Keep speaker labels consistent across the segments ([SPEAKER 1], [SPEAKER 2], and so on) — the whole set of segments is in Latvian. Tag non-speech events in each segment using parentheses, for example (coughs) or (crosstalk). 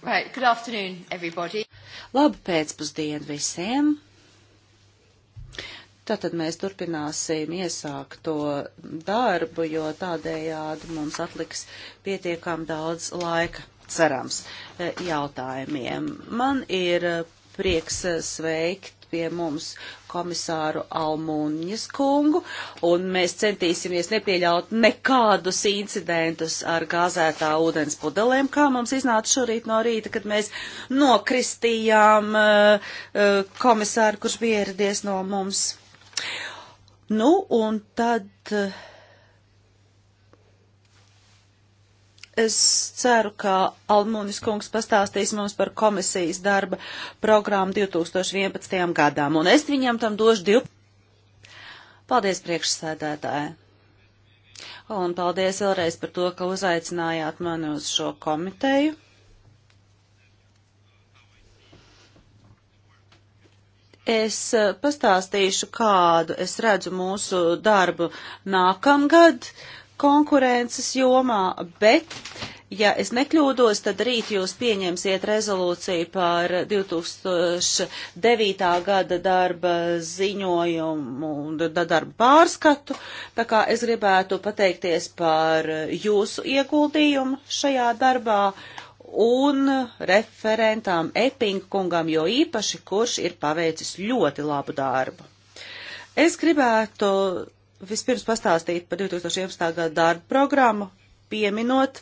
[SPEAKER 1] Right,
[SPEAKER 2] good afternoon, everybody. Labu pēcpusdienu visiem. Tātad mēs turpināsim iesākt to darbu, jo tādējādi mums atliks pietiekam daudz laika, cerams, e, jautājumiem. Man ir e, prieks e, sveikt pie mums komisāru Almūņas kungu, un mēs centīsimies nepieļaut nekādus incidentus ar gāzētā ūdens pudelēm, kā mums iznāca šorīt no rīta, kad mēs nokristījām uh, uh, komisāru, kurš bija ieradies no mums. Nu, un tad. Uh, Es ceru, ka Almunis kungs pastāstīs mums par komisijas darba programmu 2011. gadām, un es viņam tam došu divu. Paldies, priekšsēdētāji! Un paldies vēlreiz par to, ka uzaicinājāt mani uz šo komiteju. Es eh, pastāstīšu, kādu es redzu mūsu darbu nākamgad. Uh, konkurences jomā, bet, ja es nekļūdos, tad rīt jūs pieņemsiet rezolūciju par 2009. gada darba ziņojumu un darba pārskatu, tā kā es gribētu pateikties par jūsu ieguldījumu šajā darbā un referentām Epingkungam, jo īpaši, kurš ir paveicis ļoti labu darbu. Es gribētu vispirms pastāstīt par 2011. gada darbu programmu, pieminot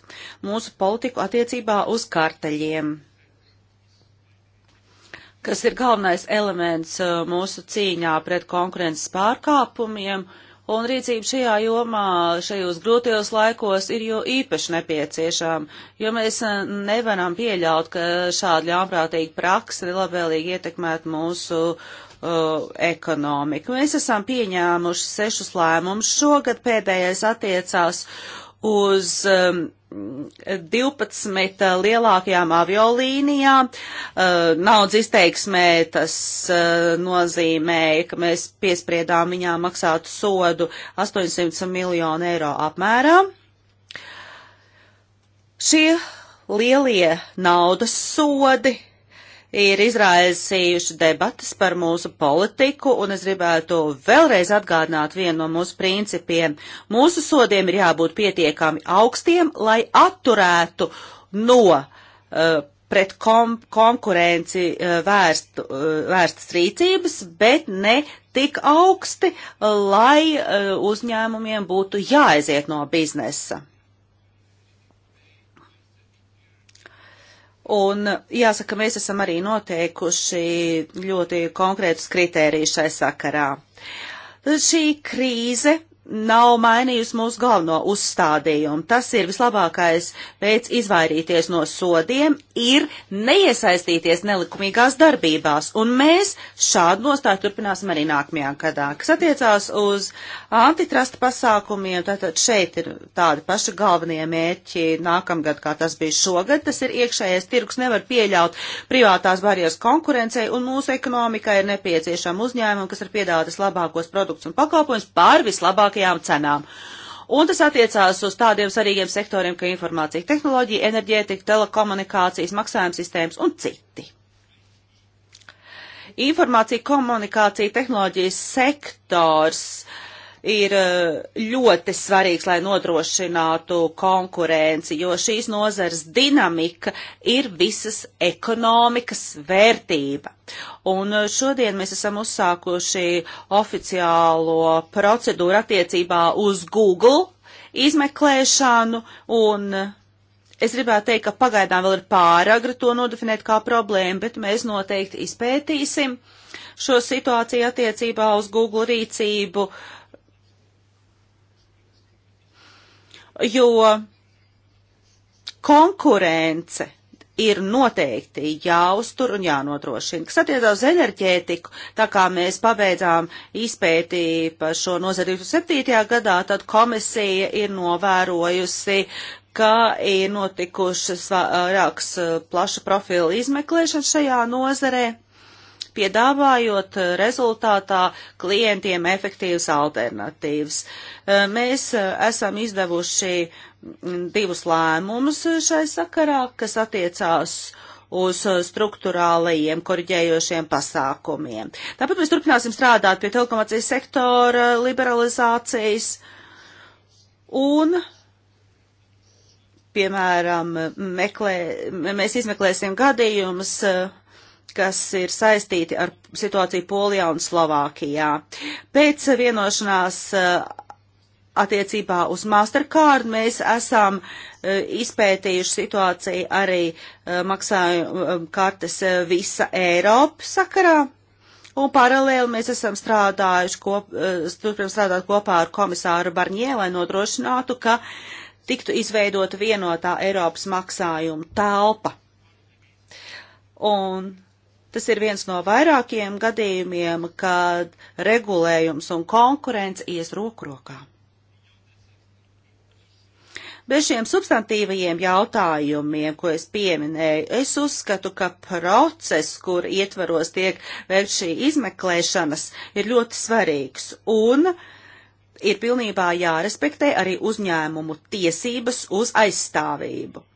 [SPEAKER 2] mūsu politiku attiecībā uz karteļiem, kas ir galvenais elements uh, mūsu cīņā pret konkurences pārkāpumiem, un rīcība šajā jomā šajos grūtajos laikos ir jo īpaši nepieciešama, jo mēs uh, nevaram pieļaut, ka šāda ļaunprātīga praksa nelabvēlīgi ietekmētu mūsu uh, uh, ekonomiku. Mēs esam pieņēmuši sešus lēmumus. Šogad pēdējais attiecās uz um, 12 uh, lielākajām aviolīnijām. Uh, naudas izteiksmē tas uh, nozīmēja, ka mēs piespriedām viņām maksāt sodu 800 miljonu eiro apmērā. Šie lielie naudas sodi ir izraisījuši debatas par mūsu politiku, un es gribētu vēlreiz atgādināt vienu no mūsu principiem. Mūsu sodiem ir jābūt pietiekami augstiem, lai atturētu no uh, pret kom konkurenci uh, vērst, uh, vērstas rīcības, bet ne tik augsti, lai uzņēmumiem būtu jāaiziet no biznesa. Un jāsaka, mēs esam arī noteikuši ļoti konkrētus kritērijus šai sakarā. Šī krīze nav mainījusi mūsu galveno uzstādījumu. Tas ir vislabākais veids izvairīties no sodiem, ir neiesaistīties nelikumīgās darbībās, un mēs šādu nostāju turpināsim arī nākamajā gadā. Kas attiecās uz antitrusta pasākumiem, tātad šeit ir tādi paši galvenie mērķi nākamgad, kā tas bija šogad. Tas ir iekšējais tirgus, nevar pieļaut privātās barjeras konkurencei, un mūsu ekonomikai ir nepieciešama uzņēmuma, kas ir piedāvātas labākos produktus un pakalpojumus pār vislabāk zemākajām cenām. Un tas attiecās uz tādiem svarīgiem sektoriem, kā informācija tehnoloģija, enerģētika, telekomunikācijas, maksājuma sistēmas un citi. Informācija komunikācija tehnoloģijas sektors uh, ir eh, ļoti svarīgs, lai nodrošinātu konkurenci, jo šīs nozars dinamika ir visas ekonomikas vērtība. Un eh, šodien mēs esam uzsākuši oficiālo procedūru attiecībā uz Google izmeklēšanu un eh, Es gribētu teikt, ka pagaidām vēl ir pāragri to nodefinēt kā problēmu, bet mēs noteikti izpētīsim šo situāciju attiecībā uz Google rīcību. Uh, jo konkurence ir noteikti jāuztur un jānodrošina. Kas attiecās uz enerģētiku, tā kā mēs pabeidzām izpētī par šo nozari 27. gadā, tad komisija ir novērojusi ka ir notikušas vairākas uh, plaša profila izmeklēšanas šajā nozarē piedāvājot eh, rezultātā klientiem efektīvas alternatīvas. Eh, mēs eh, esam izdevuši mm, divus lēmumus šai sakarā, kas attiecās uz struktūrālajiem korģējošiem pasākumiem. Tāpat mēs turpināsim strādāt pie telekomunikācijas sektora liberalizācijas un piemēram, meklē, mēs izmeklēsim gadījumus, kas ir saistīti ar situāciju Polijā un Slovākijā. Pēc vienošanās eh, attiecībā uz Mastercard mēs esam eh, izpētījuši situāciju arī eh, maksājuma kartes visa Eiropa sakarā. Un paralēli mēs esam strādājuši, kop, turpinam strādāt kopā ar komisāru Barņē, lai nodrošinātu, ka tiktu izveidota vienotā Eiropas maksājuma telpa. Un Tas ir viens no vairākiem gadījumiem, kad regulējums un konkurence ies roku rokā. Bez šiem substantīvajiem jautājumiem, ko es pieminēju, es uzskatu, ka process, kur ietvaros tiek veikt šī izmeklēšanas, ir ļoti svarīgs un ir pilnībā jārespektē arī uzņēmumu tiesības uz aizstāvību.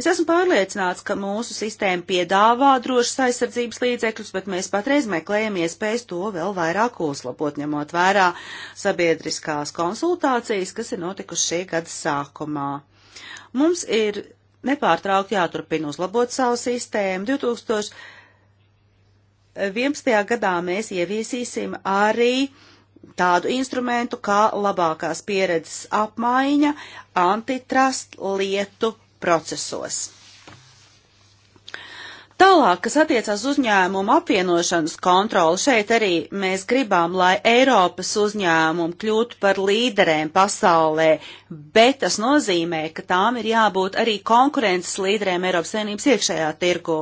[SPEAKER 2] Es esmu pārliecināts, ka mūsu sistēma piedāvā drošas aizsardzības līdzekļus, bet mēs patreiz meklējam iespējas to vēl vairāk uzlabot, ņemot vērā sabiedriskās konsultācijas, kas ir notikušas šī gada sākumā. Mums ir nepārtraukti jāturpina uzlabot savu sistēmu. 2011. gadā mēs ieviesīsim arī tādu instrumentu kā labākās pieredzes apmaiņa antitrust lietu procesos. Tālāk, kas attiecas uzņēmumu apvienošanas kontroli, šeit arī mēs gribam, lai Eiropas uzņēmumi kļūtu par līderēm pasaulē, bet tas nozīmē, ka tām ir jābūt arī konkurences līderēm Eiropas Savienības iekšējā tirgu.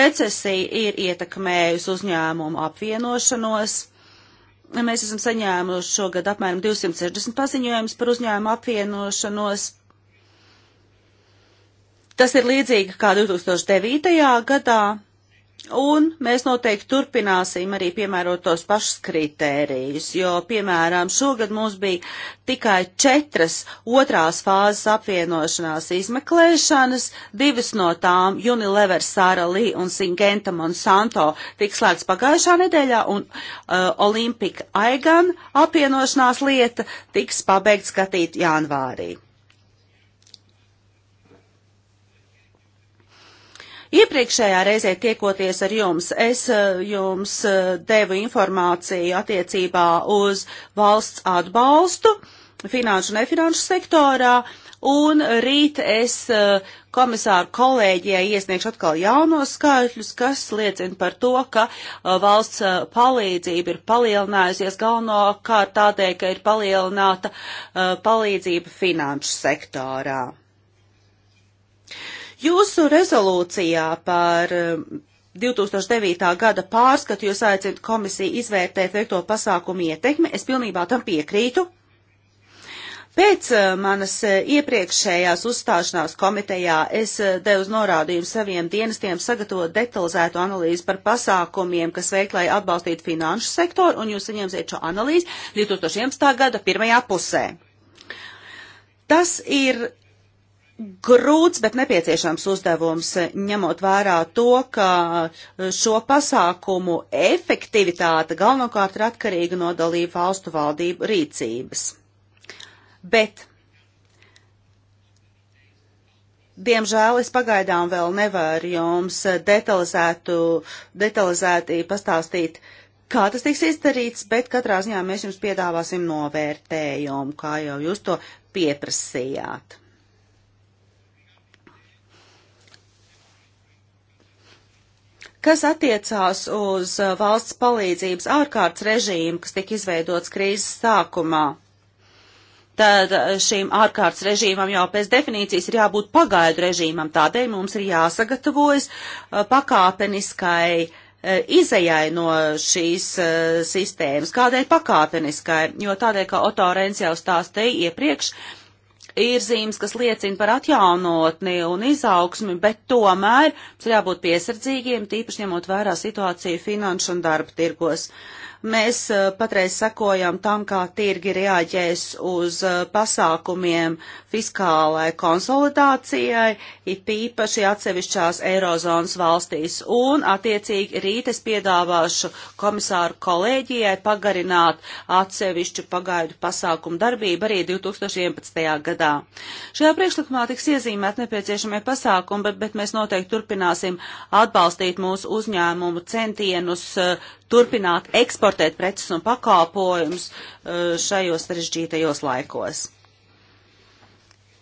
[SPEAKER 2] Recesija ir ietekmējusi uzņēmumu apvienošanos. Mēs esam saņēmuši šogad apmēram 260 paziņojumus par uzņēmumu apvienošanos Tas ir līdzīgi kā 2009. gadā, un mēs noteikti turpināsim arī piemērot tos pašus kritērijus, jo, piemēram, šogad mums bija tikai četras otrās fāzes apvienošanās izmeklēšanas, divas no tām Unilever, Sara Lee un Singenta Monsanto tika slēgts pagājušā nedēļā, un uh, Olimpika Aigan apvienošanās lieta tiks pabeigts skatīt janvārī. Iepriekšējā reizē tiekoties ar jums, es eh, jums eh, devu informāciju attiecībā uz valsts atbalstu finanšu un nefinanšu sektorā, un rīt es eh, komisāru kolēģijai iesniegšu atkal jaunos skaitļus, kas liecina par to, ka valsts palīdzība ir palielinājusies galvenokārt tādēļ, ka ir palielināta palīdzība finanšu sektorā. Jūsu rezolūcijā par 2009. Eh, gada pārskatu jūs aicinat komisiju izvērtēt veikto pasākumu ietekmi. Es pilnībā tam piekrītu. Pēc eh, manas eh, iepriekšējās uzstāšanās komitejā es devu norādījumu saviem dienestiem sagatavot detalizētu analīzi par pasākumiem, kas veikt, lai atbalstītu finanšu sektoru, un jūs saņemsiet šo analīzi 2011. gada pirmajā pusē. Tas ir grūts, bet nepieciešams uzdevums, e, ņemot vērā to, ka e, šo pasākumu efektivitāte galvenokārt ir atkarīga no dalību valstu valdību rīcības. Bet, diemžēl, es pagaidām vēl nevaru jums detalizētu, detalizēti pastāstīt, kā tas tiks izdarīts, bet katrā ziņā mēs jums piedāvāsim novērtējumu, kā jau jūs to pieprasījāt. Kas attiecās uz uh, valsts palīdzības ārkārtas režīmu, kas tika izveidots krīzes sākumā? tad uh, šīm ārkārtas režīmam jau pēc definīcijas ir jābūt pagaidu režīmam. Tādēļ mums ir jāsagatavojas uh, pakāpeniskai izējai no šīs sistēmas. Kādēļ pakāpeniskai? Jo tādēļ, kā Otorens jau stāstīja iepriekš, uh, ir zīmes, kas liecina par atjaunotni un izaugsmi, bet tomēr mums ir jābūt piesardzīgiem, tīpaši ņemot vērā situāciju finanšu un darba tirgos. Uh, Mēs patreiz sekojam tam, kā tirgi reaģēs uz pasākumiem fiskālai konsolidācijai, it īpaši atsevišķās Eirozonas valstīs. Un, attiecīgi, rīt es piedāvāšu komisāru kolēģijai pagarināt atsevišķu pagaidu pasākumu darbību arī 2011. gadā. Šajā priekšlikumā tiks iezīmēt nepieciešamie pasākumi, bet, bet mēs noteikti turpināsim atbalstīt mūsu uzņēmumu centienus turpināt eksportēt preces un pakalpojumus uh, šajos sarežģītajos laikos.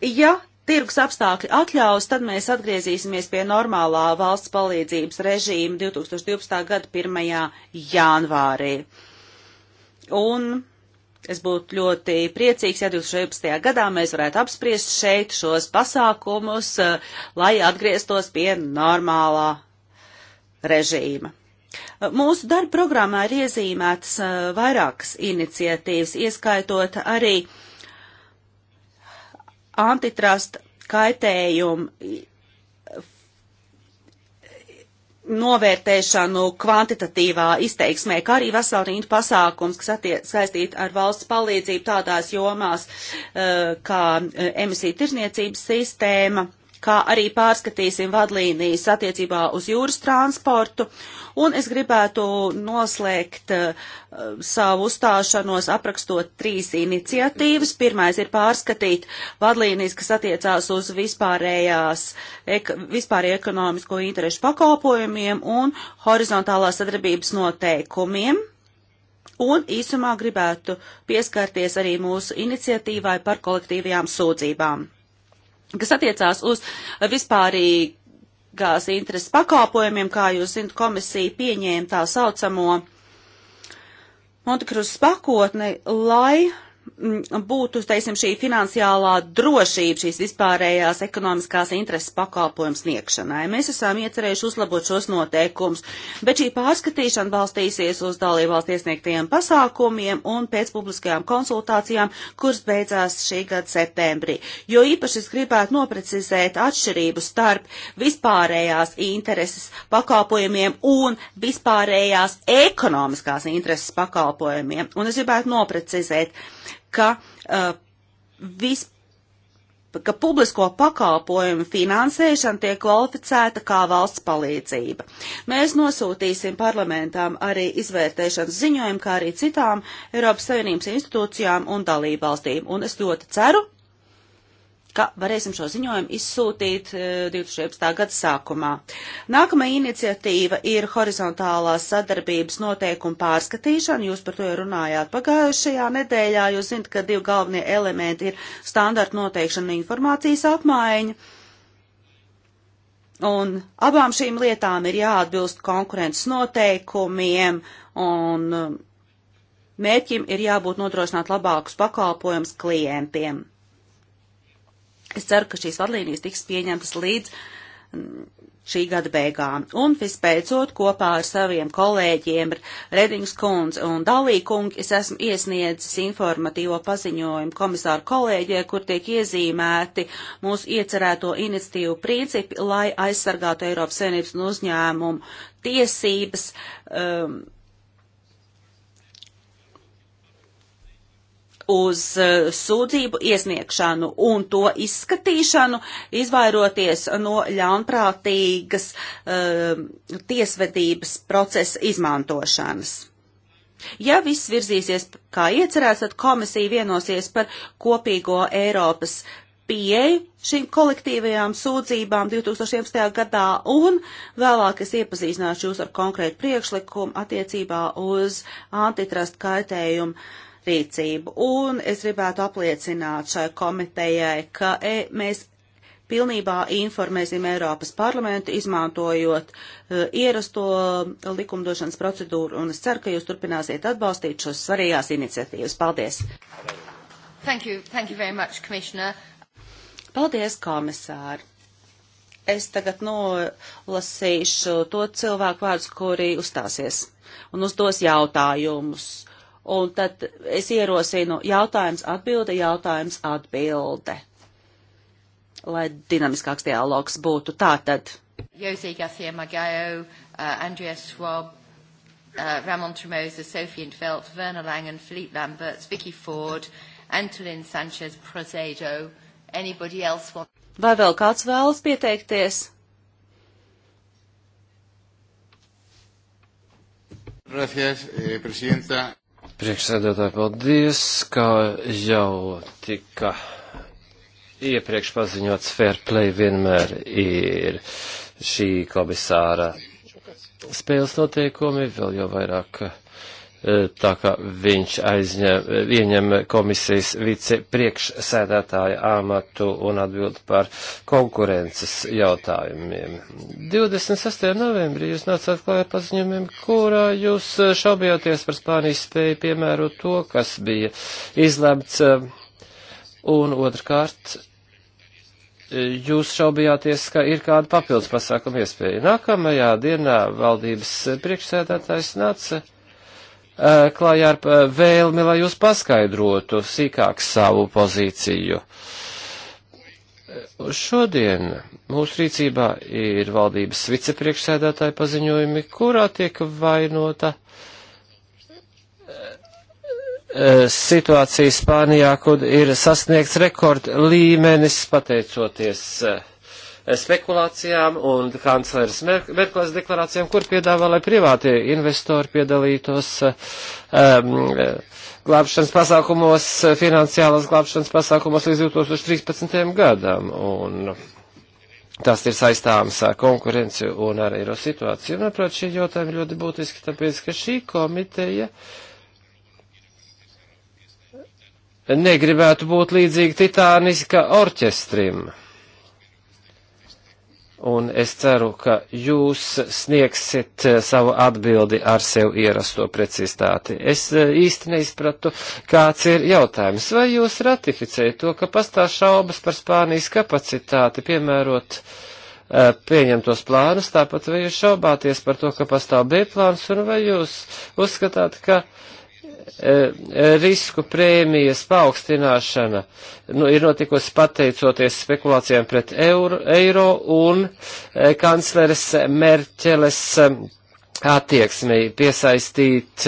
[SPEAKER 2] Ja tirgus apstākļi atļaus, tad mēs atgriezīsimies pie normālā valsts palīdzības režīma 2012. gada 1. janvārī. Un es būtu ļoti priecīgs, ja 2016. gadā mēs varētu apspriest šeit šos pasākumus, uh, lai atgrieztos pie normālā režīma. Mūsu darba programmā ir iezīmētas vairākas iniciatīvas, ieskaitot arī antitrust kaitējumu novērtēšanu kvantitatīvā izteiksmē, kā arī vesela rinda pasākums, kas saistīta ar valsts palīdzību tādās jomās kā emisiju tirzniecības sistēma, kā arī pārskatīsim vadlīnijas attiecībā uz jūras transportu. Un es gribētu noslēgt uh, savu uzstāšanos aprakstot trīs iniciatīvas. Pirmais ir pārskatīt vadlīnijas, kas attiecās uz vispārējās, ek, vispārējo ekonomisko interešu pakalpojumiem un horizontālās sadarbības noteikumiem. Un īsumā gribētu pieskarties arī mūsu iniciatīvai par kolektīvajām sūdzībām kas attiecās uz vispārīgās intereses pakalpojumiem, kā jūs zinat, komisija pieņēma tā saucamo Montekrusas pakotni, lai Mm, būtu, teiksim, šī finansiālā drošība, šīs vispārējās ekonomiskās intereses pakalpojums sniegšanai. Mēs esam iecerējuši uzlabot šos noteikumus, bet šī pārskatīšana balstīsies uz dalībvalsts iesniegtajiem pasākumiem un pēc publiskajām konsultācijām, kuras beidzās šī gada septembrī. Jo īpaši es gribētu noprecizēt atšķirību starp vispārējās intereses pakalpojumiem un vispārējās ekonomiskās intereses pakalpojumiem. Un es gribētu noprecizēt, ka uh, vispār ka publisko pakalpojumu finansēšana tiek kvalificēta kā valsts palīdzība. Mēs nosūtīsim parlamentām arī izvērtēšanas ziņojumu, kā arī citām Eiropas Savienības institūcijām un dalībvalstīm, un es ļoti ceru, ka varēsim šo ziņojumu izsūtīt 2017. E, gada sākumā. Nākamā iniciatīva ir horizontālās sadarbības noteikuma pārskatīšana. Jūs par to jau runājāt pagājušajā nedēļā. Jūs zinat, ka divi galvenie elementi ir standarta noteikšana un informācijas apmaiņa. Un abām šīm lietām ir jāatbilst konkurences noteikumiem un e, mērķim ir jābūt nodrošināt labākus pakalpojumus klientiem. Es ceru, ka šīs vadlīnijas tiks pieņemtas līdz mm, šī gada beigām. Un vispēcot kopā ar saviem kolēģiem Redings kundz un Dalī kungi es esmu iesniedzis informatīvo paziņojumu komisāru kolēģē, kur tiek iezīmēti mūsu iecerēto iniciatīvu principi, lai aizsargātu Eiropas Savienības un uzņēmumu tiesības. Um, uz eh, sūdzību iesniegšanu un to izskatīšanu, izvairoties no ļaunprātīgas uh, tiesvedības procesa izmantošanas. Ja viss virzīsies kā iecerēts, tad komisija vienosies par kopīgo Eiropas pieeju šīm kolektīvajām sūdzībām 2011. gadā, un vēlāk es iepazīstināšu jūs ar konkrētu priekšlikumu attiecībā uz antitrust kaitējumu rīcību. Un es gribētu apliecināt šai komitejai, ka e, mēs pilnībā informēsim Eiropas parlamentu, izmantojot uh, ierasto likumdošanas procedūru, un es ceru, ka jūs turpināsiet atbalstīt šos svarīgās iniciatīvas. Paldies! Thank you. Thank you very much, Commissioner. Paldies, komisāri! Es tagad nolasīšu to cilvēku vārdus, kuri uzstāsies un uzdos jautājumus un tad es ierosinu jautājums atbilde, jautājums atbilde, lai dinamiskāks dialogs būtu. Tātad. Jose Garcia Magallo, uh, Andreas Schwab, uh, Ramon Tremosa, Sophie Infelt, Werner Langen, Philippe Lamberts, Vicky Ford, Antolin Sanchez Prozedo. Anybody else want? Vai vēl kāds vēlas pieteikties?
[SPEAKER 3] Gracias, eh, presidenta.
[SPEAKER 1] Priekšsēdētāji, paldies, kā jau tika iepriekš paziņots, fair play vienmēr ir šī komisāra spēles noteikumi, vēl jau vairāk E, tā kā viņš aizņem, ieņem komisijas vicepriekšsēdētāja amatu un atbild par konkurences jautājumiem. 26. novembrī jūs nācāt klājā paziņojumiem, kurā jūs šaubījāties par Spānijas spēju piemērot to, kas bija izlemts, e, un otrkārt, e, jūs šaubījāties, ka ir kāda papildus pasākuma iespēja. Nākamajā dienā valdības priekšsēdētājs nāca Eh, klājā ar eh, vēlmi, lai jūs paskaidrotu sīkāk savu pozīciju. Eh, šodien mūsu rīcībā ir valdības vicepriekšsēdētāja paziņojumi, kurā tiek vainota situācija Spānijā, kur ir sasniegts rekord līmenis pateicoties uh, spekulācijām un kanclers Merkles deklarācijām, kur piedāvā, lai privātie investori piedalītos um, glābšanas pasākumos, finansiālas glābšanas pasākumos līdz 2013. gadam. Un, Tas ir saistāms ar konkurenci un ar eiro situāciju. Manuprāt, šie jautājumi ļoti būtiski, tāpēc, ka šī komiteja negribētu būt līdzīga titāniska orķestrim un es ceru, ka jūs sniegsiet eh, savu atbildi ar sev ierasto precizitāti. Es eh, īsti neizpratu, kāds ir jautājums. Vai jūs ratificējat to, ka pastāv šaubas par Spānijas kapacitāti piemērot eh, pieņemtos plānus, tāpat vai jūs šaubāties par to, ka pastāv B plāns, un vai jūs uzskatāt, ka uh, Eh, eh, risku prēmijas paaugstināšana nu, ir notikusi pateicoties spekulācijām pret euro, eiro un eh, kancleres Merķeles attieksmi piesaistīt,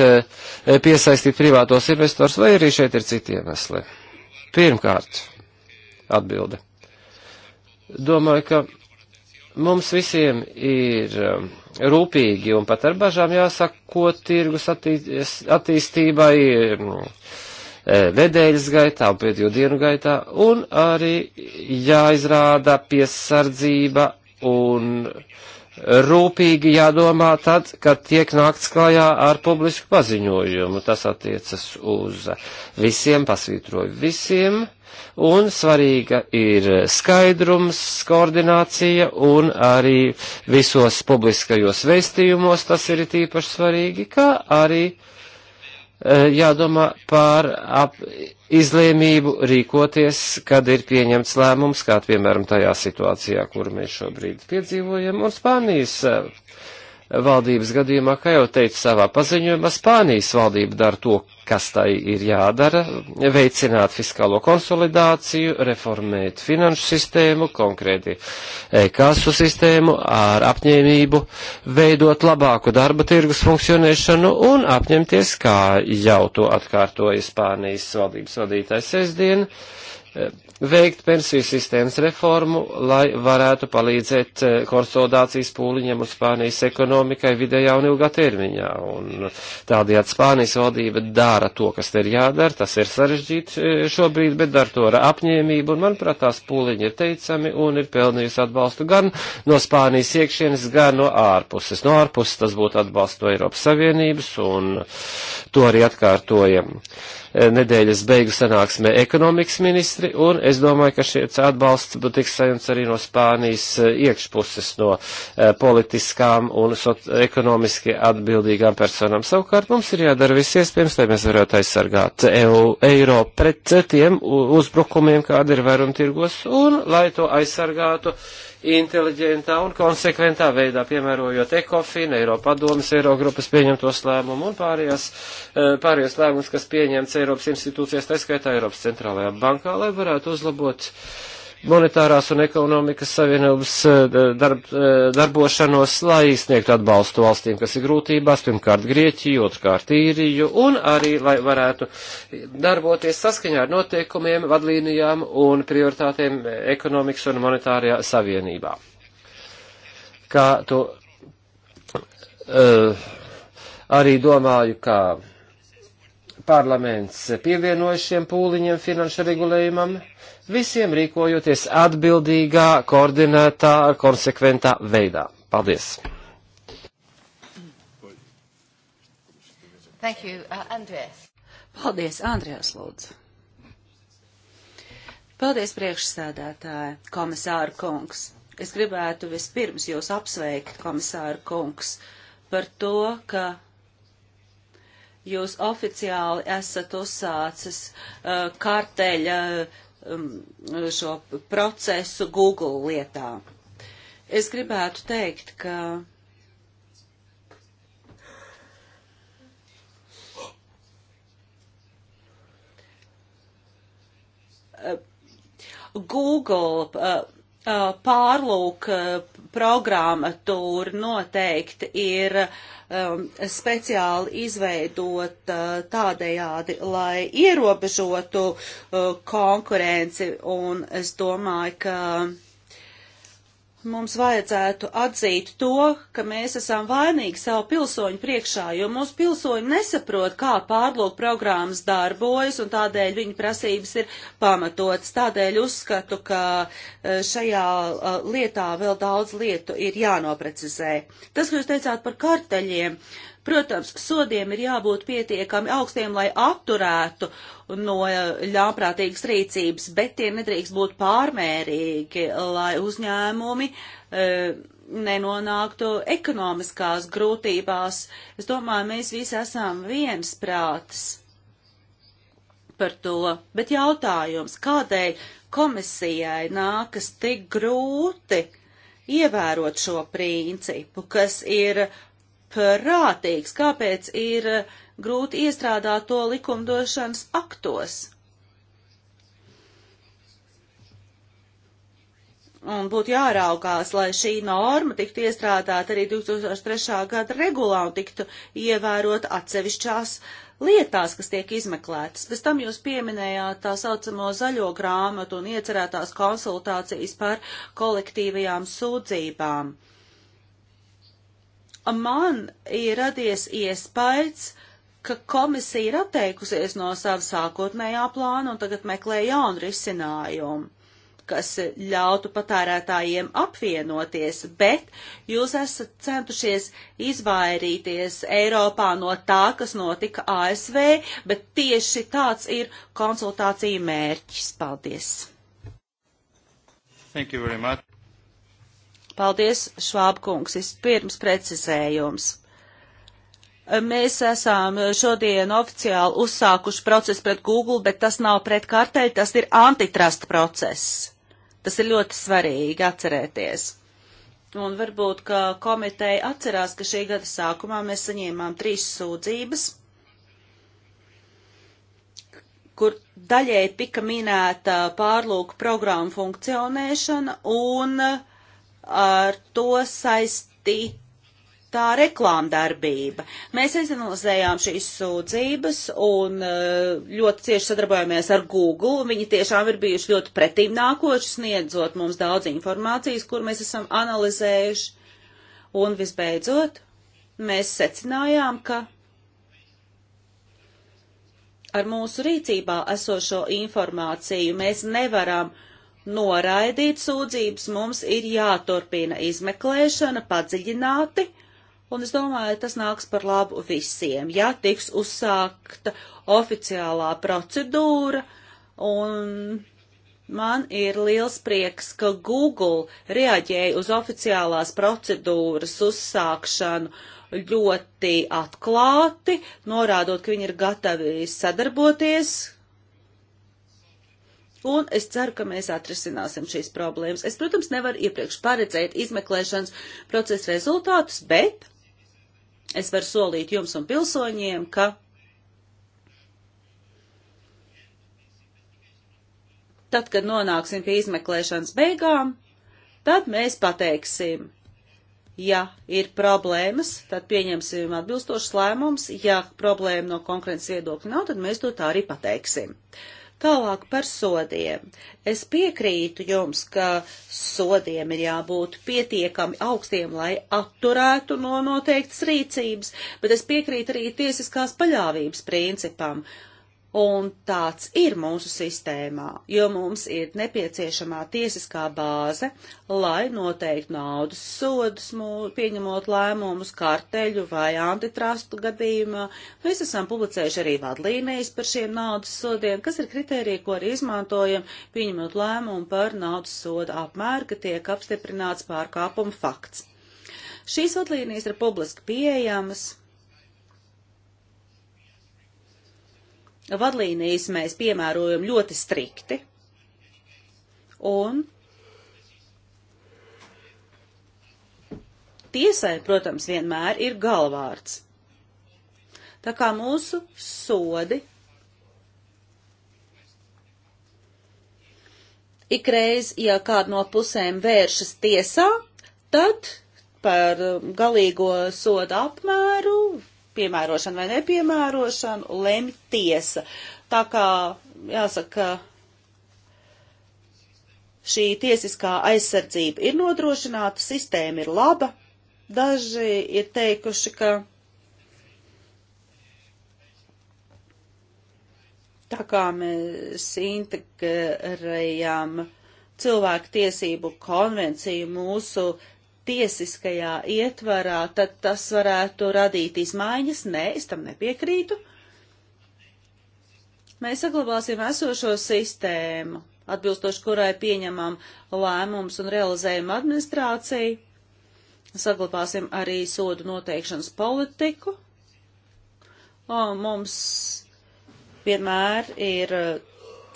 [SPEAKER 1] piesaistīt privātos investors, vai arī šeit ir citi iemesli? Pirmkārt, atbilde. Domāju, ka mums visiem ir rūpīgi un pat ar bažām jāsaka, ko tirgus attīstībai mm, e, nedēļas gaitā un pēdējo dienu gaitā, un arī jāizrāda piesardzība un rūpīgi jādomā tad, kad tiek nākts klajā ar publisku paziņojumu. Tas attiecas uz visiem, pasvītroju visiem un svarīga ir skaidrums, koordinācija un arī visos publiskajos veistījumos tas ir tīpaši svarīgi, kā arī e, jādomā par ap, izlēmību rīkoties, kad ir pieņemts lēmums, kā piemēram tajā situācijā, kuru mēs šobrīd piedzīvojam, un Spānijas e, valdības gadījumā, kā jau teicu savā paziņojumā, Spānijas valdība dara to, kas tai ir jādara - veicināt fiskālo konsolidāciju, reformēt finanšu sistēmu, konkrēti kasu sistēmu ar apņēmību, veidot labāku darba tirgus funkcionēšanu un apņemties, kā jau to atkārtoja Spānijas valdības vadītājs sestdien, veikt pensiju sistēmas reformu, lai varētu palīdzēt eh, konsolidācijas pūliņiem uz Spānijas ekonomikai vidējā un ilgā termiņā. Un tādējādi Spānijas valdība dara to, kas te ir jādara, tas ir sarežģīti eh, šobrīd, bet dara to ar apņēmību, un manuprāt, tās pūliņi ir teicami un ir pelnījusi atbalstu gan no Spānijas iekšienes, gan no ārpuses. No ārpuses tas būtu atbalsts no Eiropas Savienības, un to arī atkārtojam. Uh, Eh, nedēļas beigu sanāksmē ekonomikas ministri, un es domāju, ka šie atbalsts tiks saņemts arī no Spānijas eh, iekšpuses, no eh, politiskām un ekonomiski atbildīgām personām. Savukārt mums ir jādara viss iespējams, lai mēs varētu aizsargāt EU, eiro pret tiem uzbrukumiem, kāda ir vairumtirgos, un lai to aizsargātu. Uh, inteliģentā un konsekventā veidā, piemērojot ECOFIN, Eiropadomas, Eirogrupas pieņemtos lēmumu un pārējās, eh, pārējos lēmumus, kas pieņemts Eiropas institūcijās, tā skaitā Eiropas centrālajā bankā, lai varētu uzlabot uh, monetārās un ekonomikas savienības eh, darb, eh, darbošanos, lai sniegtu atbalstu valstīm, kas ir grūtībās, pirmkārt Grieķiju, otrkārt Īriju, un arī, lai varētu darboties saskaņā ar noteikumiem, vadlīnijām un prioritātēm ekonomikas un monetārajā savienībā. Kā to uh, arī domāju, kā parlaments pievienojas šiem pūliņiem finanšu regulējumam. Uh, visiem rīkojoties atbildīgā, koordinētā, konsekventā veidā. Paldies!
[SPEAKER 2] Thank you, uh, Andrēs. Paldies, Andrēs, lūdzu. Paldies, priekšsēdētāja, komisāra kungs. Es gribētu vispirms jūs apsveikt, komisāra kungs, par to, ka jūs oficiāli esat uzsācis uh, karteļa uh, Um, šo procesu Google lietā. Es gribētu teikt, ka Google uh, Eh, pārlūk eh, programmatūra noteikti ir um, speciāli izveidota tādējādi, lai ierobežotu uh, konkurenci, un es domāju, ka mums vajadzētu atzīt to, ka mēs esam vainīgi savu pilsoņu priekšā, jo mūsu pilsoņi nesaprot, kā pārlūk programmas darbojas, un tādēļ viņa prasības ir pamatotas. Tādēļ uzskatu, ka e, šajā e, lietā vēl daudz lietu ir jānoprecizē. Tas, ko jūs teicāt par karteļiem, uh, Protams, sodiem ir jābūt pietiekami augstiem, lai atturētu no eh, ļāprātīgas rīcības, bet tie nedrīkst būt pārmērīgi, lai uzņēmumi e, nenonāktu ekonomiskās grūtībās. Es domāju, mēs visi esam viens prātis par to, bet jautājums, kādēļ komisijai nākas tik grūti ievērot šo principu, kas ir prātīgs, kāpēc ir grūti iestrādāt to likumdošanas aktos. Un būtu jāraukās, lai šī norma tiktu iestrādāta arī 2003. gada regulā un tiktu ievērot atsevišķās lietās, kas tiek izmeklētas. Pēc tam jūs pieminējāt tā saucamo zaļo grāmatu un iecerētās konsultācijas par kolektīvajām sūdzībām man ir radies iespējas, ka komisija ir atteikusies no sava sākotnējā plāna un tagad meklē jaunu risinājumu kas ļautu patērētājiem apvienoties, bet jūs esat centušies izvairīties Eiropā no tā, kas notika ASV, bet tieši tāds ir konsultāciju mērķis. Paldies!
[SPEAKER 1] Thank you very much.
[SPEAKER 2] Paldies, Švābkungs, vispirms precizējums. Mēs esam šodien oficiāli uzsākuši procesu pret Google, bet tas nav pret karteļu, tas ir antitrust process. Tas ir ļoti svarīgi atcerēties. Un varbūt, ka komiteja atcerās, ka šī gada sākumā mēs saņēmām trīs sūdzības, kur daļēji tika minēta pārlūku programmu funkcionēšana un uh, ar to saistītā reklāmdarbība. Mēs izanalizējām šīs sūdzības un eh, ļoti cieši sadarbojamies ar Google. Viņi tiešām ir bijuši ļoti pretīm nākoši, sniedzot mums daudz informācijas, kur mēs esam analizējuši. Un visbeidzot, mēs secinājām, ka ar mūsu rīcībā esošo informāciju mēs nevaram uh, noraidīt sūdzības, mums ir jāturpina izmeklēšana padziļināti, un es domāju, tas nāks par labu visiem, ja tiks uzsākta oficiālā procedūra, un man ir liels prieks, ka Google reaģēja uz oficiālās procedūras uzsākšanu ļoti atklāti, norādot, ka viņi ir gatavi sadarboties, Un es ceru, ka mēs atrisināsim šīs problēmas. Es, protams, nevaru iepriekš paredzēt izmeklēšanas procesa rezultātus, bet es varu solīt jums un pilsoņiem, ka tad, kad nonāksim pie izmeklēšanas beigām, tad mēs pateiksim, ja ir problēmas, tad pieņemsim atbilstošas lēmums, ja problēma no konkrētas viedokļa nav, tad mēs to tā arī pateiksim. Uh, Tālāk par sodiem. Es piekrītu jums, ka sodiem ir jābūt pietiekami augstiem, lai atturētu no noteiktas rīcības, bet es piekrītu arī tiesiskās paļāvības principam. Uh, Un tāds ir mūsu sistēmā, jo mums ir nepieciešamā tiesiskā bāze, lai noteiktu naudas sodus, pieņemot lēmumus karteļu vai antitrustu gadījumā. Mēs esam publicējuši arī vadlīnijas par šiem naudas sodiem, kas ir kritērija, ko arī izmantojam, pieņemot lēmumu par naudas sodu apmēru, ka tiek apstiprināts pārkāpuma fakts. Šīs vadlīnijas ir publiski pieejamas vadlīnijas mēs piemērojam ļoti strikti. Un tiesai, protams, vienmēr ir galvārds. Tā kā mūsu sodi ikreiz, ja kāda no pusēm vēršas tiesā, tad par galīgo sodu apmēru piemērošanu vai nepiemērošanu lemj tiesa. Tā kā, jāsaka, šī tiesiskā aizsardzība ir nodrošināta, sistēma ir laba. Daži ir teikuši, ka tā kā mēs integrējām cilvēku tiesību konvenciju mūsu tiesiskajā ietvarā, tad tas varētu radīt izmaiņas. Nē, es tam nepiekrītu. Mēs saglabāsim esošo sistēmu, atbilstoši kurai pieņemam lēmums un realizējam administrāciju. Saglabāsim arī sodu noteikšanas politiku. O, mums vienmēr ir,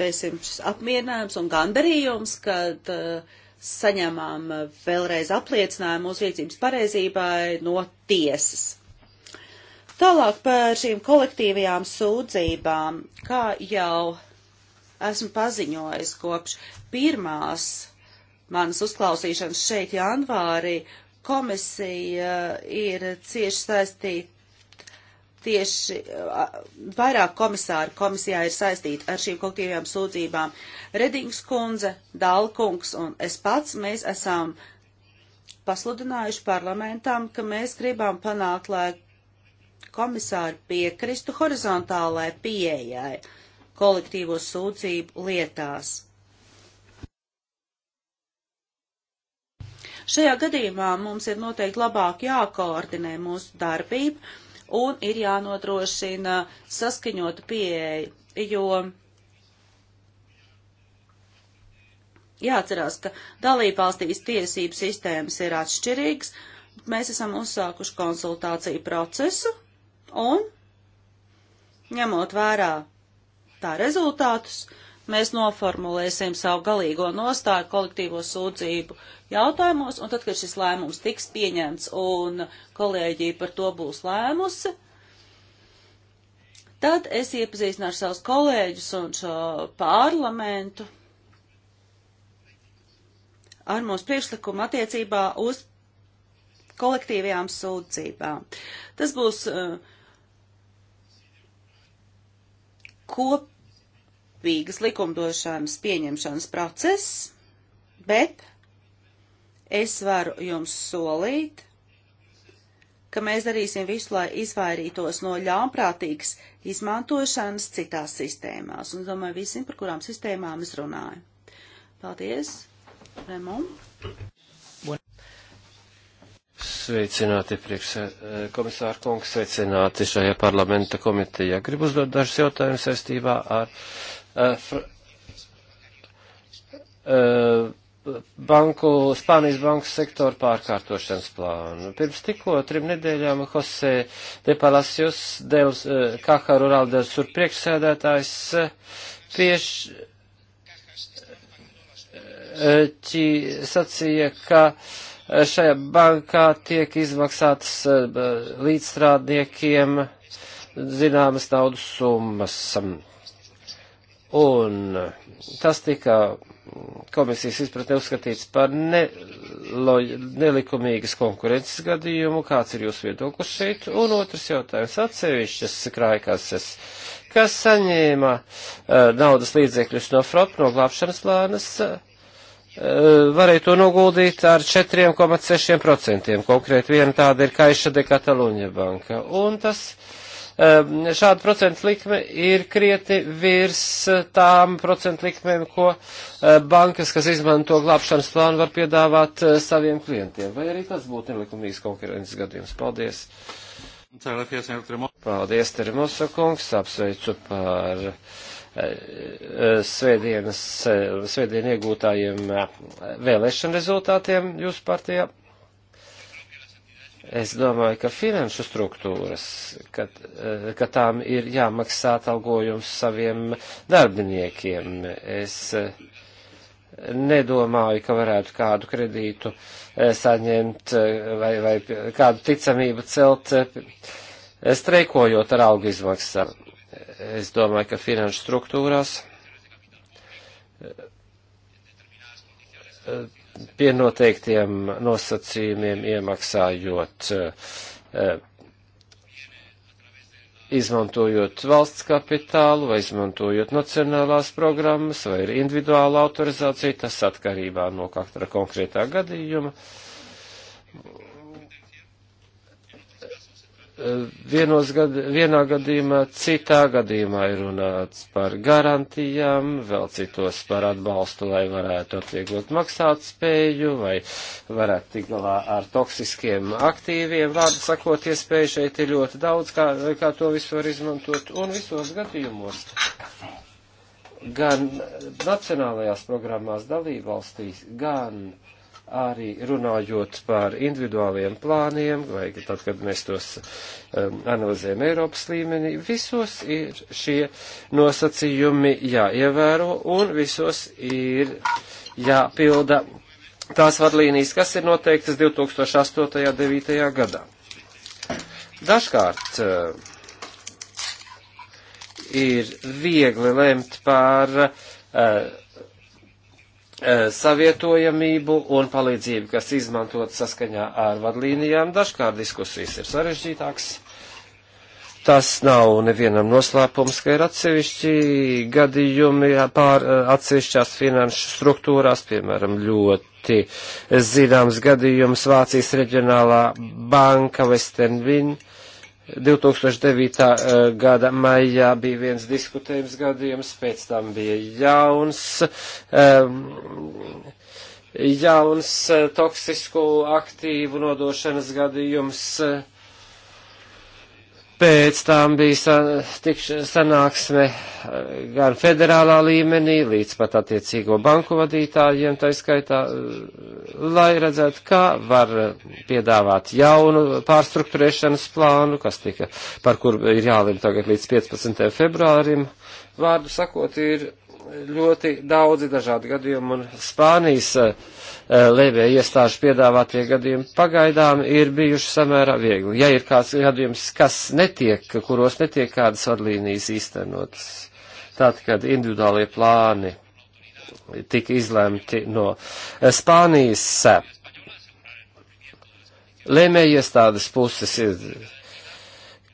[SPEAKER 2] teiksim, šis apmierinājums un gandarījums, kad uh, saņemam eh, vēlreiz apliecinājumu mūsu rīcības pareizībai no tiesas. Tālāk par šīm kolektīvajām sūdzībām, kā jau esmu paziņojis kopš pirmās manas uzklausīšanas šeit janvārī, komisija ir cieši saistīta tieši vairāk komisāri komisijā ir saistīti ar šīm kolektīvajām sūdzībām. Redings kundze, Dalkungs un es pats, mēs esam pasludinājuši parlamentam, ka mēs gribam panākt, lai komisāri piekristu horizontālai pieejai kolektīvo sūdzību lietās. Šajā gadījumā mums ir noteikti labāk jākoordinē mūsu darbība un ir jānodrošina saskaņotu pieeju, jo jāatcerās, ka dalībvalstīs tiesību sistēmas ir atšķirīgas. Mēs esam uzsākuši konsultāciju procesu un, ņemot vērā tā rezultātus, uh, mēs noformulēsim savu galīgo nostāju kolektīvo sūdzību jautājumos, un tad, kad šis lēmums tiks pieņemts un kolēģija par to būs lēmusi, tad es iepazīstināšu savus kolēģus un šo parlamentu ar mūsu priekšlikumu attiecībā uz kolektīvajām sūdzībām. Tas būs uh, kop kopīgas likumdošanas pieņemšanas process, bet es varu jums solīt, ka mēs darīsim visu, lai izvairītos no ļaunprātīgas izmantošanas citās sistēmās. Un es domāju, visiem, par kurām sistēmām es runāju. Paldies, Remon.
[SPEAKER 1] Sveicināti, priekšsē, eh, komisāra kungs, sveicināti šajā parlamenta komitejā. Gribu uzdot dažus jautājumus saistībā ar Eh, fr, eh, banku, Spānijas banku sektoru pārkārtošanas plānu. Pirms tikko trim nedēļām Jose de Palacios, Dels, Kaha eh, Rural Dels Sur priekšsēdētājs, pieš, ķi sacīja, ka šajā bankā tiek izmaksātas līdzstrādniekiem zināmas naudas summas. Un tas tika komisijas izpratne uzskatīts par ne, lo, nelikumīgas konkurences gadījumu. Kāds ir jūsu viedoklis šeit? Un otrs jautājums - atsevišķas krājkases, kas saņēma uh, naudas līdzekļus no frop no glābšanas plānas. Uh, varēja to noguldīt ar 4,6%. Konkrēti viena tāda ir Kaiša de Kataluņa banka. Un tas Ehm, šāda procentu likme ir krietni virs eh, tām procentu likmēm, ko eh, bankas, kas izmanto glābšanas plānu, var piedāvāt eh, saviem klientiem. Vai arī tas būtu nelikumīgs konkurences gadījums? Paldies! Paldies, Termosa kungs, apsveicu par svētdienas, svētdien iegūtājiem vēlēšana rezultātiem jūsu partijā. Es domāju, ka finanšu struktūras, ka, eh, ka tām ir jāmaksā atalgojums saviem darbiniekiem. Es eh, nedomāju, ka varētu kādu kredītu eh, saņemt vai, vai kādu ticamību celt streikojot ar algu izmaksām. Es domāju, ka finanšu struktūrās pie noteiktiem nosacījumiem iemaksājot, eh, izmantojot valsts kapitālu vai izmantojot nacionālās programmas vai ir individuāla autorizācija, tas atkarībā no katra konkrētā gadījuma vienos gad, vienā gadījumā, citā gadījumā ir runāts par garantijām, vēl citos par atbalstu, lai varētu atvieglot maksāt spēju, vai varētu tik galā ar toksiskiem aktīviem. Vārdu sakot, iespēju šeit ir ļoti daudz, kā, kā to visu var izmantot, un visos gadījumos. Gan nacionālajās programmās dalībvalstīs, gan arī runājot par individuāliem plāniem, vai tad, kad mēs tos um, analizējam Eiropas līmenī, visos ir šie nosacījumi jāievēro un visos ir jāpilda tās vadlīnijas, kas ir noteiktas 2008. un 2009. gadā. Dažkārt uh, ir viegli lemt par uh, E, savietojamību un palīdzību, kas izmantot saskaņā ar vadlīnijām. Dažkārt diskusijas ir sarežģītāks. Tas nav nevienam noslēpums, ka ir atsevišķi gadījumi pār e, atsevišķās finanšu struktūrās, piemēram, ļoti zināms gadījums Vācijas reģionālā banka Western Wind 2009. Eh, gada maijā bija viens diskutējums gadījums, pēc tam bija jauns, um, jauns eh, toksisku aktīvu nodošanas gadījums. Uh, Pēc tam bija san, tikš, sanāksme eh, gan federālā līmenī, līdz pat attiecīgo banku vadītājiem, tā skaitā, eh, lai redzētu, kā var piedāvāt jaunu pārstruktūrēšanas plānu, kas tika, par kur ir jālim tagad līdz 15. februārim. Vārdu sakot, ir ļoti daudzi dažādi gadījumi, un Spānijas eh, eh, lēmēja iestāžu piedāvātie gadījumi pagaidām ir bijuši samērā viegli. Ja ir kāds gadījums, kas netiek, kuros netiek kādas vadlīnijas īstenotas, tad, kad individuālie plāni tika izlemti no eh, Spānijas lēmēja iestādes puses ir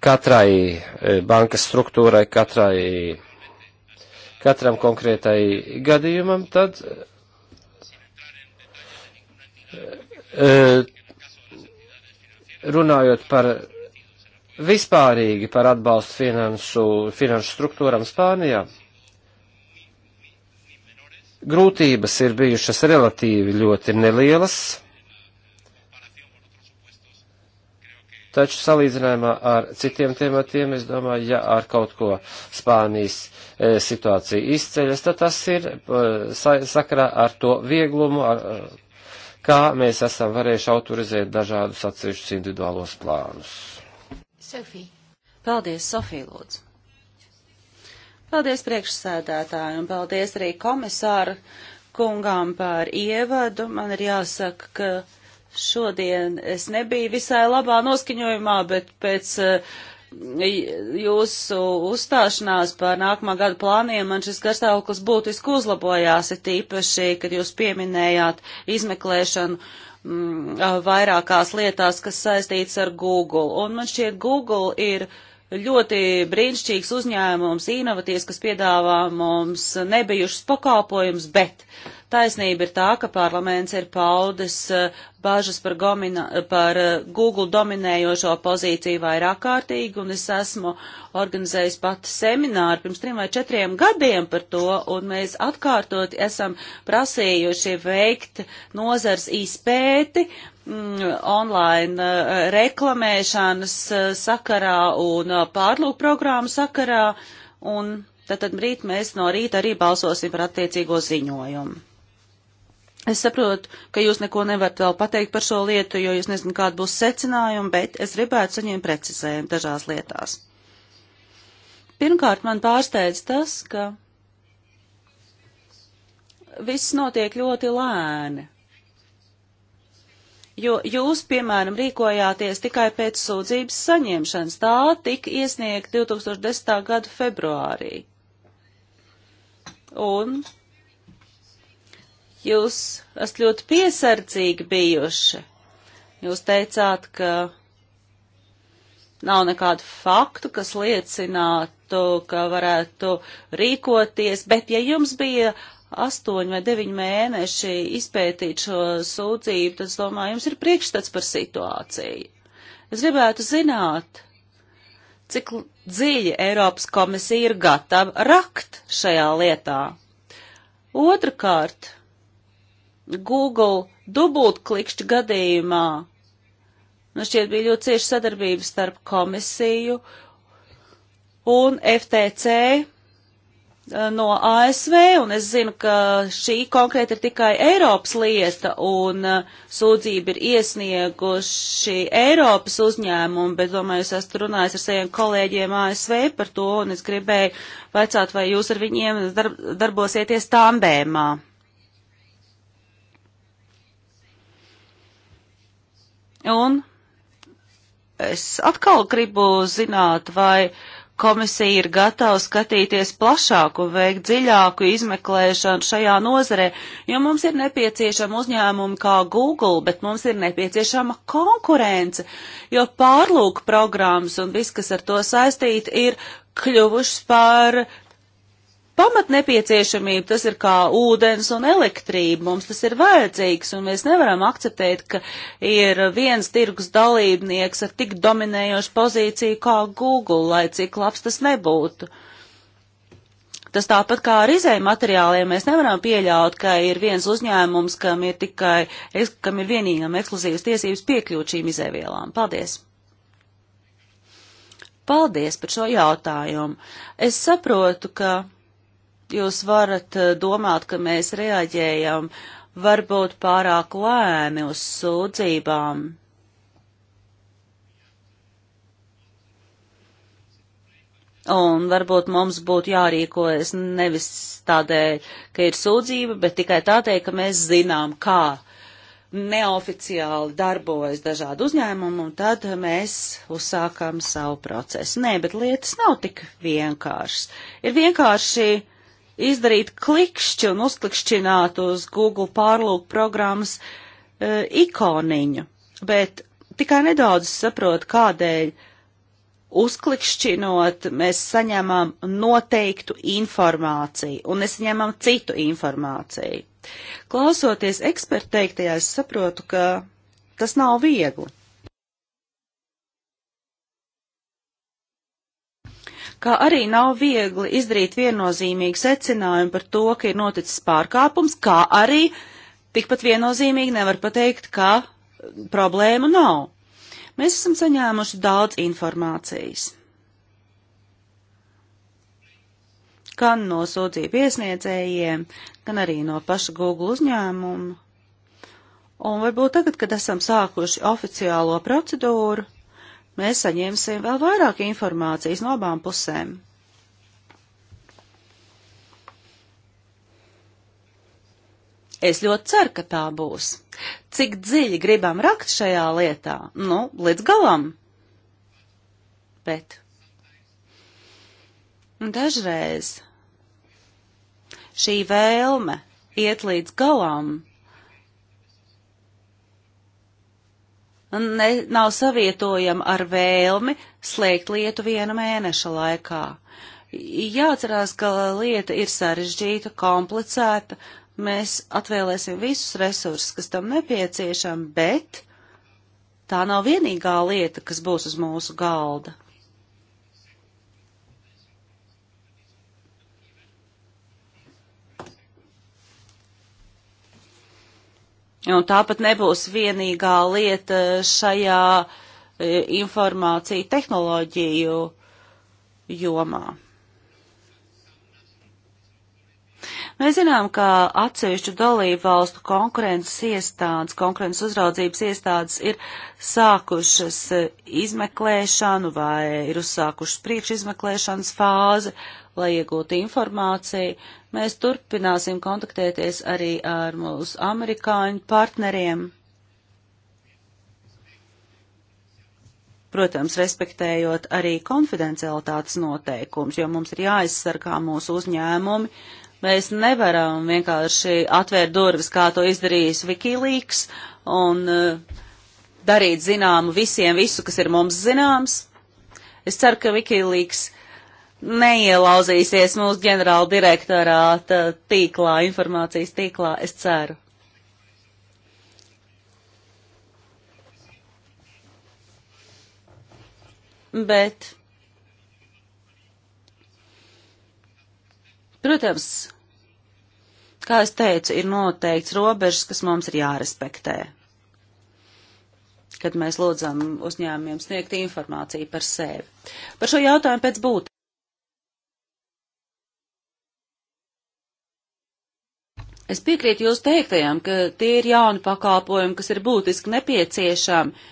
[SPEAKER 1] katrai bankas struktūrai, katrai katram konkrētai gadījumam, tad e, runājot par vispārīgi par atbalstu finanšu, finanšu struktūram Spānijā, grūtības ir bijušas relatīvi ļoti nelielas Taču salīdzinājumā ar citiem tematiem, es domāju, ja ar kaut ko Spānijas e, situācija izceļas, tad tas ir e, sa sakarā ar to vieglumu, ar, e, kā mēs esam varējuši autorizēt dažādus atsevišķus individuālos plānus. Sofija.
[SPEAKER 2] Paldies, Sofija Lūdzu. Paldies priekšsēdētāju un paldies arī komisāru kungām par ievadu. Man ir jāsaka, ka Šodien es nebiju visai labā noskaņojumā, bet pēc eh, jūsu uzstāšanās par nākamā gada plāniem man šis garstāvoklis būtiski uzlabojās, ir tīpaši, kad jūs pieminējāt izmeklēšanu mm, eh, vairākās lietās, kas saistīts ar Google. Un man šķiet, Google ir uh, ļoti brīnišķīgs uzņēmums, inovatīvs, kas piedāvā mums nebijušas pakāpojums, bet taisnība ir tā, ka parlaments ir paudis eh, bažas par, gomina, par eh, Google dominējošo pozīciju vairāk kārtīgi, un es esmu organizējis pat semināru pirms trim vai četriem gadiem par to, un mēs atkārtot esam prasījuši veikt nozars izpēti Mm, online eh, reklamēšanas eh, sakarā un eh, pārlūk programmu sakarā, un tad, tad rīt mēs no rīta arī balsosim par attiecīgo ziņojumu. Es saprotu, ka jūs neko nevarat vēl pateikt par šo lietu, jo jūs nezināt, kāda būs secinājuma, bet es gribētu saņemt precizējumu dažās lietās. Pirmkārt, man pārsteidz tas, ka viss notiek ļoti lēni jo jūs, piemēram, rīkojāties tikai pēc sūdzības saņemšanas. Tā tika iesniegta 2010. gada februārī. Un jūs esat ļoti piesardzīgi bijuši. Jūs teicāt, ka nav nekādu faktu, kas liecinātu, ka varētu rīkoties, bet ja jums bija astoņi vai deviņi mēneši izpētīt šo sūdzību, tad es domāju, jums ir priekšstats par situāciju. Es gribētu zināt, cik dziļi Eiropas komisija ir gatava rakt šajā lietā. Otrakārt, Google dubultklikšķi gadījumā, nu šķiet bija ļoti cieši sadarbības starp komisiju un FTC Eh, no ASV, un es zinu, ka šī konkrēti ir tikai Eiropas lieta, un eh, sūdzība ir iesnieguši Eiropas uzņēmumi, bet, domāju, es esmu runājis ar saviem kolēģiem ASV par to, un es gribēju vaicāt, vai jūs ar viņiem darb darbosieties tāmbēmā. Un es atkal gribu zināt, vai uh, komisija ir gatava skatīties plašāku, veikt dziļāku izmeklēšanu šajā nozarē, jo mums ir nepieciešama uzņēmumi kā Google, bet mums ir nepieciešama konkurence, jo pārlūk programmas un viss, kas ar to saistīti, ir kļuvušas par pamatnepieciešamība, tas ir kā ūdens un elektrība. Mums tas ir vajadzīgs, un mēs nevaram akceptēt, ka ir viens tirgus dalībnieks ar tik dominējošu pozīciju kā Google, lai cik labs tas nebūtu. Tas tāpat kā ar izēju materiāliem mēs nevaram pieļaut, ka ir viens uzņēmums, kam ir tikai, kam ir vienīgam ekskluzīvas tiesības piekļūt šīm izēvielām. Paldies! Paldies par šo jautājumu. Es saprotu, ka jūs varat eh, domāt, ka mēs reaģējam varbūt pārāk lēni uz sūdzībām. Un varbūt mums būtu jārīkojas nevis tādēļ, ka ir sūdzība, bet tikai tādēļ, ka mēs zinām, kā neoficiāli darbojas dažādi uzņēmumi, un tad mēs uzsākam savu procesu. Nē, bet lietas nav tik vienkāršas. Ir vienkārši uh, izdarīt klikšķi un uzklikšķināt uz Google pārlūk programmas e, ikoniņu, bet tikai nedaudz saprot, kādēļ uzklikšķinot mēs saņemam noteiktu informāciju un nesaņemam citu informāciju. Klausoties ekspertu teiktajā, es saprotu, ka tas nav viegli. kā arī nav viegli izdarīt viennozīmīgu secinājumu par to, ka ir noticis pārkāpums, kā arī tikpat viennozīmīgi nevar pateikt, ka problēmu nav. Mēs esam saņēmuši daudz informācijas. Gan no sūdzību iesniedzējiem, gan arī no paša Google uzņēmuma. Un varbūt tagad, kad esam sākuši oficiālo procedūru, mēs saņemsim vēl vairāk informācijas no abām pusēm. Es ļoti ceru, ka tā būs. Cik dziļi gribam rakt šajā lietā? Nu, līdz galam. Bet dažreiz šī vēlme iet līdz galam ne, nav savietojama ar vēlmi slēgt lietu viena mēneša laikā. Jāatcerās, ka lieta ir sarežģīta, komplicēta, mēs atvēlēsim visus resursus, kas tam nepieciešami, bet tā nav vienīgā lieta, kas būs uz mūsu galda. Un tāpat nebūs vienīgā lieta šajā e, informāciju tehnoloģiju jomā. Mēs zinām, ka atsevišķu dalību valstu konkurences iestādes, konkurences uzraudzības iestādes ir sākušas e, izmeklēšanu vai ir uzsākušas priekšizmeklēšanas fāzi. Uh, lai iegūtu informāciju. Mēs turpināsim kontaktēties arī ar mūsu amerikāņu partneriem. Protams, respektējot arī konfidencialitātes noteikums, jo mums ir jāaizsargā mūsu uzņēmumi. Mēs nevaram vienkārši atvērt durvis, kā to izdarījis Wikileaks, un uh, darīt zināmu visiem visu, kas ir mums zināms. Es ceru, ka Wikileaks neielauzīsies mūsu ģenerāla direktorāta tīklā, informācijas tīklā, es ceru. Bet, protams, kā es teicu, ir noteikts robežas, kas mums ir jārespektē, kad mēs lūdzam uzņēmumiem sniegt informāciju par sevi. Par šo jautājumu pēc būtības. Es piekrītu jūs teiktajām, ka tie ir jauni pakalpojumi, kas ir būtiski nepieciešami,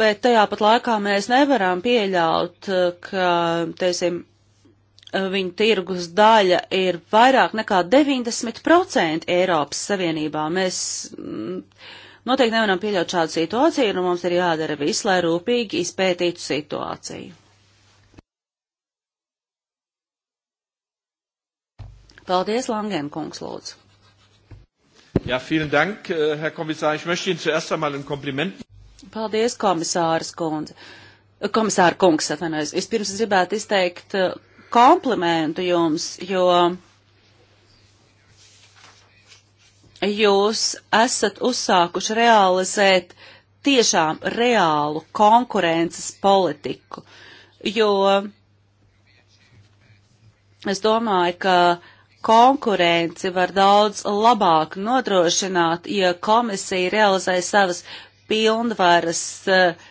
[SPEAKER 2] bet tajā pat laikā mēs nevaram pieļaut, ka, teiksim, viņa tirgus daļa ir vairāk nekā 90% Eiropas Savienībā. Mēs mm, noteikti nevaram pieļaut šādu situāciju, un mums ir jādara viss, lai rūpīgi izpētītu situāciju. Paldies, Langēn kungs, lūdzu.
[SPEAKER 1] Jā, ja, vielen dank, äh, Herr Kommissar. Ich möchte Ihnen zuerst einmal ein Kompliment.
[SPEAKER 2] Paldies, komisārs kundze. Komisāra kungs, atvainojos. Vispirms gribētu izteikt äh, komplimentu jums, jo jūs esat uzsākuši realizēt tiešām reālu konkurences politiku, jo es domāju, ka konkurenci var daudz labāk nodrošināt, ja komisija realizē savas pilnvaras eh,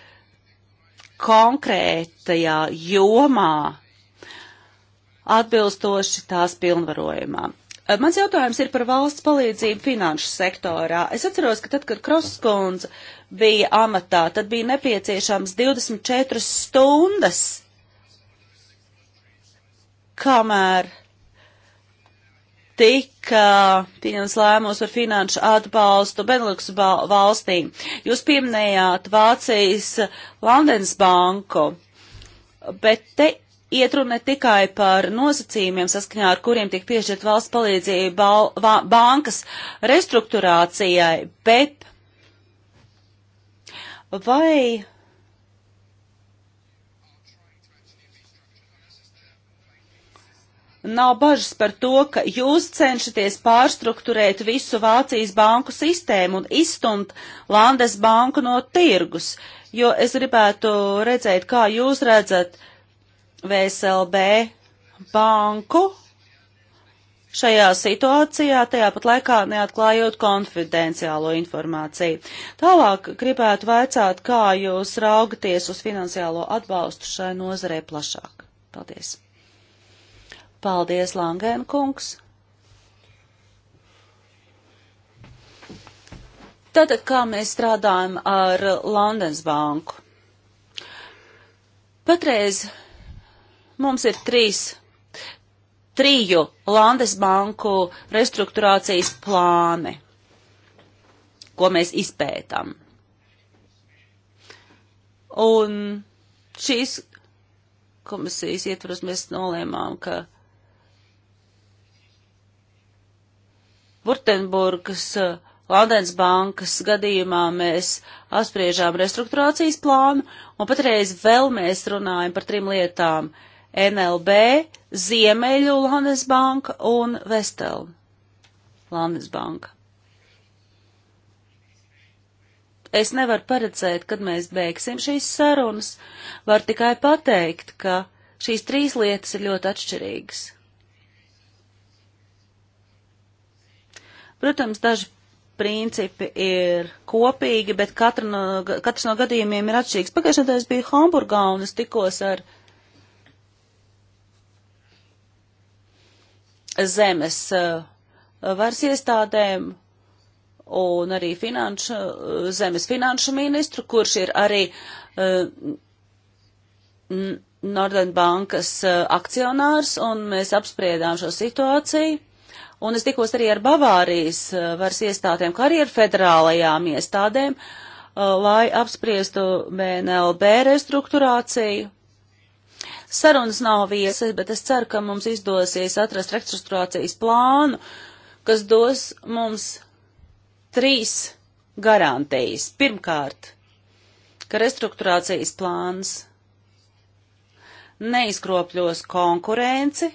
[SPEAKER 2] konkrētajā jomā, atbilstoši tās pilnvarojumam. Eh, mans jautājums ir par valsts palīdzību finanšu sektorā. Es atceros, ka tad, kad Krosskundze bija amatā, tad bija nepieciešams 24 stundas, kamēr uh, tika pieņems lēmums par finanšu atbalstu Benelux valstīm. Jūs pieminējāt Vācijas Landenes banku, bet te iet runa ne tikai par nosacījumiem, saskaņā ar kuriem tiek piešķirt valsts palīdzība bal, va, bankas restruktūrācijai, bet vai nav bažas par to, ka jūs cenšaties pārstruktūrēt visu Vācijas banku sistēmu un izstumt Landes banku no tirgus, jo es gribētu redzēt, kā jūs redzat VSLB banku šajā situācijā, tajā pat laikā neatklājot konfidenciālo informāciju. Tālāk gribētu vaicāt, kā jūs raugaties uz finansiālo atbalstu šai nozarē plašāk. Paldies! Paldies, Langēn kungs! Tad, kā mēs strādājam ar Londonas banku? Patreiz mums ir trīs, triju Landes banku restruktūrācijas plāni, ko mēs izpētam. Un šīs komisijas ietvaros mēs nolēmām, ka Vurtenburgas eh, Laudens bankas gadījumā mēs apspriežām restruktūrācijas plānu, un patreiz vēl mēs runājam par trim lietām - NLB, Ziemeļu Laudens banka un Vestel Laudens banka. Es nevaru paredzēt, kad mēs beigsim šīs sarunas, var tikai pateikt, ka šīs trīs lietas ir ļoti atšķirīgas. Protams, daži principi ir kopīgi, bet katra no, katrs no gadījumiem ir atšķirīgs. Pagājušajā nedēļā es biju Hamburgā un es tikos ar zemes eh, varas iestādēm un arī finanšu, zemes finanšu ministru, kurš ir arī eh, Norden bankas eh, akcionārs, un mēs apspriedām šo situāciju un es tikos arī ar Bavārijas eh, varas iestādēm, kā arī ar federālajām iestādēm, eh, lai apspriestu BNLB restruktūrāciju. Sarunas nav viesas, bet es ceru, ka mums izdosies atrast restruktūrācijas plānu, kas dos mums trīs garantijas. Pirmkārt, ka restruktūrācijas plāns neizkropļos konkurenci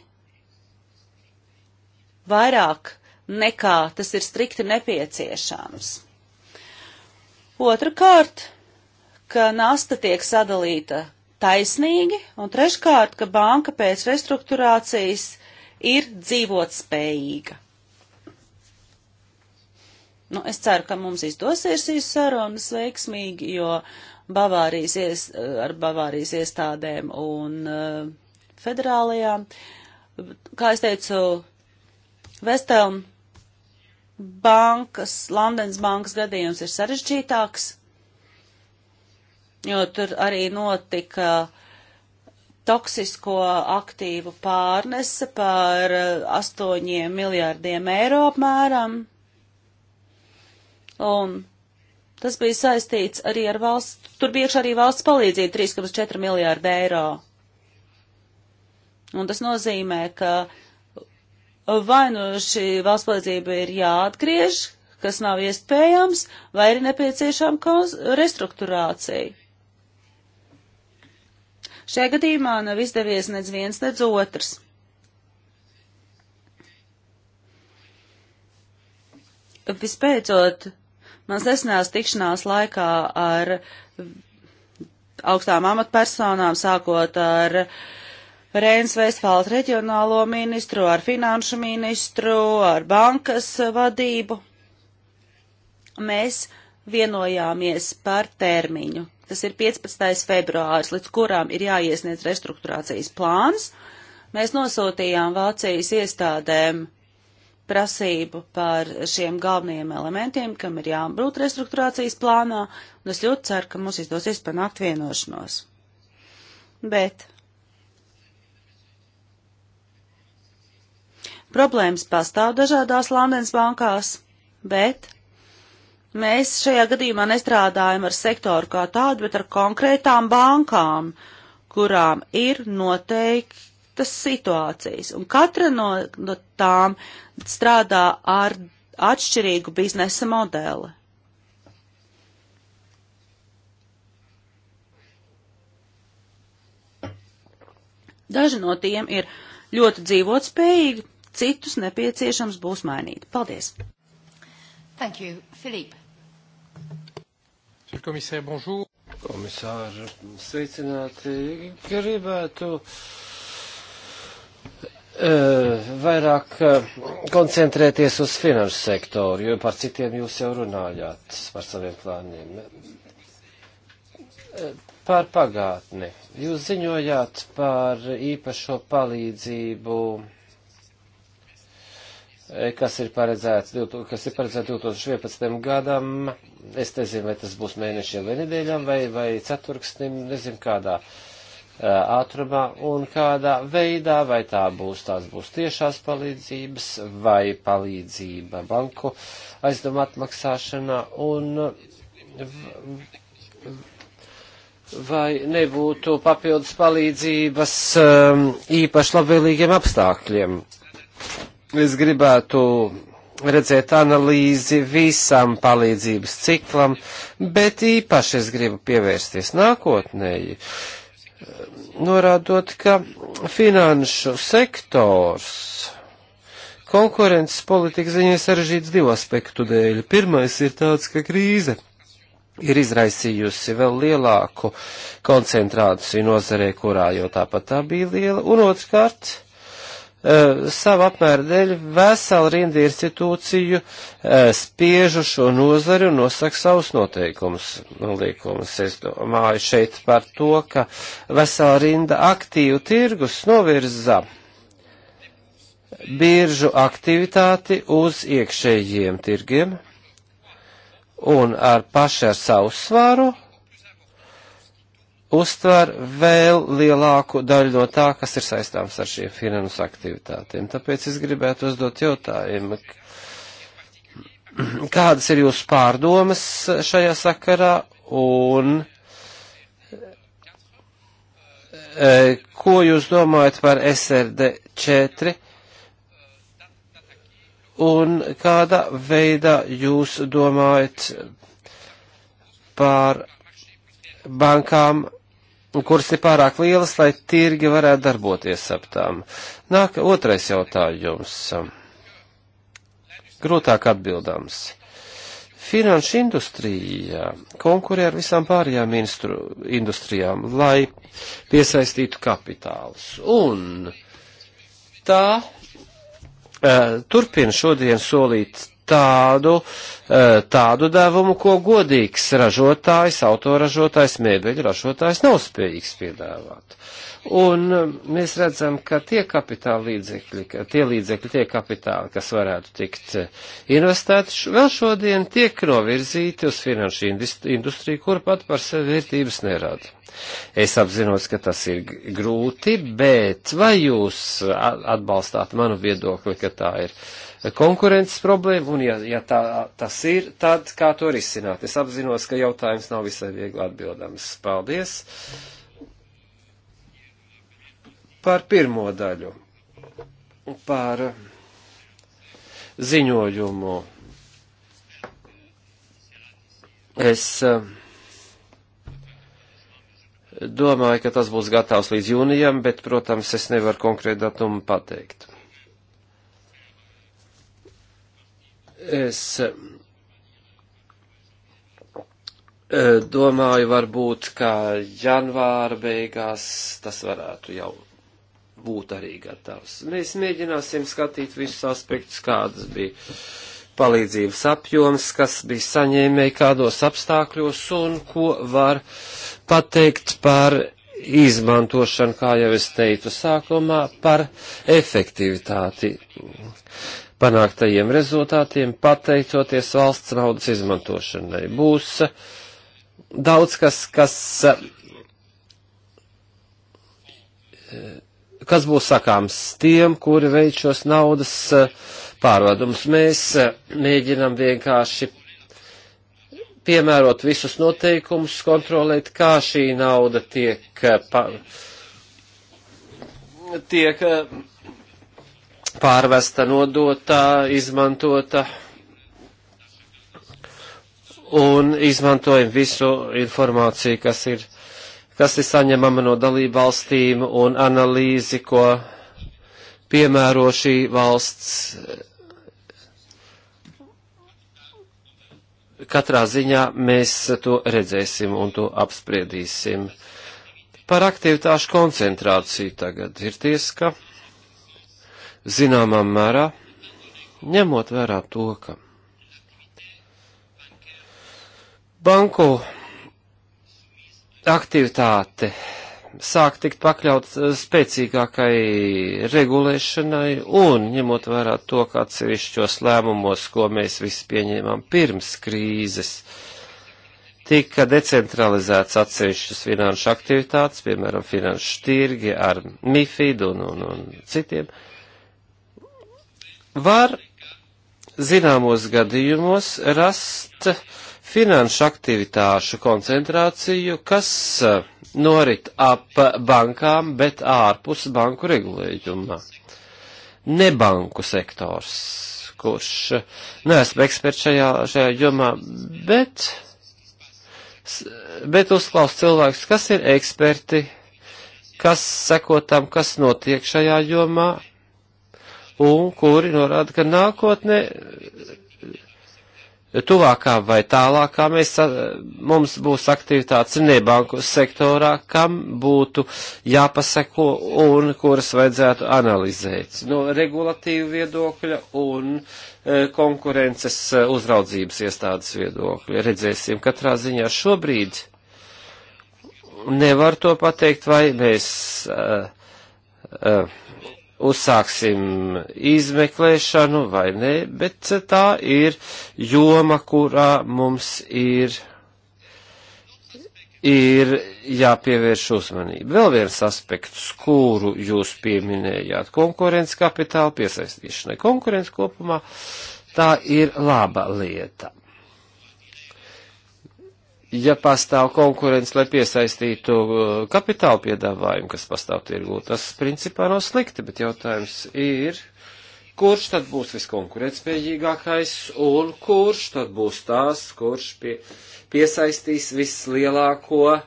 [SPEAKER 2] vairāk nekā tas ir strikti nepieciešams. Otrakārt, ka nasta tiek sadalīta taisnīgi, un treškārt, ka banka pēc restruktūrācijas ir dzīvot spējīga. Nu, es ceru, ka mums izdosies šīs sarunas veiksmīgi, jo Bavārijas ies, ar Bavārijas iestādēm un uh, federālajām, kā es teicu, Vestelm bankas, Londonas bankas gadījums ir sarežģītāks, jo tur arī notika toksisko aktīvu pārnese par 8 eh, miljārdiem eiro apmēram. Un tas bija saistīts arī ar valsts, tur bija arī valsts palīdzība 3,4 miljārdi eiro. Un tas nozīmē, ka uh, vai nu šī valsts palīdzība ir jāatgriež, kas nav iespējams, vai ir nepieciešama restruktūrācija. Šajā gadījumā nav izdevies nec viens, nec otrs. Vispēcot, mans nesenās tikšanās laikā ar augstām amatpersonām, sākot ar uh, Rēns Vestfāles reģionālo ministru, ar finanšu ministru, ar bankas vadību. Mēs vienojāmies par termiņu. Tas ir 15. februāris, līdz kurām ir jāiesniedz restruktūrācijas plāns. Mēs nosūtījām Vācijas iestādēm prasību par šiem galvenajiem elementiem, kam ir jābūt restruktūrācijas plānā, un es ļoti ceru, ka mums izdosies panākt vienošanos. Bet Problēmas pastāv dažādās Londonas bankās, bet mēs šajā gadījumā nestrādājam ar sektoru kā tādu, bet ar konkrētām bankām, kurām ir noteiktas situācijas. Un katra no, no tām strādā ar atšķirīgu biznesa modeli. Daži no tiem ir ļoti dzīvotspējīgi, citus nepieciešams būs mainīt. Paldies!
[SPEAKER 1] Thank you, Philippe. Komisār, bonjour. Komisāri, sveicināti. Gribētu eh, vairāk eh, koncentrēties uz finanšu sektoru, jo par citiem jūs jau runājāt, par saviem plāniem. Eh, par pagātni. Jūs ziņojāt par īpašo palīdzību Eh, kas ir paredzēts, kas ir paredzēts 2011. gadam. Es nezinu, vai tas būs mēnešiem vai nedēļām vai, vai ceturksnim, nezinu kādā eh, ātrumā un kādā veidā, vai tā būs, tās būs tiešās palīdzības vai palīdzība banku aizdevuma atmaksāšanā un vai nebūtu papildus palīdzības eh, īpaši labvēlīgiem apstākļiem es gribētu redzēt analīzi visam palīdzības ciklam, bet īpaši es gribu pievērsties nākotnēji, norādot, ka finanšu sektors konkurences politikas ziņā sarežģīts divu aspektu dēļ. Pirmais ir tāds, ka krīze ir izraisījusi vēl lielāku koncentrāciju nozarē, kurā jau tāpat tā bija liela, un otrkārt, Eh, savu apmēru dēļ vesela rinda institūciju eh, spiežu šo nozari un nosaka savus noteikumus. Līkumus. Es domāju šeit par to, ka vesela rinda aktīvu tirgus novirza biržu aktivitāti uz iekšējiem tirgiem un ar paši ar savu svāru uztver vēl lielāku daļu no tā, kas ir saistāms ar šiem finansu aktivitātiem. Tāpēc es gribētu uzdot jautājumu, (clears throat) kādas ir jūsu pārdomas šajā sakarā un e, ko jūs domājat par SRD 4 un kādā veidā jūs domājat par bankām kuras ir pārāk lielas, lai tirgi varētu darboties ap tām. Nāk otrais jautājums. Grūtāk atbildams. Finanšu industrija konkurē ar visām pārējām instru, industrijām, lai piesaistītu kapitālus. Un tā uh, turpina šodien solīt tādu, e, tādu devumu, ko godīgs ražotājs, autoražotājs, mēbeļu ražotājs nav spējīgs piedāvāt. Un mēs redzam, ka tie kapitāla līdzekļi, ka tie līdzekļi, tie kapitāli, kas varētu tikt investēti, vēl šodien tiek novirzīti uz finanšu industriju, kur pat par sevi vērtības nerāda. Es apzinos, ka tas ir grūti, bet vai jūs atbalstāt manu viedokli, ka tā ir? Uh, konkurences problēma, un ja, ja tā, tas ir, tad kā to risināt? Es apzinos, ka jautājums nav visai viegli atbildams. Paldies par pirmo daļu, par ziņojumu. Es eh, domāju, ka tas būs gatavs līdz jūnijam, bet, protams, es nevaru konkrētu datumu pateikt. Es e, domāju, varbūt, ka janvāra beigās tas varētu jau būt arī gatavs. Mēs mēģināsim skatīt visus aspektus, kādas bija palīdzības apjoms, kas bija saņēmēji, kādos apstākļos un ko var pateikt par izmantošanu, kā jau es teicu sākumā, par efektivitāti panāktajiem rezultātiem, pateicoties valsts naudas izmantošanai. Būs daudz kas, kas, kas būs sakāms tiem, kuri veid šos naudas pārvadumus. Mēs mēģinam vienkārši piemērot visus noteikumus, kontrolēt, kā šī nauda tiek, pa, tiek pārvesta, nodota, izmantota. Un izmantojam visu informāciju, kas ir, kas ir saņemama no dalību valstīm un analīzi, ko piemēro šī valsts katrā ziņā mēs to redzēsim un to apspriedīsim. Par aktivitāšu koncentrāciju tagad ir ties, ka zināmā mērā, ņemot vērā to, ka banku aktivitāte sāk tikt pakļaut eh, spēcīgākai regulēšanai un ņemot vērā to, ka atsevišķos lēmumos, ko mēs visi pieņēmām pirms krīzes, tika decentralizēts atsevišķas finanšu aktivitātes, piemēram, finanšu tirgi ar MIFID un, un, un citiem. Uh, var zināmos gadījumos rast finanšu aktivitāšu koncentrāciju, kas eh, norit ap bankām, bet ārpus banku regulējuma. Nebanku sektors, kurš eh, neesmu eksperts šajā, šajā jomā, bet, bet uzklaus cilvēks, kas ir eksperti, kas sekotam, kas notiek šajā jomā, un kuri norāda, ka nākotnē tuvākā vai tālākā mēs, mums būs aktivitātes nebanku sektorā, kam būtu jāpaseko un kuras vajadzētu analizēt no regulatīva viedokļa un e, konkurences e, uzraudzības iestādes viedokļa. Redzēsim, katrā ziņā šobrīd nevar to pateikt, vai mēs. Uh, uh, uzsāksim izmeklēšanu vai nē, bet tā ir joma, kurā mums ir, ir jāpievērš uzmanība. Vēl viens aspekts, kuru jūs pieminējāt, konkurences kapitāla piesaistīšanai. Konkurence kopumā tā ir laba lieta ja pastāv konkurence, lai piesaistītu uh, kapitāla piedāvājumu, kas pastāv tirgū, tas principā nav slikti, bet jautājums ir, kurš tad būs viskonkurētspējīgākais un kurš tad būs tās, kurš pie, piesaistīs vislielāko uh,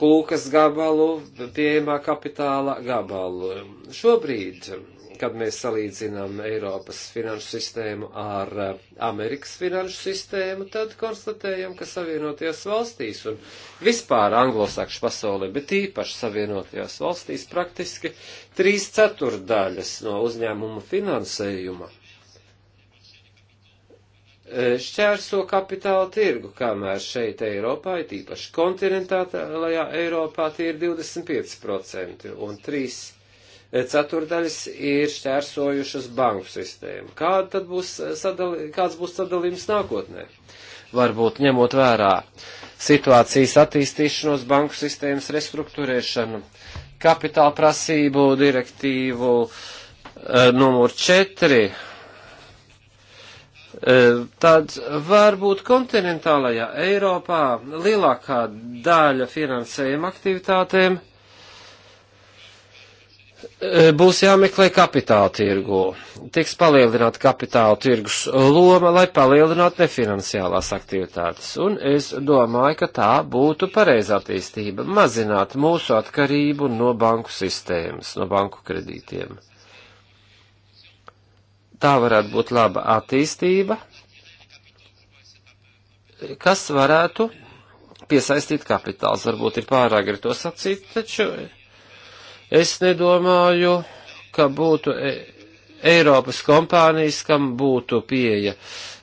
[SPEAKER 1] kūkas gabalu, pieejamā kapitāla gabalu. Šobrīd kad mēs salīdzinām Eiropas finanšu sistēmu ar eh, Amerikas finanšu sistēmu, tad konstatējam, ka Savienotajās valstīs un vispār anglosakšu pasaulē, bet īpaši Savienotajās valstīs praktiski trīs ceturdaļas no uzņēmuma finansējuma eh, šķērso kapitāla tirgu, kamēr šeit Eiropā, it īpaši kontinentālajā Eiropā, tie ir 25% un 3 ceturdaļas ir šķērsojušas banku sistēmu. Kāda tad būs eh, sadali, kāds būs sadalījums nākotnē? Varbūt ņemot vērā situācijas attīstīšanos, banku sistēmas restruktūrēšanu, kapitāla prasību direktīvu eh, numur 4, eh, tad varbūt kontinentālajā Eiropā lielākā daļa finansējuma aktivitātēm E, būs jāmeklē kapitāla tirgu. Tiks palielināta kapitāla tirgus loma, lai palielinātu nefinanciālās aktivitātes. Un es domāju, ka tā būtu pareizā attīstība - mazināt mūsu atkarību no banku sistēmas, no banku kredītiem. Tā varētu būt laba attīstība, kas varētu piesaistīt kapitāls. Varbūt ir pārāk grito sacīt, taču Es nedomāju, ka būtu e- Eiropas kompānijas, kam būtu pieeja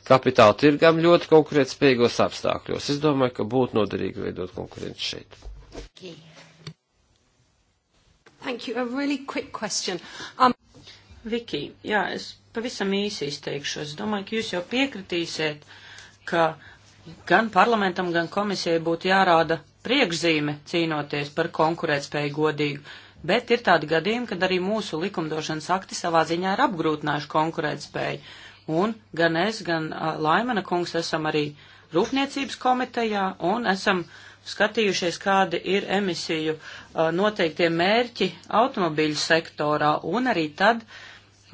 [SPEAKER 1] kapitāla tirgam ļoti konkurētspējīgos apstākļos. Es domāju, ka būtu noderīgi veidot konkurenci šeit. Okay.
[SPEAKER 3] Thank you. A really quick question. Um... Viki, jā, es pavisam īsi izteikšos. Domāju, ka jūs jau piekritīsiet, ka gan parlamentam, gan komisijai būtu jārāda priekšzīme cīnoties par konkurētspēju godīgu bet ir tādi gadījumi, kad arī mūsu likumdošanas akti savā ziņā ir apgrūtinājuši konkurētspēju. Un gan es, gan uh, Laimana kungs esam arī Rūpniecības komitejā un esam skatījušies, kādi ir emisiju uh, noteiktie mērķi automobīļu sektorā un arī tad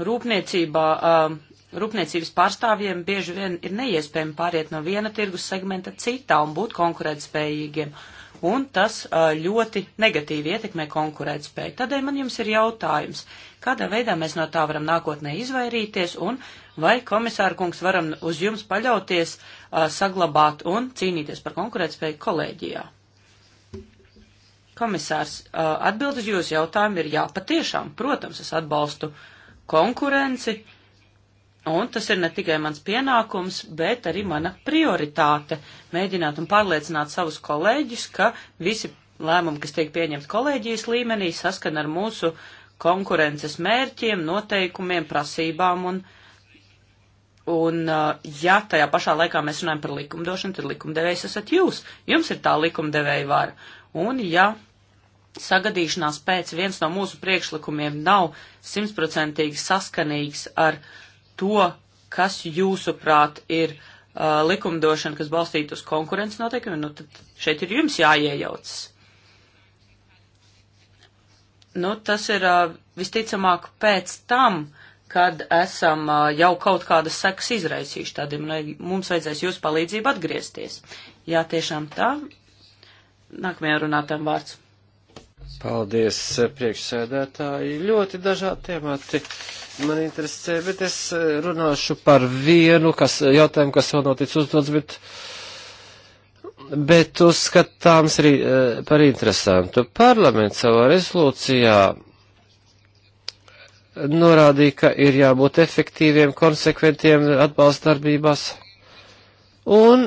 [SPEAKER 3] rūpniecībā uh, rūpniecības pārstāvjiem bieži vien ir neiespējami pāriet no viena tirgus segmenta citā un būt konkurētspējīgiem un tas ļoti negatīvi ietekmē konkurētspēju. Tādēļ man jums ir jautājums, kādā veidā mēs no tā varam nākotnē izvairīties un vai komisāra kungs varam uz jums paļauties, saglabāt un cīnīties par konkurētspēju kolēģijā. Komisārs, atbild uz jūsu jautājumu ir jā, patiešām, protams, es atbalstu konkurenci, uh, Un tas ir ne tikai mans pienākums, bet arī mana prioritāte mēģināt un pārliecināt savus kolēģus, ka visi lēmumi, kas tiek pieņemti kolēģijas līmenī, saskan ar mūsu konkurences mērķiem, noteikumiem, prasībām un, un uh, ja tajā pašā laikā mēs runājam par likumdošanu, tad likumdevējs esat jūs. Jums ir tā likumdevēja vara. Un ja sagadīšanās pēc viens no mūsu priekšlikumiem nav simtprocentīgi saskanīgs ar uh, to, kas jūsuprāt ir uh, likumdošana, kas balstīta uz konkurences noteikumiem, nu tad šeit ir jums jāiejaucas. Nu, tas ir uh, visticamāk pēc tam, kad esam uh, jau kaut kādas sekas izraisījuši, tad mums vajadzēs jūs palīdzību atgriezties. Jā, tiešām tā. Nākamajā runātājam vārds.
[SPEAKER 1] Paldies, priekšsēdētāji. Ļoti dažādi temati. Uh, man interesē, bet es eh, runāšu par vienu kas, jautājumu, kas vēl nav ticis uzdots, bet, bet uzskatāms arī eh, par interesantu. Parlaments savā rezolūcijā norādīja, ka ir jābūt efektīviem, konsekventiem atbalsta darbībās. Un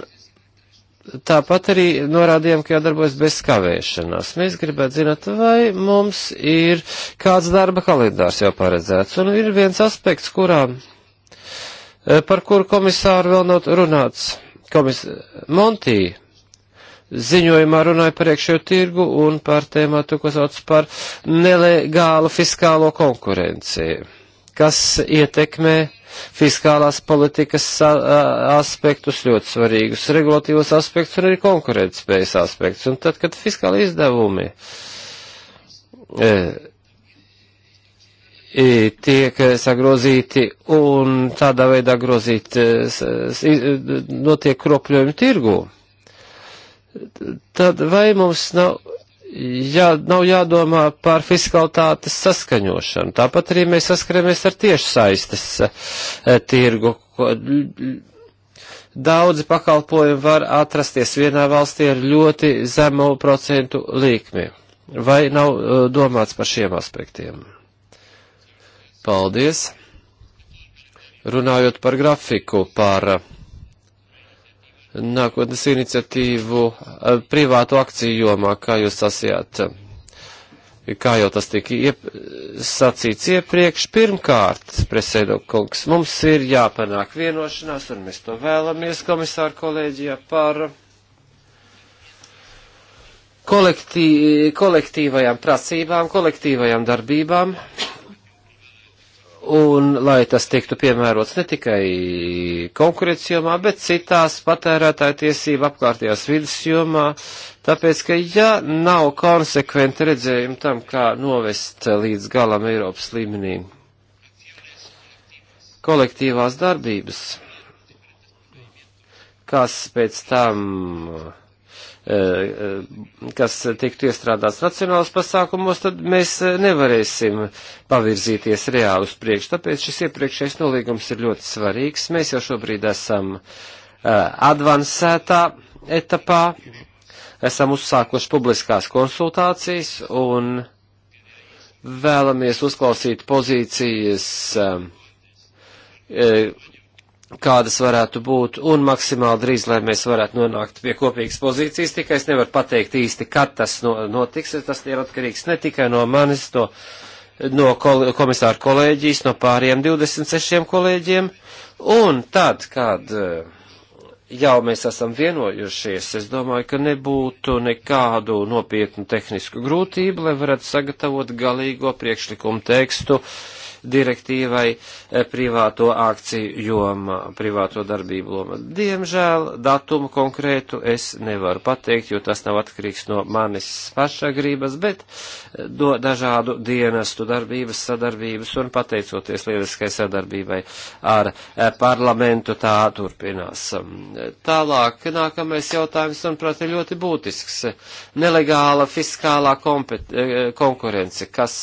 [SPEAKER 1] tāpat arī norādījām, ka jādarbojas bez kavēšanās. Mēs gribētu zināt, vai mums ir kāds darba kalendārs jau paredzēts. Un ir viens aspekts, kurā, eh, par kuru komisāru vēl nav runāts. Komis Montī ziņojumā runāja par iekšējo tirgu un par tēmātu, ko sauc par nelegālu fiskālo konkurenciju kas ietekmē fiskālās politikas aspektus, ļoti svarīgus regulatīvos aspektus un arī konkurētspējas aspektus. Un tad, kad fiskāli izdevumi e, tiek sagrozīti un tādā veidā grozīt, e, notiek kropļojumi tirgū, tad vai mums nav jā, nav jādomā par fiskalitātes saskaņošanu. Tāpat arī mēs saskaramies ar tiešsaistes e, tirgu. Ko, daudzi pakalpojumi var atrasties vienā valstī ar ļoti zemu procentu līkmi. Vai nav e, domāts par šiem aspektiem? Paldies! Runājot par grafiku, par uh, nākotnes iniciatīvu privātu akciju jomā, kā jūs sasījāt, kā jau tas tika iep sacīts iepriekš. Pirmkārt, presēdo kungs, mums ir jāpanāk vienošanās, un mēs to vēlamies komisāru kolēģijā par kolektī, kolektīvajām prasībām, kolektīvajām darbībām un lai tas tiktu piemērots ne tikai konkurences jomā, bet citās patērētāja tiesība apkārtējās vidas jomā, tāpēc, ka ja nav konsekventi redzējumi tam, kā novest līdz galam Eiropas līmenī kolektīvās darbības, kas pēc tam Eh, eh, kas tiktu iestrādāts nacionālas pasākumos, tad mēs eh, nevarēsim pavirzīties reāli uz priekšu. Tāpēc šis iepriekšējais nolīgums ir ļoti svarīgs. Mēs jau šobrīd esam advansētā etapā, esam uzsākuši publiskās konsultācijas un vēlamies uzklausīt pozīcijas kādas varētu būt, un maksimāli drīz, lai mēs varētu nonākt pie kopīgas pozīcijas, tikai es nevaru pateikt īsti, kad tas no, notiks, tas ir atkarīgs ne tikai no manis, to, no kol, komisāra kolēģijas, no pāriem 26 kolēģiem, un tad, kad eh, jau mēs esam vienojušies, es domāju, ka nebūtu nekādu nopietnu tehnisku grūtību, lai varētu sagatavot galīgo priekšlikumu tekstu, uh, direktīvai eh, privāto akciju jomā, privāto darbību lomā. Diemžēl datumu konkrētu es nevaru pateikt, jo tas nav atkarīgs no manis paša grības, bet eh, no dažādu dienestu darbības, sadarbības un pateicoties lieliskai sadarbībai ar eh, parlamentu tā turpinās. Tālāk nākamais jautājums, manuprāt, ir ļoti būtisks. Nelegāla fiskālā kompet, konkurence, kas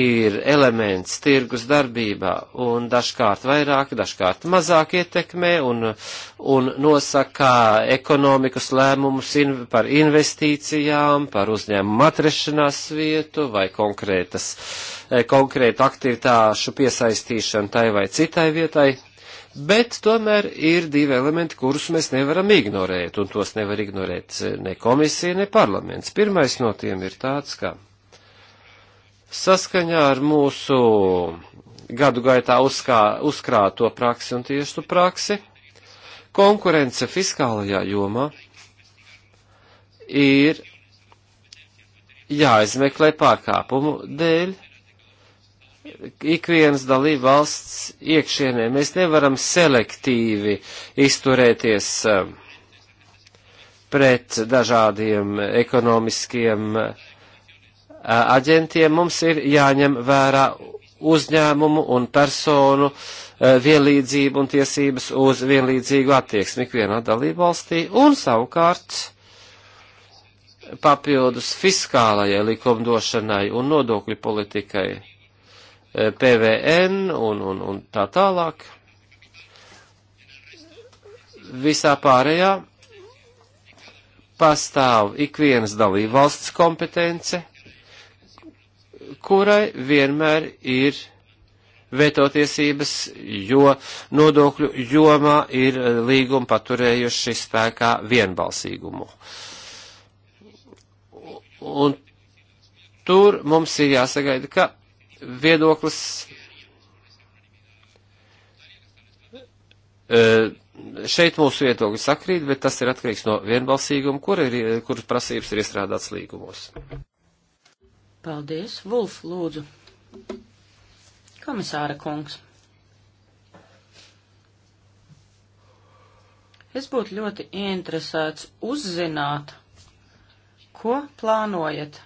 [SPEAKER 1] ir elements tirgus darbībā un dažkārt vairāk, dažkārt mazāk ietekmē un, un nosaka ekonomikas lēmumus in, par investīcijām, par uzņēmumu atrešanās vietu vai konkrētas, eh, konkrētu aktivitāšu piesaistīšanu tai vai citai vietai. Bet tomēr ir divi elementi, kurus mēs nevaram ignorēt, un tos nevar ignorēt ne komisija, ne parlaments. Pirmais no tiem ir tāds, ka. Kā Saskaņā ar mūsu gadu gaitā uzkā, uzkrāto praksi un tiešu praksi, konkurence fiskālajā jomā ir jāizmeklē pārkāpumu dēļ ikvienas dalība valsts iekšienē. Mēs nevaram selektīvi izturēties eh, pret dažādiem ekonomiskiem uh, aģentiem mums ir jāņem vērā uzņēmumu un personu vienlīdzību un tiesības uz vienlīdzīgu attieksmi ikvienā dalībvalstī un savukārt papildus fiskālajai likumdošanai un nodokļu politikai PVN un, un, un tā tālāk. Visā pārējā pastāv ikvienas dalībvalsts kompetence kurai vienmēr ir vetotiesības, jo nodokļu jomā ir eh, līguma paturējuši spēkā vienbalsīgumu. Un tur mums ir jāsagaida, ka viedoklis eh, šeit mūsu viedokļi sakrīt, bet tas ir atkarīgs no vienbalsīguma, kur, ir, eh, kur prasības ir iestrādāts līgumos.
[SPEAKER 3] Paldies, Vulf, lūdzu. Komisāra kungs. Es būtu ļoti interesēts uzzināt, ko plānojat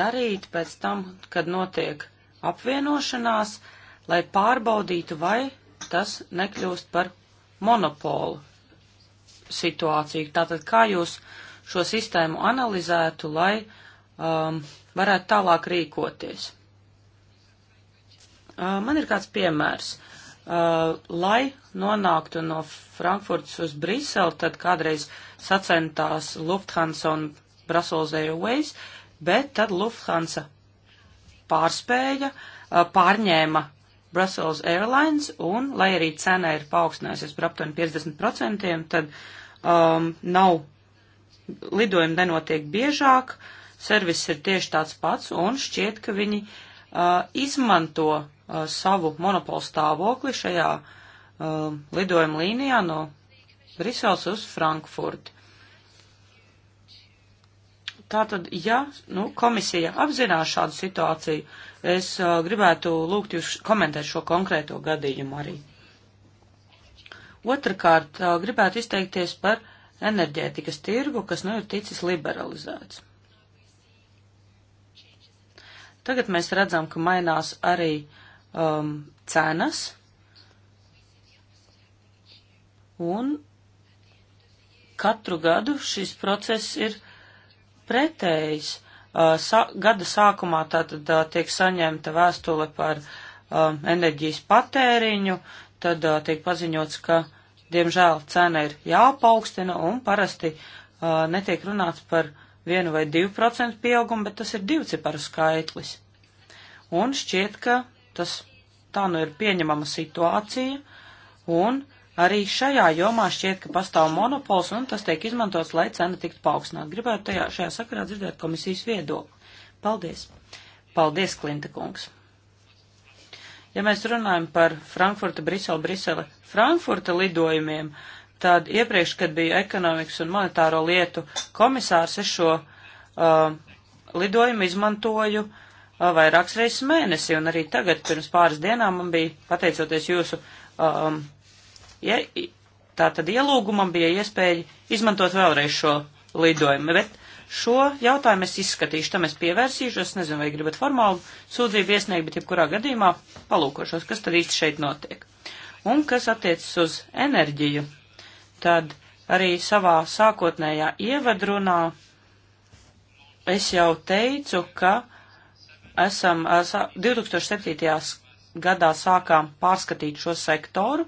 [SPEAKER 3] darīt pēc tam, kad notiek apvienošanās, lai pārbaudītu, vai tas nekļūst par monopolu situāciju. Tātad, kā jūs šo sistēmu analizētu, lai uh, um, varētu tālāk rīkoties. Uh, man ir kāds piemērs. Uh, lai nonāktu no Frankfurtas uz Briseli, tad kādreiz sacentās Lufthansa un Brussels Airways, bet tad Lufthansa pārspēja, uh, pārņēma Brussels Airlines, un, lai arī cena ir paaugstinājusies par aptuveni 50%, tad um, nav lidojumi nenotiek biežāk, uh, servis ir tieši tāds pats, un šķiet, ka viņi uh, izmanto uh, savu monopolu stāvokli šajā uh, lidojuma līnijā no Briseles uz Frankfurti. Tātad, ja nu, komisija apzinās šādu situāciju, es uh, gribētu lūgt jūs komentēt šo konkrēto gadījumu arī. Otrakārt, uh, gribētu izteikties par enerģētikas tirgu, kas nu ir ticis liberalizēts. Tagad mēs redzam, ka mainās arī um, cenas un katru gadu šis process ir pretējs. Uh, sa gada sākumā tātad uh, tiek saņemta vēstule par uh, enerģijas patēriņu, tad uh, tiek paziņots, ka diemžēl cena ir jāpaukstina un parasti uh, netiek runāts par uh, vienu vai divu procentu pieaugumu, bet tas ir divciparu skaitlis. Un šķiet, ka tas tā nu ir pieņemama situācija, un arī šajā jomā šķiet, ka pastāv monopols, un tas tiek izmantots, lai cena tiktu paaugstināta. Gribētu tajā, šajā sakarā dzirdēt komisijas viedokli. Paldies! Paldies, Klinta kungs! Ja mēs runājam par Frankfurta, Brisele, Brisele, Frankfurta lidojumiem, uh, tad iepriekš, kad biju ekonomikas un monetāro lietu komisārs, es šo uh, lidojumu izmantoju uh, vairākas reizes mēnesī, un arī tagad, pirms pāris dienām, man bija, pateicoties jūsu, um, ja, tā tad ielūgumam bija iespēja izmantot vēlreiz šo lidojumu, bet šo jautājumu es izskatīšu, tam es pievērsīšos, nezinu, vai gribat formālu sūdzību iesniegt, bet jebkurā gadījumā palūkošos, kas tad īsti šeit notiek. Un kas attiecas uz enerģiju, tad arī savā sākotnējā ievadrunā es jau teicu, ka esam 2007. gadā sākām pārskatīt šo sektoru.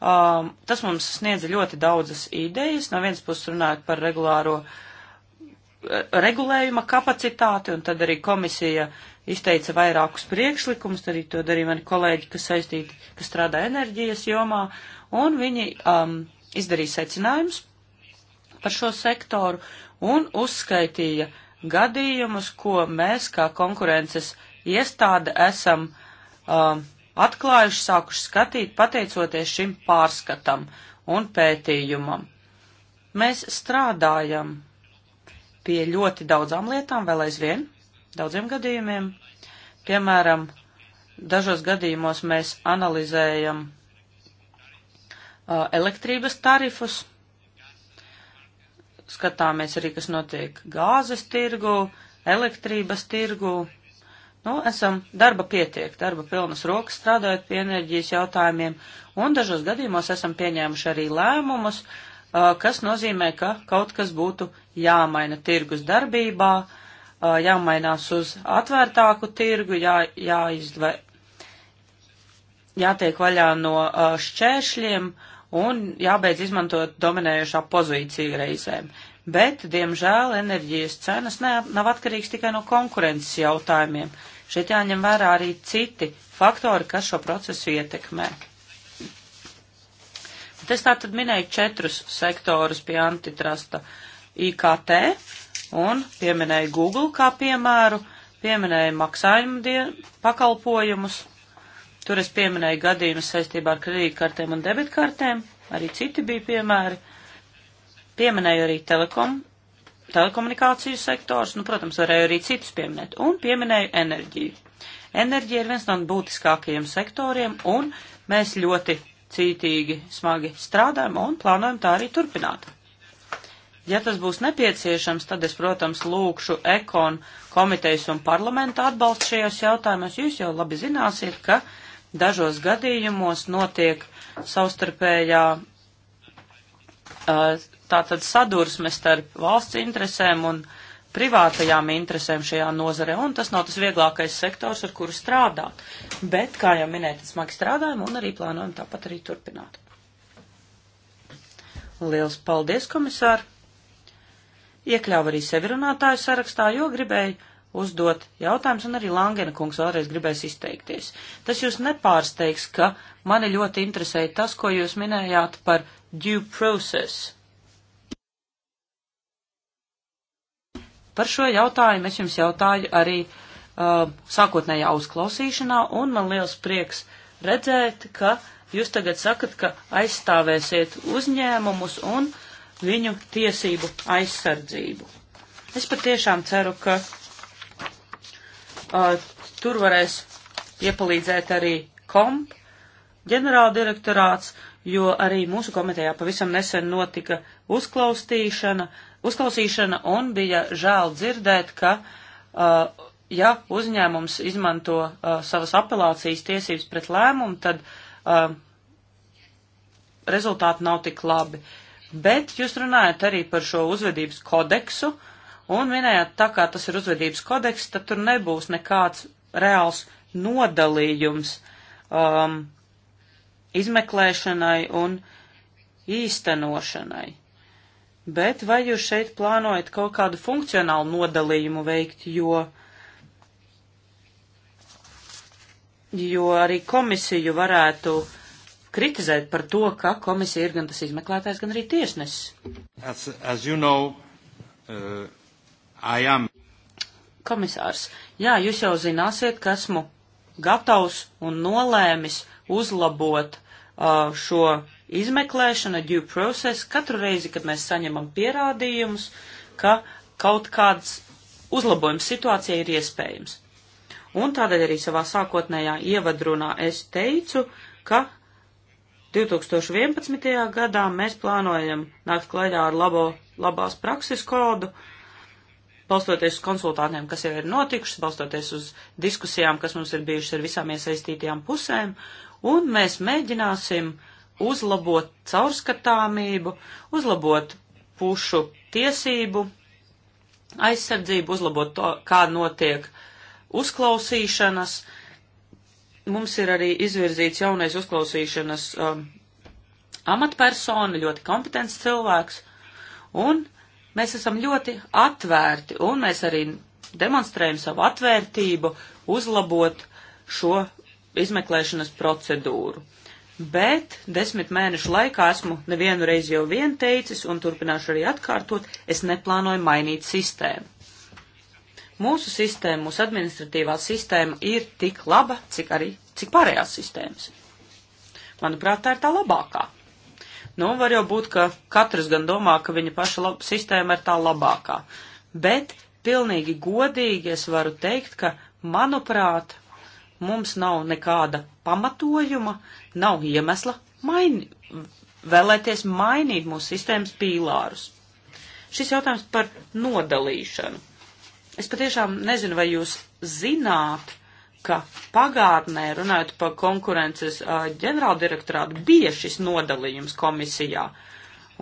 [SPEAKER 3] Um, tas mums sniedza ļoti daudzas idejas. No vienas puses runājot par regulāro e, regulējuma kapacitāti, un tad arī komisija izteica vairākus priekšlikumus, arī to darīja mani kolēģi, kas saistīti, kas strādā enerģijas jomā, un viņi um, izdarīja secinājumus par šo sektoru un uzskaitīja gadījumus, ko mēs kā konkurences iestāde esam uh, atklājuši, sākuši skatīt pateicoties šim pārskatam un pētījumam. Mēs strādājam pie ļoti daudzām lietām vēl aizvien, daudziem gadījumiem. Piemēram, dažos gadījumos mēs analizējam Uh, elektrības tarifus. Skatāmies arī, kas notiek gāzes tirgu, elektrības tirgu. Nu, esam darba pietiek, darba pilnas rokas strādājot pie enerģijas jautājumiem, un dažos gadījumos esam pieņēmuši arī lēmumus, uh, kas nozīmē, ka kaut kas būtu jāmaina tirgus darbībā, uh, jāmainās uz atvērtāku tirgu, jā, jāizdve, jātiek vaļā no šķēršļiem, uh, un jābeidz izmantot dominējušā pozīcija reizēm. Bet, diemžēl, enerģijas cenas ne, nav atkarīgs tikai no konkurences jautājumiem. Šeit jāņem vērā arī citi faktori, kas šo procesu ietekmē. Bet es tātad minēju četrus sektorus pie antitrasta IKT un pieminēju Google kā piemēru, pieminēju maksājumu pakalpojumus Tur es pieminēju gadījumus saistībā ar kredītkartēm un debitkartēm, arī citi bija piemēri. Pieminēju arī telekom, telekomunikāciju sektors, nu, protams, varēju arī citus pieminēt, un pieminēju enerģiju. Enerģija ir viens no būtiskākajiem sektoriem, un mēs ļoti cītīgi, smagi strādājam un plānojam tā arī turpināt. Ja tas būs nepieciešams, tad es, protams, lūkšu ekon komitejas un parlamentu atbalstu šajos jautājumos. Jūs jau labi zināsiet, ka uh, dažos gadījumos notiek savstarpējā uh, tātad sadursme starp valsts interesēm un privātajām interesēm šajā nozarē, un tas nav tas vieglākais sektors, ar kuru strādāt. Bet, kā jau minēt, smagi strādājam un arī plānojam tāpat arī turpināt. Liels paldies, komisār! Iekļāvu arī sevirunātāju sarakstā, jo gribēju uzdot jautājumus, un arī Langena kungs vēlreiz gribēs izteikties. Tas jūs nepārsteigs, ka mani ļoti interesēja tas, ko jūs minējāt par due process. Par šo jautājumu es jums jautāju arī uh, sākotnējā uzklausīšanā, un man liels prieks redzēt, ka jūs tagad sakat, ka aizstāvēsiet uzņēmumus un viņu tiesību aizsardzību. Es patiešām ceru, ka Uh, tur varēs iepalīdzēt arī komp ģenerāldirektorāts, jo arī mūsu komitejā pavisam nesen notika uzklausīšana, uzklausīšana un bija žēl dzirdēt, ka, uh, ja uzņēmums izmanto uh, savas apelācijas tiesības pret lēmumu, tad uh, rezultāti nav tik labi. Bet jūs runājat arī par šo uzvedības kodeksu, uh, Un minējāt, tā kā tas ir uzvedības kodeks, tad tur nebūs nekāds reāls nodalījums um, izmeklēšanai un īstenošanai. Bet vai jūs šeit plānojat kaut kādu funkcionālu nodalījumu veikt, jo, jo arī komisiju varētu kritizēt par to, ka komisija ir gan tas izmeklētājs, gan arī tiesnesis?
[SPEAKER 1] As, as you know, uh... Am...
[SPEAKER 3] Komisārs, jā, jūs jau zināsiet, ka esmu gatavs un nolēmis uzlabot uh, šo izmeklēšanu, due process, katru reizi, kad mēs saņemam pierādījumus, ka kaut kāds uzlabojums situācijai ir iespējams. Un tādēļ arī savā sākotnējā ievadrunā es teicu, ka 2011. gadā mēs plānojam nākt klajā ar labo, labās prakses kodu, uh, balstoties uz konsultātiem, kas jau ir notikušas, balstoties uz diskusijām, kas mums ir bijušas ar visām iesaistītajām pusēm, un mēs mēģināsim uzlabot caurskatāmību, uzlabot pušu tiesību, aizsardzību, uzlabot to, kā notiek uzklausīšanas. Mums ir arī izvirzīts jaunais uzklausīšanas um, amatpersona, ļoti kompetents cilvēks, un Mēs esam ļoti atvērti un mēs arī demonstrējam savu atvērtību uzlabot šo izmeklēšanas procedūru. Bet desmit mēnešu laikā esmu nevienu reizi jau vien teicis un turpināšu arī atkārtot, es neplānoju mainīt sistēmu. Mūsu sistēma, mūsu administratīvā sistēma ir tik laba, cik arī, cik pārējās sistēmas. Manuprāt, tā ir tā labākā. Nu, var jau būt, ka katrs gan domā, ka viņa paša lab, sistēma ir tā labākā. Bet pilnīgi godīgi es varu teikt, ka, manuprāt, mums nav nekāda pamatojuma, nav iemesla maini, vēlēties mainīt mūsu sistēmas pīlārus. Šis jautājums par nodalīšanu. Es patiešām nezinu, vai jūs zināt, ka pagātnē, runājot par konkurences ģenerāldirektorātu, bija šis nodalījums komisijā.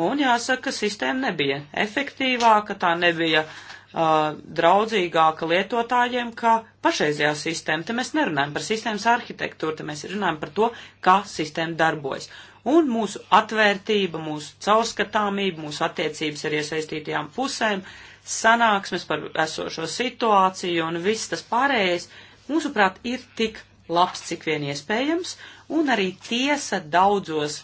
[SPEAKER 3] Un jāsaka, ka sistēma nebija efektīvāka, tā nebija uh, draudzīgāka lietotājiem, kā pašreizajā sistēma. Te mēs nerunājam par sistēmas arhitektūru, te mēs runājam par to, kā sistēma darbojas. Un mūsu atvērtība, mūsu caurskatāmība, mūsu attiecības ar iesaistītajām pusēm, sanāksmes par esošo situāciju un viss tas pārējais, uh, mūsuprāt, ir tik labs, cik vien iespējams, un arī tiesa daudzos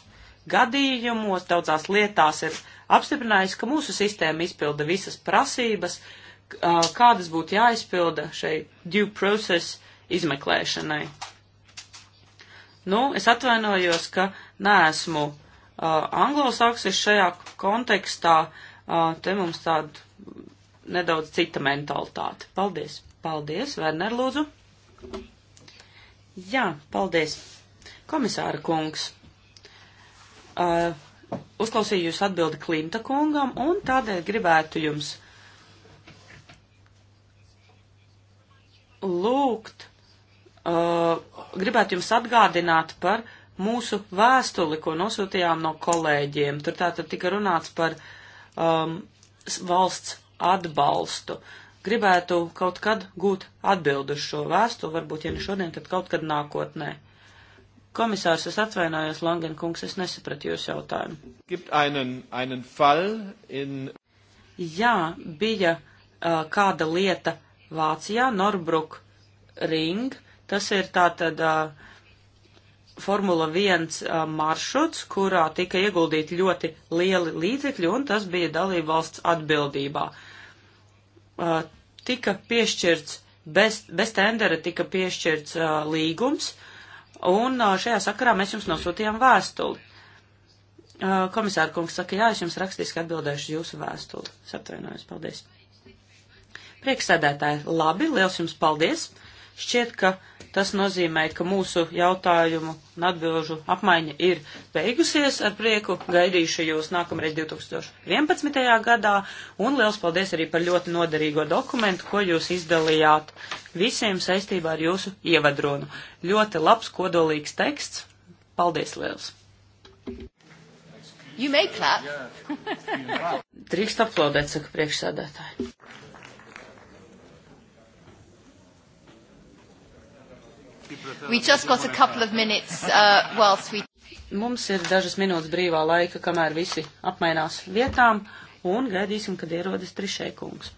[SPEAKER 3] gadījumos, daudzās lietās ir apstiprinājusi, ka mūsu sistēma izpilda visas prasības, kādas būtu jāizpilda šai due process izmeklēšanai. Nu, es atvainojos, ka neesmu uh, anglosaksis šajā kontekstā, uh, te mums tāda nedaudz cita mentalitāte. Paldies! Paldies, Werner, lūdzu! Jā, paldies. Komisāra kungs. Uh, uzklausīju jūs atbildi Klimta kungam un tādēļ gribētu jums lūgt, uh, gribētu jums atgādināt par mūsu vēstuli, ko nosūtījām no kolēģiem. Tur tātad tika runāts par um, valsts atbalstu gribētu kaut kad gūt atbildu uz šo vēstuli, varbūt, ja ne šodien, tad kaut kad nākotnē. Komisārs, es atvainojos, Langen kungs, es nesapratu jūsu jautājumu. Gibt einen, einen Fall in... Jā, bija uh, kāda lieta Vācijā, Norbruk Ring, tas ir tātad uh, Formula 1 uh, maršruts, kurā tika ieguldīti ļoti lieli līdzekļi, un tas bija dalība valsts atbildībā. Uh, uh, tika piešķirts, bez, bez tendera tika piešķirts uh, līgums, un uh, šajā sakarā mēs jums nosūtījām vēstuli. Uh, komisāra kungs saka, jā, es jums rakstiski atbildēšu jūsu vēstuli. Es atvainojos, paldies. Prieksēdētāji, labi, liels jums paldies. Uh, Šķiet, ka tas nozīmē, ka mūsu jautājumu un atbilžu apmaiņa ir beigusies. Ar prieku gaidīšu jūs nākamreiz 2011. gadā un liels paldies arī par ļoti noderīgo dokumentu, ko jūs izdalījāt visiem saistībā ar jūsu ievadronu. Ļoti labs, kodolīgs teksts. Paldies liels!
[SPEAKER 2] You may clap.
[SPEAKER 3] Drīkst aplaudēt, saka priekšsādātāji. We just got a couple of minutes uh, whilst we... Mums ir dažas minūtes brīvā laika, kamēr visi apmainās vietām, un gaidīsim, kad ierodas trišēkungs.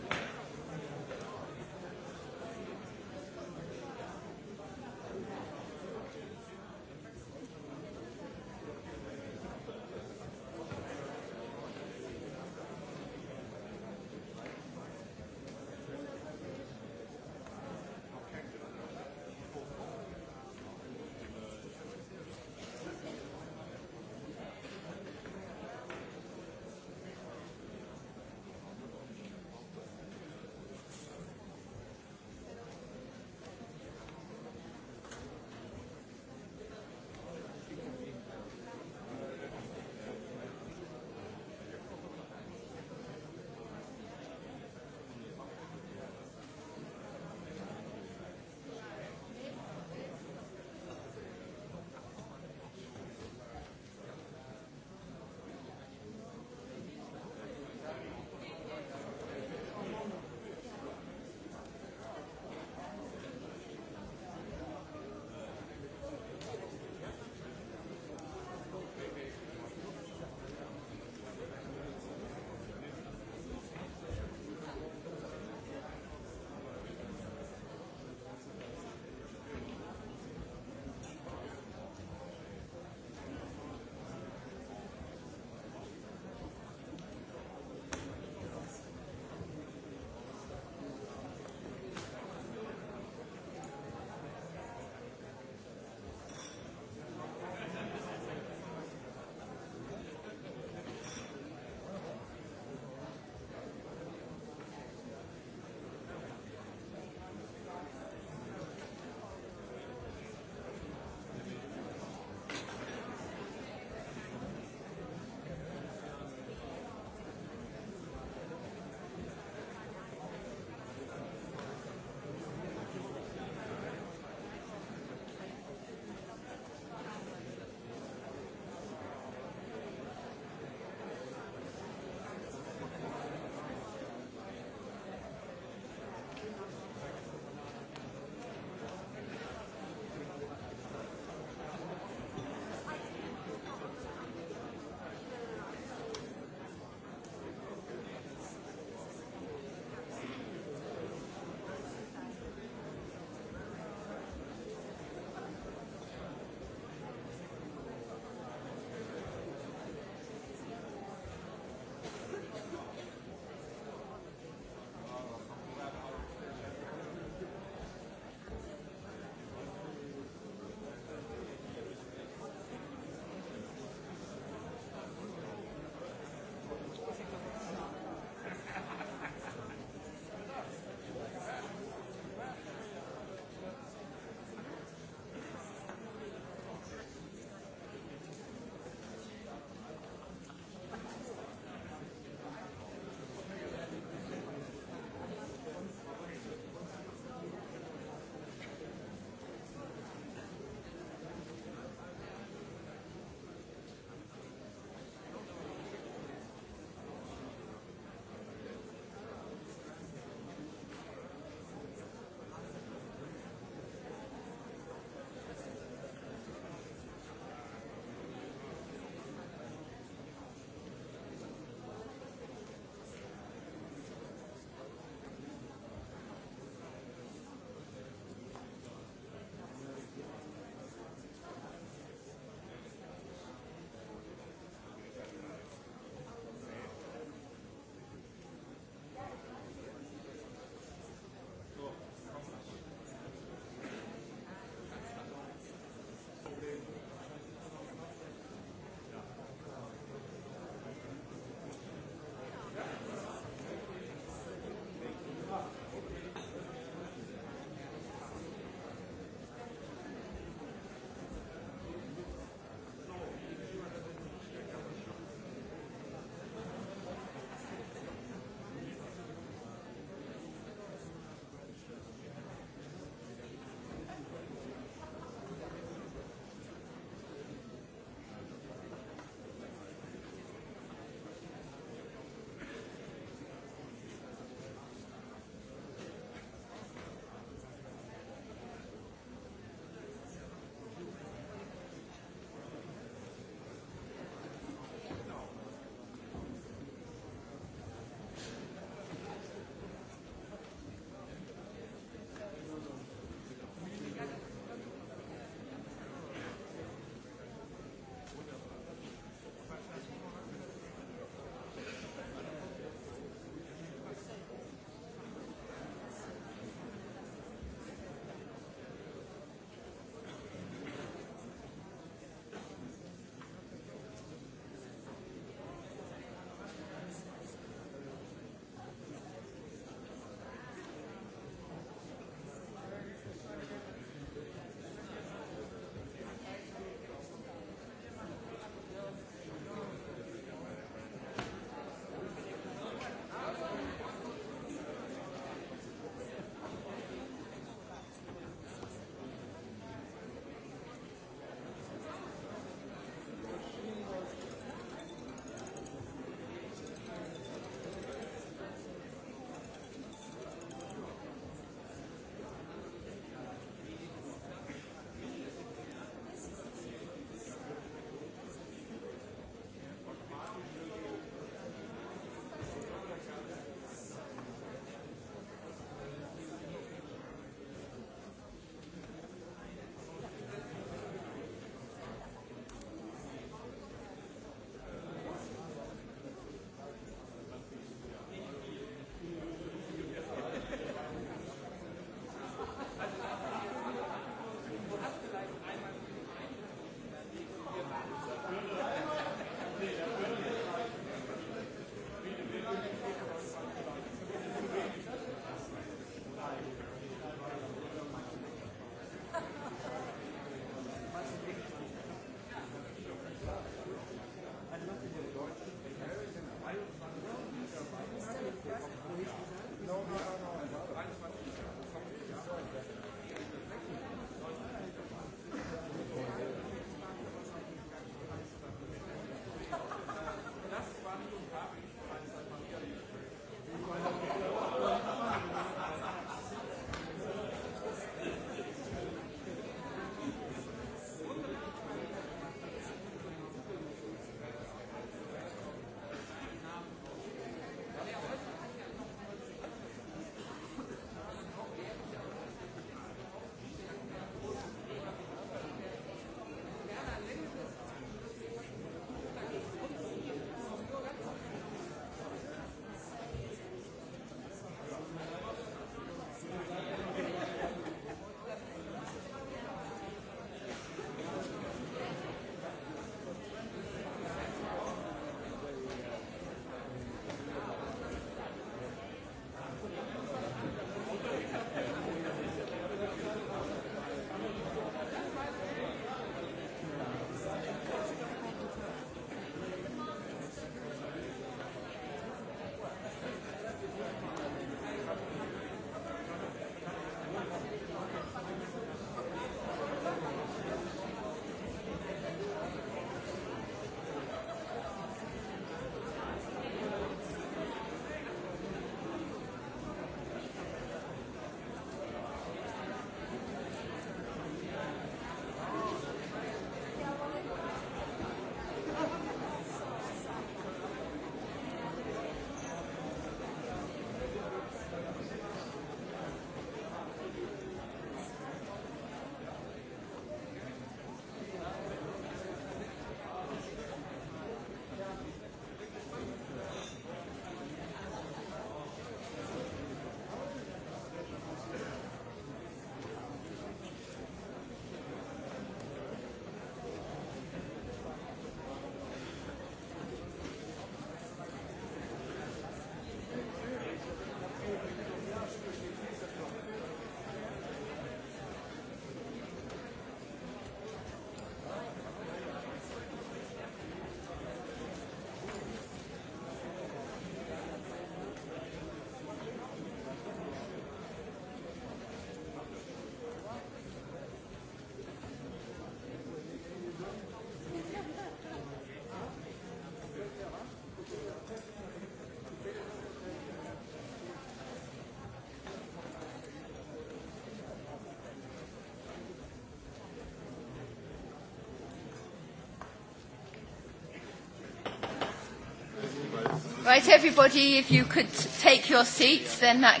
[SPEAKER 1] Right, everybody, if
[SPEAKER 3] you could take your seats, then that...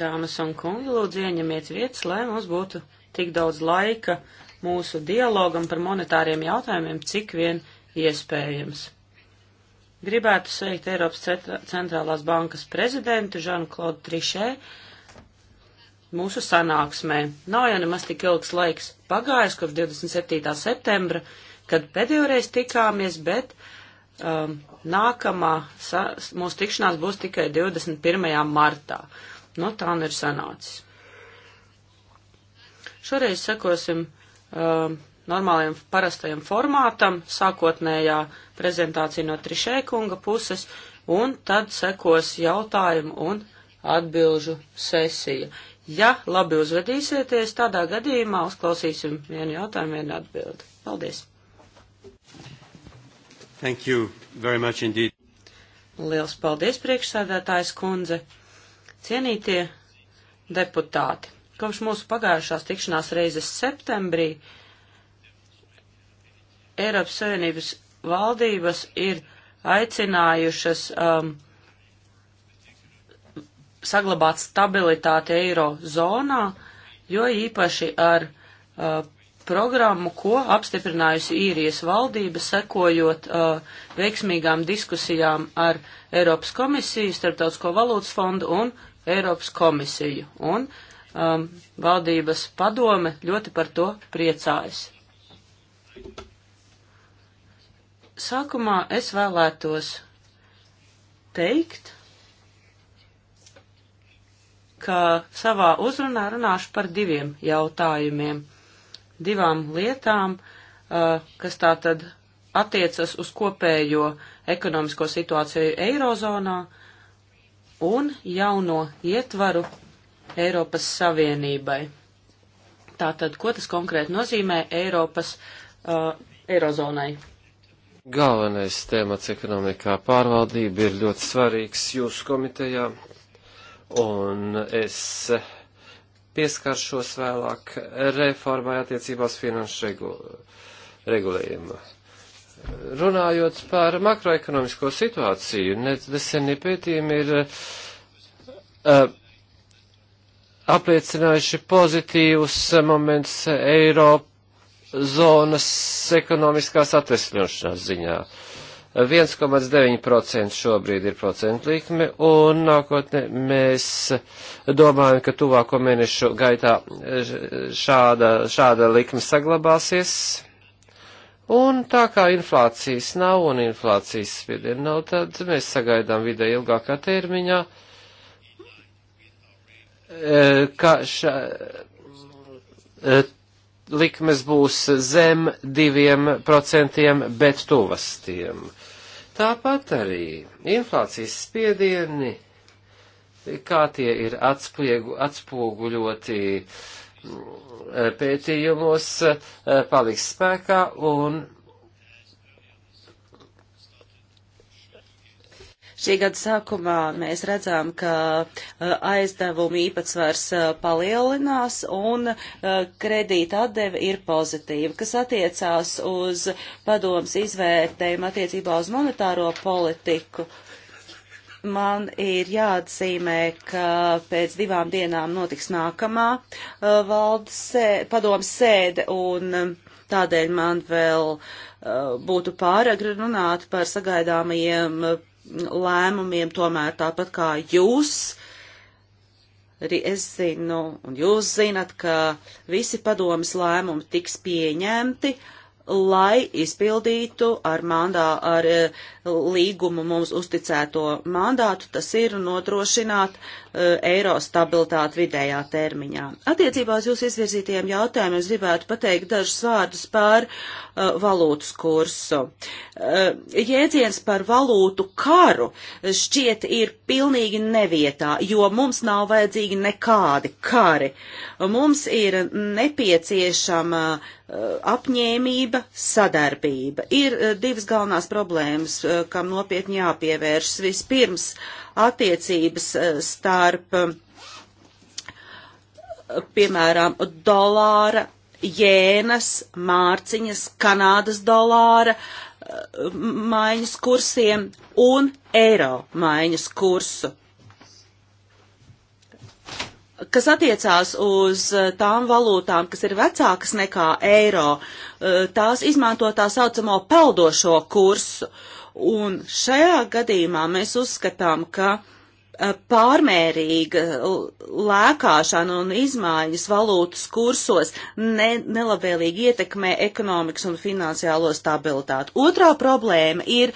[SPEAKER 3] Dāmas un kungi, lūdzu ieņemiet vietas, lai mums būtu tik daudz laika mūsu dialogam par monetāriem jautājumiem, cik vien iespējams. Gribētu sveikt Eiropas centrālās bankas prezidentu Žanu-Klodu Trišē mūsu sanāksmē. Nav jau nemaz tik ilgs laiks pagājis, kopš 27. septembra, kad pēdējoreiz tikāmies, bet um, nākamā sa, mūsu tikšanās būs tikai 21. martā. No nu, tā un nu ir sanācis. Šoreiz sekosim um, normālajam parastajam formātam, sākotnējā prezentācija no Trišēkunga puses, un tad sekos jautājumu un atbilžu sesija. Ja labi uzvedīsieties, tādā gadījumā uzklausīsim vienu jautājumu, vienu atbildi. Paldies! Thank you very much indeed. Liels paldies, priekšsēdētājs kundze. Cienītie deputāti, kopš mūsu pagājušās tikšanās reizes septembrī Eiropas Savienības valdības ir aicinājušas um, saglabāt stabilitāti eiro zonā, jo īpaši ar uh, programmu, ko apstiprinājusi īrijas valdība, sekojot uh, veiksmīgām diskusijām ar Eiropas komisiju, Starptautisko valūtas fondu un Eiropas komisiju. Un um, valdības padome ļoti par to priecājas. Sākumā es vēlētos teikt, ka savā uzrunā runāšu par diviem jautājumiem divām lietām, uh, kas tātad attiecas uz kopējo ekonomisko situāciju Eirozonā un jauno ietvaru Eiropas Savienībai. Tātad, ko tas konkrēti nozīmē Eiropas uh, Eirozonai?
[SPEAKER 1] Galvenais temats ekonomikā pārvaldība ir ļoti svarīgs jūsu komitejā, un es uh, pieskaršos vēlāk reformai attiecībās finanšu regu, regulējumu. Runājot par makroekonomisko situāciju, nesenie pētījumi ir uh, apliecinājuši pozitīvus moments Eiropas zonas ekonomiskās atvesļošanās ziņā. Uh, 1,9% šobrīd ir procentu likme, un nākotnē mēs domājam, ka tuvāko mēnešu gaitā šāda, šāda likme saglabāsies. Un tā kā inflācijas nav un inflācijas spiediena nav, tad mēs sagaidām vidē ilgākā termiņā, e, ka šā, e, likmes būs zem diviem procentiem, bet tuvas tiem. Tāpat arī inflācijas spiedieni, kā tie ir atspiegu, atspoguļoti mm, pētījumos, eh, paliks spēkā un Šī gada sākumā
[SPEAKER 2] mēs redzam, ka uh, aizdevumu īpatsvars uh, palielinās un uh, kredīta atdeve ir pozitīva, kas attiecās uz padoms izvērtējumu attiecībā uz monetāro politiku. Man ir jāatzīmē, ka pēc divām dienām notiks nākamā valdes sēde, padomas sēde, un um, tādēļ man vēl būtu pāragri runāt par sagaidāmajiem lēmumiem, tomēr tāpat kā jūs, arī es zinu, un jūs zinat, ka visi padomas lēmumi tiks pieņemti, lai izpildītu ar, mandā, ar eh, līgumu mums uzticēto mandātu, tas ir nodrošināt uh, E, eiro stabilitāti vidējā termiņā. Attiecībā uz jūsu izvirzītajiem jautājumiem es gribētu pateikt dažus vārdus par uh, valūtas kursu. Uh, jēdziens par valūtu karu šķiet ir pilnīgi nevietā, jo mums nav vajadzīgi nekādi kari. Mums ir nepieciešama apņēmība, sadarbība. Ir divas galvenās problēmas, kam nopietni jāpievēršas. Vispirms attiecības starp starp, piemēram, dolāra, jēnas, mārciņas, Kanādas dolāra maiņas kursiem un eiro maiņas kursu kas attiecās uz eh, tām valūtām, kas ir vecākas nekā eiro, eh, tās izmanto tā saucamo peldošo kursu. Un šajā gadījumā mēs uzskatām, ka uh, pārmērīga lēkāšana un izmaiņas valūtas kursos ne, nelabvēlīgi ietekmē ekonomikas un finansiālo stabilitāti. Otrā problēma ir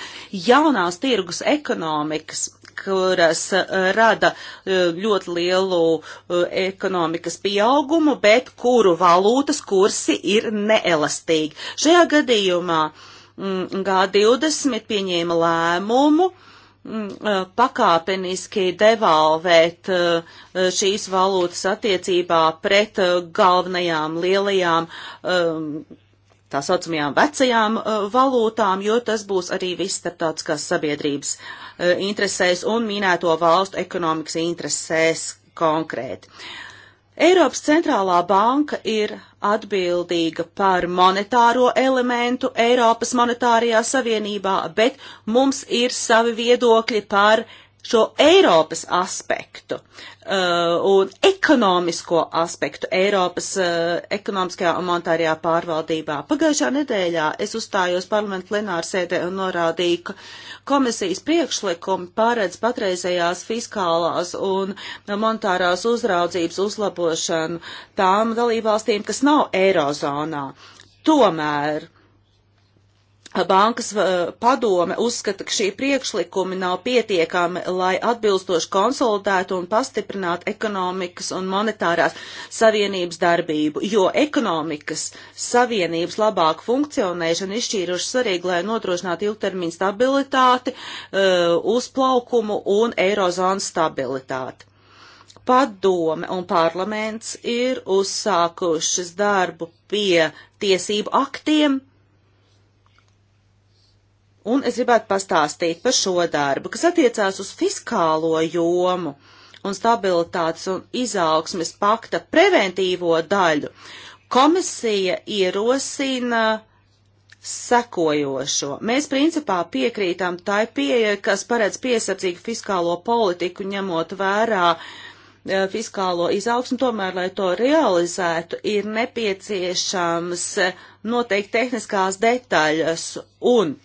[SPEAKER 2] jaunās tirgus ekonomikas kuras uh, rada uh, ļoti lielu uh, ekonomikas pieaugumu, bet kuru valūtas kursi ir neelastīgi. Šajā gadījumā mm, G20 pieņēma lēmumu uh, Mm, eh, pakāpeniski devalvēt eh, šīs valūtas attiecībā pret eh, galvenajām lielajām tā saucamajām vecajām valūtām, jo tas būs arī viss starptautiskās sabiedrības interesēs un minēto valstu ekonomikas interesēs konkrēti. Uh, Eiropas centrālā banka ir atbildīga par monetāro elementu Eiropas monetārajā savienībā, bet mums ir savi viedokļi par šo Eiropas aspektu uh, un ekonomisko aspektu Eiropas uh, ekonomiskajā un monetārajā pārvaldībā. Pagājušā nedēļā es uzstājos parlamentu plenāru sēdē un norādīju, ka komisijas priekšlikumi paredz patreizējās fiskālās un monetārās uzraudzības uzlabošanu tām dalībvalstīm, kas nav Eirozonā. Tomēr Bankas padome uzskata, ka šī priekšlikumi nav pietiekami, lai atbilstoši konsolidētu un pastiprinātu ekonomikas un monetārās savienības darbību, jo ekonomikas savienības labāk funkcionēšana izšķīroši svarīga, lai nodrošinātu ilgtermiņu stabilitāti, e, uzplaukumu un eirozonas stabilitāti padome un parlaments ir uzsākušas darbu pie tiesību aktiem, un es gribētu pastāstīt par šo darbu, kas attiecās uz fiskālo jomu un stabilitātes un izaugsmes pakta preventīvo daļu. Komisija ierosina sekojošo. Mēs principā piekrītam tai pieeja, kas paredz piesardzīgu fiskālo politiku, ņemot vērā e, fiskālo izaugsmu, tomēr, lai to realizētu, ir nepieciešams e, noteikti tehniskās detaļas un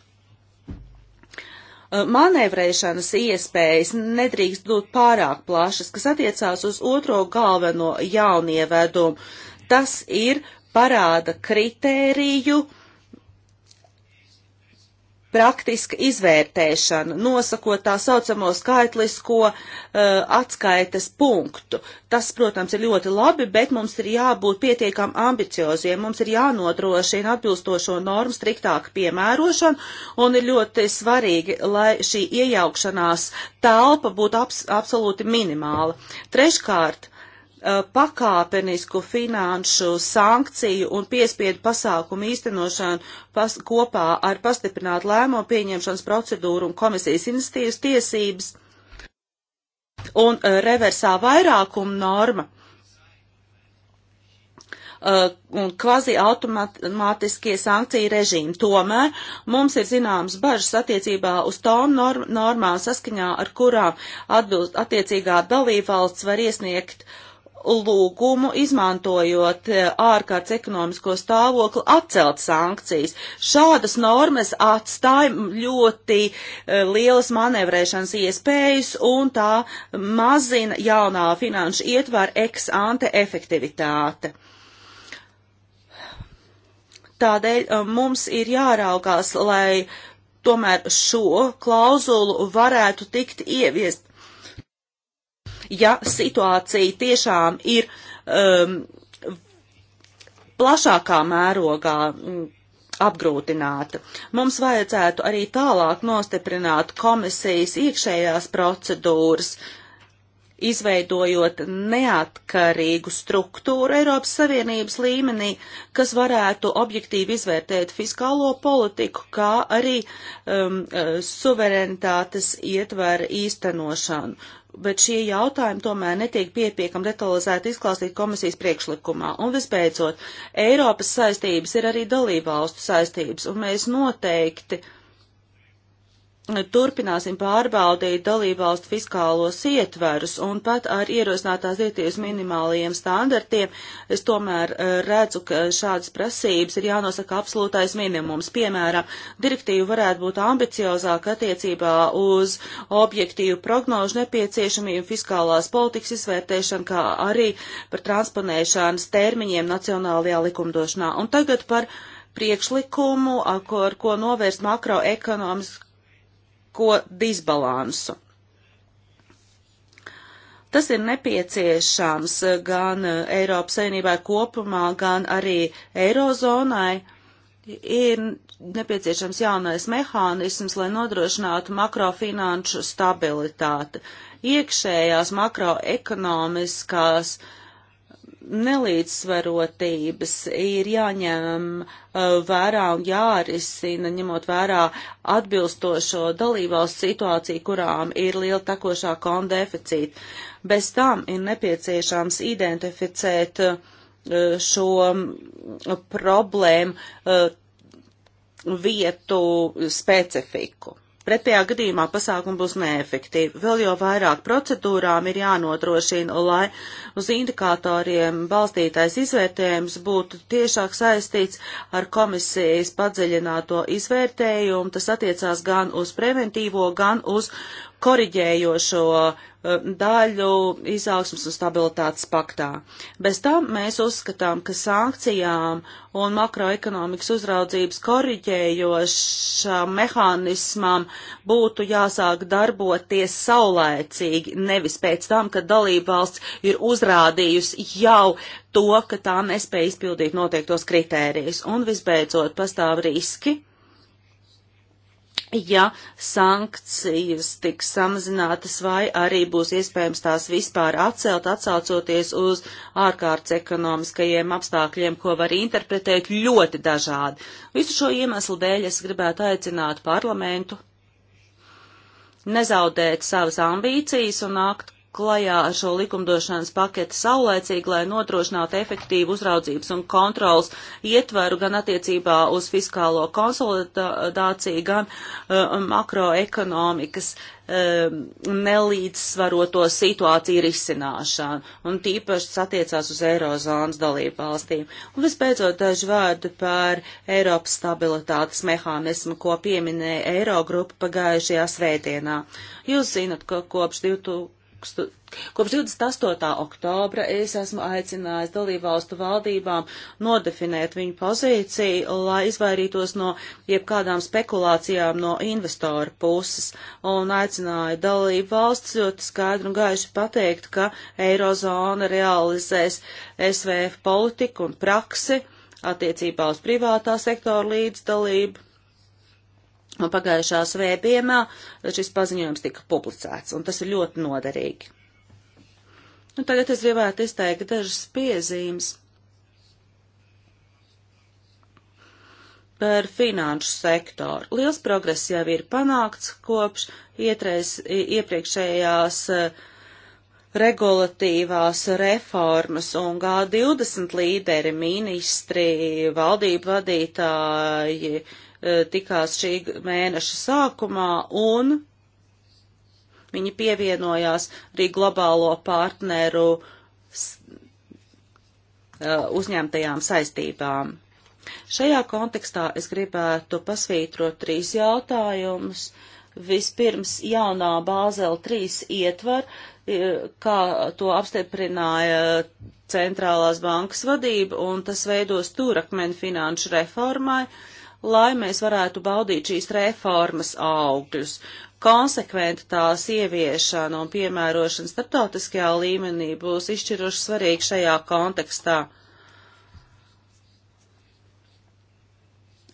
[SPEAKER 2] Eh, manevrēšanas iespējas nedrīkst būt pārāk plašas, kas attiecās uz otro galveno jaunievedumu. Tas ir parāda kritēriju uh, praktiska izvērtēšana, nosakot tā saucamo skaitlisko uh, atskaites punktu. Tas, protams, ir ļoti labi, bet mums ir jābūt pietiekam ambicioziem, mums ir jānodrošina atbilstošo normu striktāka piemērošana un ir ļoti svarīgi, lai šī iejaukšanās telpa būtu abs absolūti minimāla. Treškārt, Uh, pakāpenisku finanšu sankciju un piespiedu pasākumu īstenošanu pas, kopā ar pastiprinātu lēmumu pieņemšanas procedūru un komisijas iniciatīvas tiesības un uh, reversā vairākuma norma uh, un kvazi automātiskie sankciju režīmi. Tomēr mums ir zināmas bažas attiecībā uz tām norm normām saskaņā, ar kurām atbilst attiecīgā dalībvalsts var iesniegt uh, lūgumu, izmantojot eh, ārkārtas ekonomisko stāvokli, atcelt sankcijas. Šādas normas atstāja ļoti eh, lielas manevrēšanas iespējas un tā mazina jaunā finanšu ietvara ex ante efektivitāte. Tādēļ eh, mums ir jāraugās, lai tomēr šo klauzulu varētu tikt ieviest ja situācija tiešām ir um, plašākā mērogā mm, apgrūtināta. Mums vajadzētu arī tālāk nostiprināt komisijas iekšējās procedūras, izveidojot neatkarīgu struktūru Eiropas Savienības līmenī, kas varētu objektīvi izvērtēt fiskālo politiku, kā arī um, eh, suverenitātes ietver īstenošanu bet šie jautājumi tomēr netiek piepiekam detalizēti izklāstīt komisijas priekšlikumā. Un visbeidzot, Eiropas saistības ir arī dalībvalstu saistības, un mēs noteikti uh, turpināsim pārbaudīt dalībvalstu fiskālos ietverus un pat ar ierosinātās dietības minimālajiem standartiem, es tomēr eh, redzu, ka šādas prasības ir jānosaka absolūtais minimums. Piemēram, direktīva varētu būt ambiciozāka attiecībā uz objektīvu prognožu nepieciešamību fiskālās politikas izvērtēšanu, kā arī par transponēšanas termiņiem nacionālajā likumdošanā. Un tagad par priekšlikumu, ar ko, ar ko novērst makroekonomisku ko disbalansu. Tas ir nepieciešams gan Eiropas Savienībai kopumā, gan arī Eirozonai. Ir nepieciešams jaunais mehānisms, lai nodrošinātu makrofinanšu stabilitāti. Iekšējās makroekonomiskās uh, nelīdzsvarotības ir jāņem uh, vērā un jārisina, ņemot vērā atbilstošo dalībvalstu situāciju, kurām ir liela tekošā konta deficīta. Bez tam ir nepieciešams identificēt uh, šo uh, problēmu vietu specifiku. Pretējā gadījumā pasākumi būs neefektīvi. Vēl jau vairāk procedūrām ir jānodrošina, lai uz indikatoriem balstītais izvērtējums būtu tiešāk saistīts ar komisijas padziļināto izvērtējumu. Tas attiecās gan uz preventīvo, gan uz koriģējošo eh, daļu izaugsmas un stabilitātes paktā. Bez tam mēs uzskatām, ka sankcijām un makroekonomikas uzraudzības koriģējošām mehānismām būtu jāsāk darboties saulēcīgi, nevis pēc tam, kad dalībvalsts ir uzrādījusi jau to, ka tā nespēja izpildīt noteiktos kritērijus. Un visbeidzot, pastāv riski ja sankcijas tiks samazinātas vai arī būs iespējams tās vispār atcelt, atsaucoties uz ārkārtas ekonomiskajiem apstākļiem, ko var interpretēt ļoti dažādi. Visu šo iemeslu dēļ es gribētu aicināt parlamentu nezaudēt savas ambīcijas un nākt klajā ar šo likumdošanas paketi saulēcīgi, lai notrošinātu efektīvu uzraudzības un kontrols ietveru gan attiecībā uz fiskālo konsolidāciju, gan uh, makroekonomikas uh, nelīdzsvaroto situāciju risināšanu, un tīpaši satiecās uz Eirozonas dalību valstīm. Un vispēcot dažu vārdu par Eiropas stabilitātes mehānismu, ko pieminēja Eirogrupa pagājušajā svētdienā. Jūs zinat, ka kopš 2000 rakstu. Kopš 28. oktobra es esmu aicinājis dalībvalstu valdībām nodefinēt viņu pozīciju, lai izvairītos no jebkādām spekulācijām no investoru puses, un aicināju dalību valsts ļoti skaidri un gaiši pateikt, ka Eirozona realizēs SVF politiku un praksi attiecībā uz privātā sektora līdzdalību Pagājušā svētdienā šis paziņojums tika publicēts, un tas ir ļoti noderīgi. Un tagad es gribētu izteikt dažas piezīmes par finanšu sektoru. Liels progress jau ir panākts kopš ietreiz, iepriekšējās eh, regulatīvās reformas un G20 līderi, ministri, valdību vadītāji, uh, E, tikās šī mēneša sākumā un viņi pievienojās arī globālo partneru e, uzņemtajām saistībām. Šajā kontekstā es gribētu pasvītrot trīs jautājumus. Vispirms jaunā Bāzela 3 ietvar, e, kā to apstiprināja centrālās bankas vadība, un tas veidos stūrakmeni finanšu reformai. Uh, lai mēs varētu baudīt šīs reformas augļus. Konsekventa tās ieviešana un piemērošana starptautiskajā līmenī būs izšķiroši svarīga šajā kontekstā.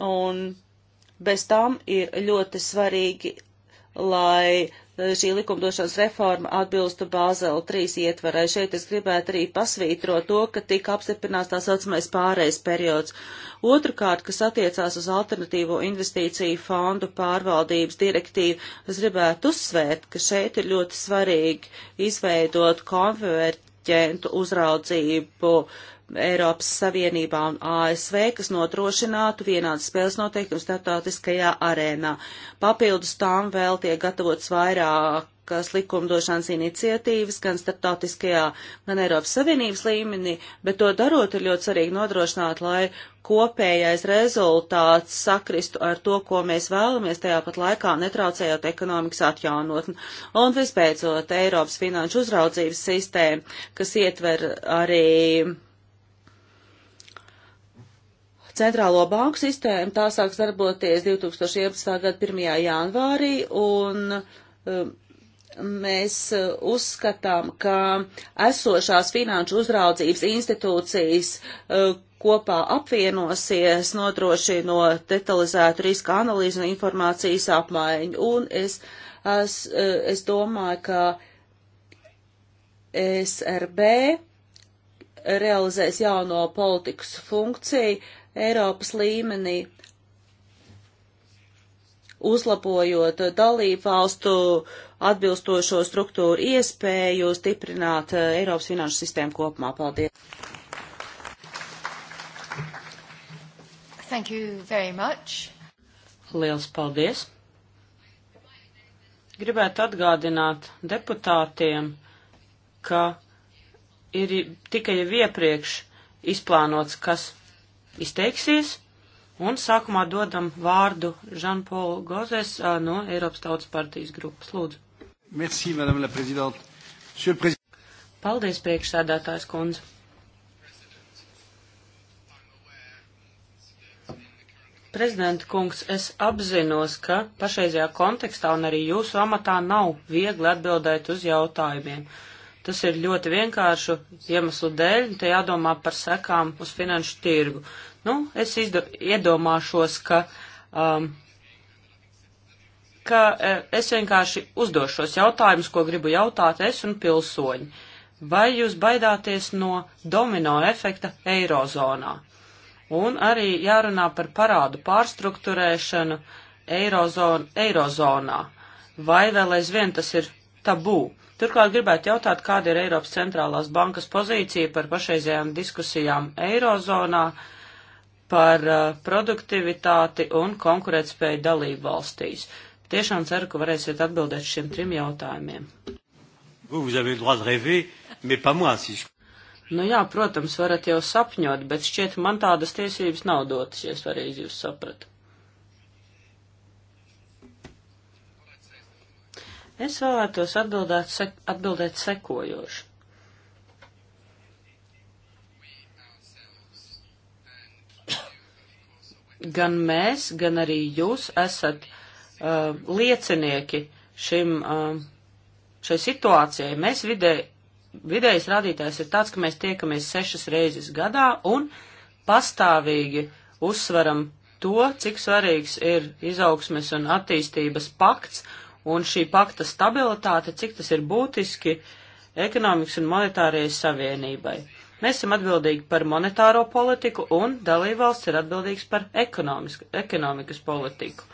[SPEAKER 2] Un bez tam ir ļoti svarīgi, lai Eh, šī likumdošanas reforma atbilstu Bāzela 3 ietvarai. Šeit es gribētu arī pasvītrot to, ka tika apstiprināts tā saucamais pārējais periods. Otrakārt, kas attiecās uz alternatīvo investīciju fondu pārvaldības direktīvu, es gribētu uzsvērt, ka šeit ir ļoti svarīgi izveidot konverģentu uzraudzību uh, Eiropas Savienībā un ASV, kas nodrošinātu vienādas spēles noteikums starptautiskajā arēnā. Papildus tām vēl tiek gatavots vairāk kas likumdošanas iniciatīvas gan starptautiskajā, gan Eiropas Savienības līmenī, bet to darot ir ļoti svarīgi nodrošināt, lai kopējais rezultāts sakristu ar to, ko mēs vēlamies, tajā pat laikā netraucējot ekonomikas atjaunotni. Un vispēcot Eiropas finanšu uzraudzības sistēmu, kas ietver arī centrālo banku sistēmu. Tā sāks darboties 2011. gada 1. janvārī, un um, mēs uh, uzskatām, ka esošās finanšu uzraudzības institūcijas uh, kopā apvienosies, nodrošinot detalizētu riska analīzi un informācijas apmaiņu. Un es, es, uh, es domāju, ka SRB realizēs jauno politikas funkciju, Eiropas līmenī, uzlabojot dalību valstu atbilstošo struktūru iespēju stiprināt eh, Eiropas finanšu sistēmu kopumā. Paldies!
[SPEAKER 1] Thank you very much.
[SPEAKER 3] Liels paldies! Gribētu atgādināt deputātiem, ka ir tikai jau iepriekš izplānots, kas izteiksies. Un sākumā dodam vārdu Žanpolu Gozes no Eiropas Tautas partijas grupas. Lūdzu.
[SPEAKER 1] Merci, madame la présidente. Monsieur le président.
[SPEAKER 3] Paldies, priekšsēdētājs kundze. Prezidenta kungs, es apzinos, ka pašreizajā kontekstā un arī jūsu amatā nav viegli atbildēt uz jautājumiem. Uh, Tas ir ļoti vienkāršu iemeslu dēļ, te jādomā par sekām uz finanšu tirgu. Nu, es izdo, iedomāšos, ka, um, ka e, es vienkārši uzdošos jautājumus, ko gribu jautāt es un pilsoņi. Vai jūs baidāties no domino efekta eirozonā? Un arī jārunā par parādu pārstruktūrēšanu eirozon, eirozonā. Vai vēl aizvien tas ir tabū? Turklāt gribētu jautāt, kāda ir Eiropas centrālās bankas pozīcija par pašreizējām diskusijām Eirozonā par uh, produktivitāti un konkurētspēju dalību valstīs. Tiešām ceru, ka varēsiet atbildēt šiem trim jautājumiem. Nu jā, protams, varat jau sapņot, bet šķiet man tādas tiesības nav dotas, ja es pareizi jūs sapratu. Es vēlētos atbildēt, sek atbildēt sekojoši. Gan mēs, gan arī jūs esat uh, liecinieki šim, uh, šai situācijai. Mēs vidē, vidējais rādītājs ir tāds, ka mēs tiekamies sešas reizes gadā un pastāvīgi uzsveram to, cik svarīgs ir izaugsmes un attīstības pakts un šī pakta stabilitāte, cik tas ir būtiski ekonomikas un monetārajai savienībai. Mēs esam atbildīgi par monetāro politiku un dalībvalsts ir atbildīgs par ekonomikas politiku.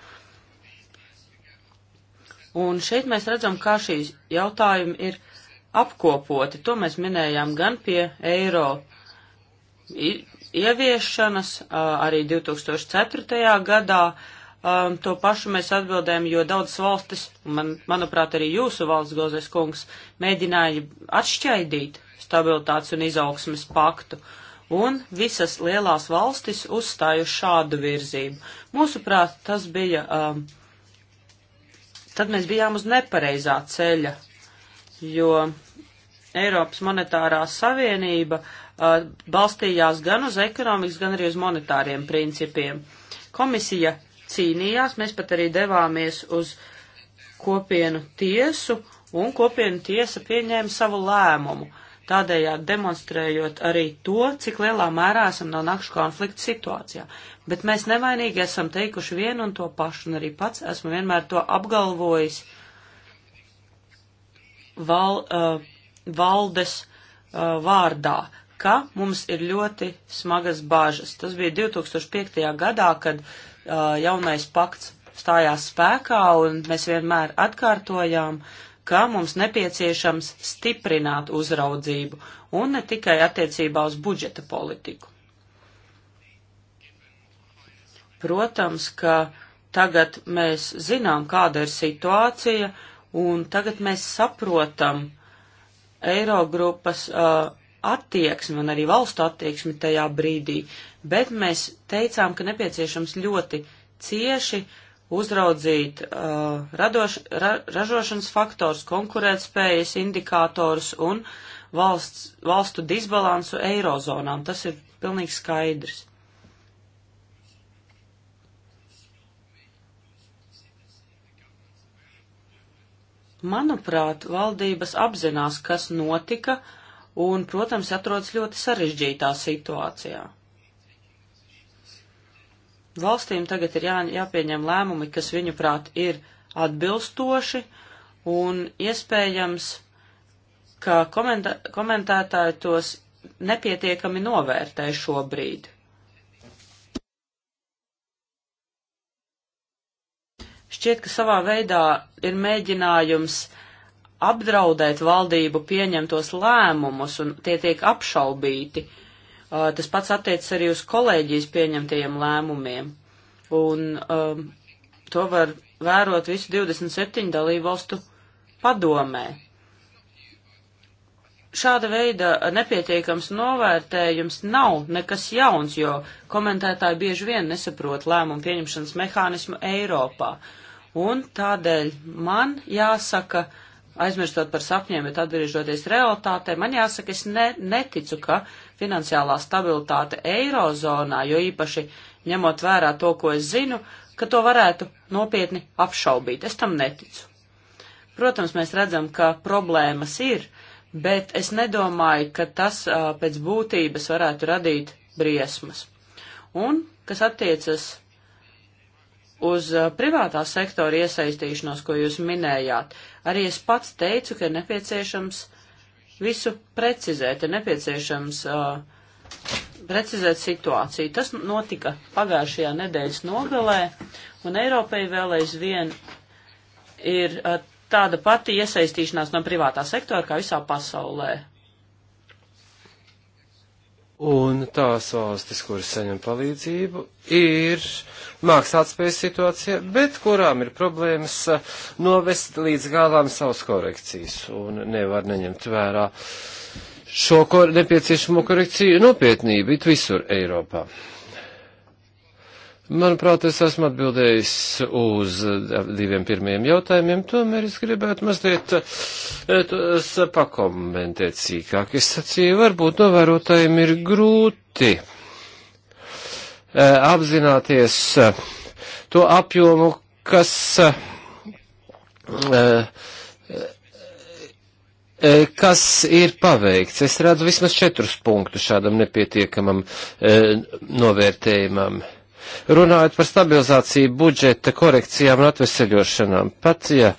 [SPEAKER 3] Un šeit mēs redzam, kā šīs jautājumi ir apkopoti. To mēs minējām gan pie eiro ieviešanas, arī 2004. gadā Um, to pašu mēs atbildējam, jo daudzas valstis, man, manuprāt, arī jūsu valsts gozēs kungs, mēģināja atšķaidīt stabilitātes un izaugsmes paktu. Un visas lielās valstis uzstāju šādu virzību. Mūsuprāt, tas bija, um, tad mēs bijām uz nepareizā ceļa, jo Eiropas monetārā savienība uh, balstījās gan uz ekonomikas, gan arī uz monetāriem principiem. Komisija cīnījās, mēs pat arī devāmies uz kopienu tiesu, un kopienu tiesa pieņēma savu lēmumu, tādējādi demonstrējot arī to, cik lielā mērā esam nonākuši konflikta situācijā. Bet mēs nevainīgi esam teikuši vienu un to pašu, un arī pats esmu vienmēr to apgalvojis val, uh, valdes uh, vārdā ka mums ir ļoti smagas bāžas. Tas bija 2005. gadā, kad jaunais pakts stājās spēkā, un mēs vienmēr atkārtojām, ka mums nepieciešams stiprināt uzraudzību, un ne tikai attiecībā uz budžeta politiku. Protams, ka tagad mēs zinām, kāda ir situācija, un tagad mēs saprotam Eirogrupas uh, attieksmi un arī valstu attieksmi tajā brīdī, bet mēs teicām, ka nepieciešams ļoti cieši uzraudzīt uh, radoš, ra, ražošanas faktors, konkurētspējas indikātors un valsts, valstu disbalansu eirozonām. Tas ir pilnīgi skaidrs. Manuprāt, valdības apzinās, kas notika uh, un, protams, atrodas ļoti sarežģītā situācijā. Valstīm tagad ir jā, jāpieņem lēmumi, kas viņuprāt ir atbilstoši un iespējams, ka komentā, komentētāji tos nepietiekami novērtē šobrīd. Šķiet, ka savā veidā ir mēģinājums uh, apdraudēt valdību pieņemtos lēmumus, un tie tiek apšaubīti. Uh, tas pats attiecas arī uz kolēģijas pieņemtajiem lēmumiem. Un um, to var vērot visu 27 dalību valstu padomē. Šāda veida nepietiekams novērtējums nav nekas jauns, jo komentētāji bieži vien nesaprot lēmumu pieņemšanas mehānismu Eiropā. Un tādēļ man jāsaka, uh, aizmirstot par sapņiem, bet atgriežoties realitātē, man jāsaka, es ne, neticu, ka finansiālā stabilitāte eirozonā, jo īpaši ņemot vērā to, ko es zinu, ka to varētu nopietni apšaubīt. Es tam neticu. Protams, mēs redzam, ka problēmas ir, bet es nedomāju, ka tas uh, pēc būtības varētu radīt briesmas. Un, kas attiecas uz uh, privātā sektora iesaistīšanos, ko jūs minējāt, arī es pats teicu, ka ir nepieciešams visu precizēt, ir nepieciešams uh, precizēt situāciju. Tas notika pagājušajā nedēļas nogalē, un Eiropai vēl aizvien ir uh, tāda pati iesaistīšanās no privātā sektora kā visā pasaulē
[SPEAKER 1] un tās valstis, kuras saņem palīdzību, ir mākslātspējas situācija, bet kurām ir problēmas eh, novest līdz galām savas korekcijas un nevar neņemt vērā šo nepieciešamo korekciju nopietnību it visur Eiropā. Manuprāt, es esmu atbildējis uz diviem pirmiem jautājumiem, tomēr es gribētu mazliet eh, pakomentēt sīkāk. Es sacīju, varbūt novērotājiem ir grūti eh, apzināties eh, to apjomu, kas kas ir paveikts. Es redzu vismaz četrus punktus šādam nepietiekamam novērtējumam. Runājot par stabilizāciju budžeta korekcijām un atveseļošanām, pat ja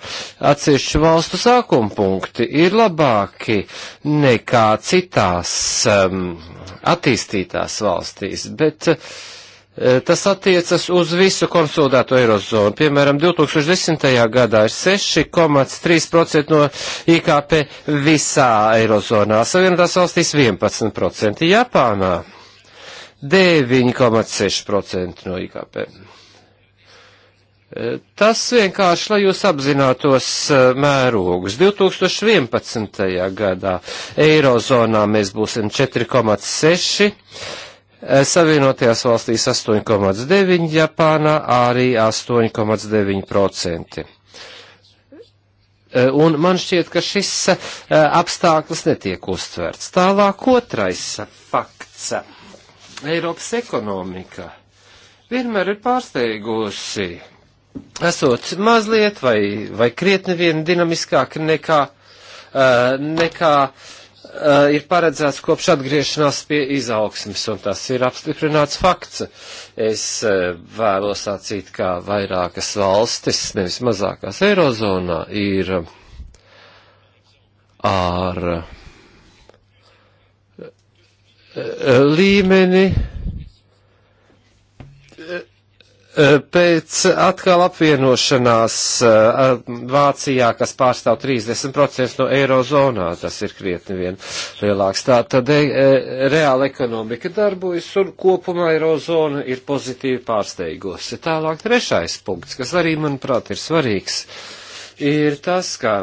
[SPEAKER 1] atsevišķu valstu sākuma punkti ir labāki nekā citās um, attīstītās valstīs, bet uh, Tas attiecas uz visu konsolidēto eirozonu. Piemēram, 2010. gadā ir 6,3% no IKP visā eirozonā, savienotās valstīs 11%. Japānā 9,6% no IKP. E, tas vienkārši, lai jūs apzinātos e, mērogus. 2011. gadā Eirozonā mēs būsim 4,6, e, Savienotajās valstīs 8,9, Japānā arī 8,9%. Un man šķiet, ka šis apstākļus netiek uztverts. Tālāk otrais fakts Eiropas ekonomika vienmēr ir pārsteigusi, esot mazliet vai, vai krietni vien dinamiskāk nekā, uh, nekā uh, ir paredzēts kopš atgriešanās pie izaugsmes, un tas ir apstiprināts fakts. Es uh, vēlos sacīt, ka vairākas valstis, nevis mazākās Eirozonā, ir ar. Uh, līmeni eh, eh, pēc atkal apvienošanās eh, Vācijā, kas pārstāv 30% no eirozonā, tas ir krietni vien lielāks. Tā tad e, reāla ekonomika darbojas un kopumā eirozona ir pozitīvi pārsteigosi. Tālāk trešais punkts, kas arī, manuprāt, ir svarīgs, ir tas, ka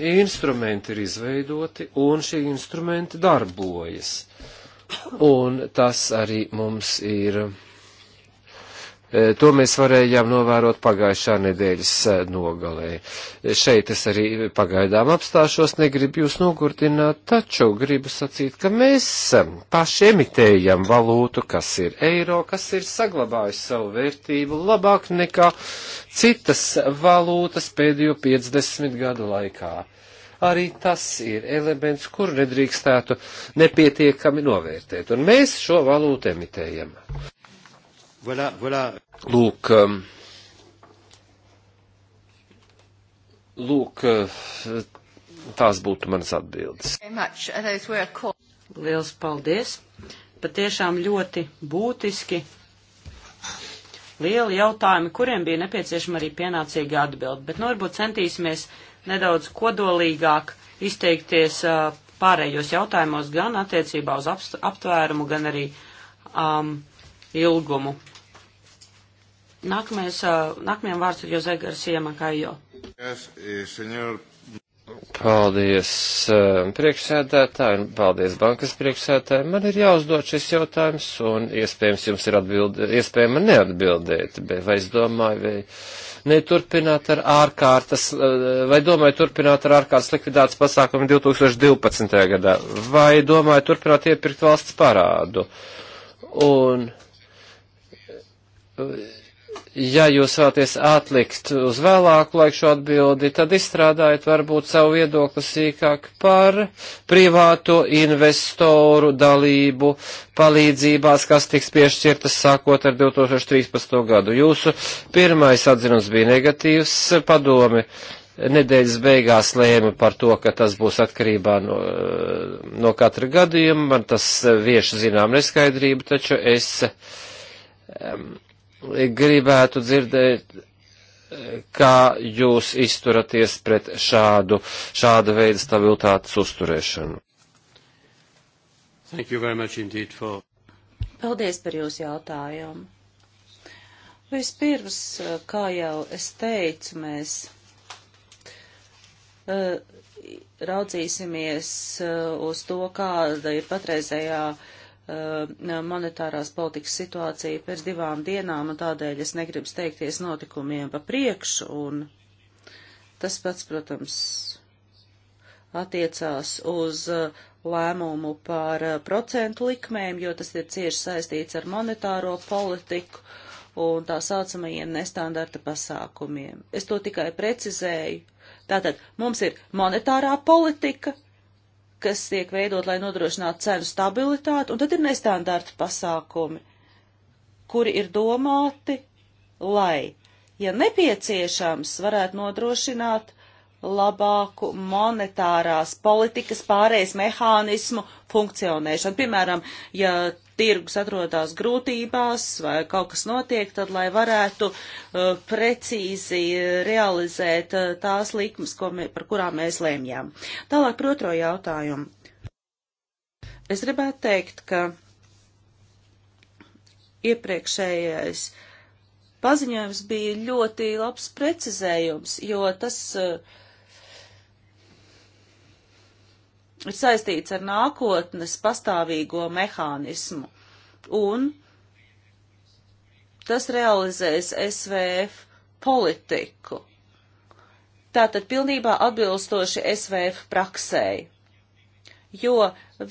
[SPEAKER 1] instrumenti ir izveidoti un šie instrumenti darbojas un tas arī mums ir. E, to mēs varējām novērot pagājušā nedēļas e, nogalē. Šeit es arī pagaidām apstāšos, negribu jūs nogurdināt, taču gribu sacīt, ka mēs e, paši emitējam valūtu, kas ir eiro, kas ir saglabājusi savu vērtību labāk nekā citas valūtas pēdējo 50 gadu laikā arī tas ir elements, kur nedrīkstētu nepietiekami novērtēt. Un mēs šo valūtu emitējam. Voilà, voilà. Lūk, um, lūk, uh, tās būtu manas atbildes.
[SPEAKER 3] Liels paldies! Patiešām ļoti būtiski lieli jautājumi, kuriem bija nepieciešama arī pienācīga atbilde. Bet nu varbūt centīsimies nedaudz kodolīgāk izteikties uh, pārējos jautājumos gan attiecībā uz aptvērumu, gan arī um, ilgumu. Nākamais, uh, nākamajam vārds ir Jose Garcia Makajo.
[SPEAKER 1] Eh, paldies eh, priekšsēdētāji un paldies bankas priekšsēdētāji. Man ir jāuzdod šis jautājums un iespējams jums ir atbildi, iespējama neatbildēt, bet vai es domāju, vai neturpināt ar ārkārtas, eh, vai domāju turpināt ar ārkārtas likvidācijas pasākumu 2012. gadā, vai domāju turpināt iepirkt valsts parādu. Un ja jūs vēlaties atlikt uz vēlāku laiku šo atbildi, tad izstrādājiet varbūt savu viedokli sīkāk par privāto investoru dalību palīdzībās, kas tiks piešķirtas sākot ar 2013. gadu. Jūsu pirmais atzinums bija negatīvs padomi. Nedēļas beigās lēma par to, ka tas būs atkarībā no, no katra gadījuma. Man tas vieši zinām neskaidrību, taču es um, gribētu dzirdēt, kā jūs izturaties pret šādu, šāda veida stabilitātes uzturēšanu. For...
[SPEAKER 2] Paldies par jūsu jautājumu. Vispirms, kā jau es teicu, mēs uh, raudzīsimies uh, uz to, kāda ir patreizējā uh, Uh, monetārās politikas situācija pēc divām dienām, un tādēļ es negribu steigties notikumiem pa priekšu, un tas pats, protams, attiecās uz uh, lēmumu par uh, procentu likmēm, jo tas ir cieši saistīts ar monetāro politiku un tā saucamajiem nestandarta pasākumiem. Es to tikai precizēju. Tātad mums ir monetārā politika, kas tiek veidot, lai nodrošinātu cenu stabilitāti, un tad ir nestandarta pasākumi, kuri ir domāti, lai, ja nepieciešams, varētu nodrošināt labāku monetārās politikas pārējais mehānismu funkcionēšanu. Piemēram, ja tirgus atrodas grūtībās vai kaut kas notiek, tad lai varētu uh, precīzi realizēt uh, tās likmes, ko mē, par kurām mēs lēmjām. Tālāk par otro jautājumu. Es gribētu teikt, ka iepriekšējais paziņojums bija ļoti labs precizējums, jo tas uh, ir saistīts ar nākotnes pastāvīgo mehānismu, un tas realizēs SVF politiku. Tātad pilnībā atbilstoši SVF praksēji. Jo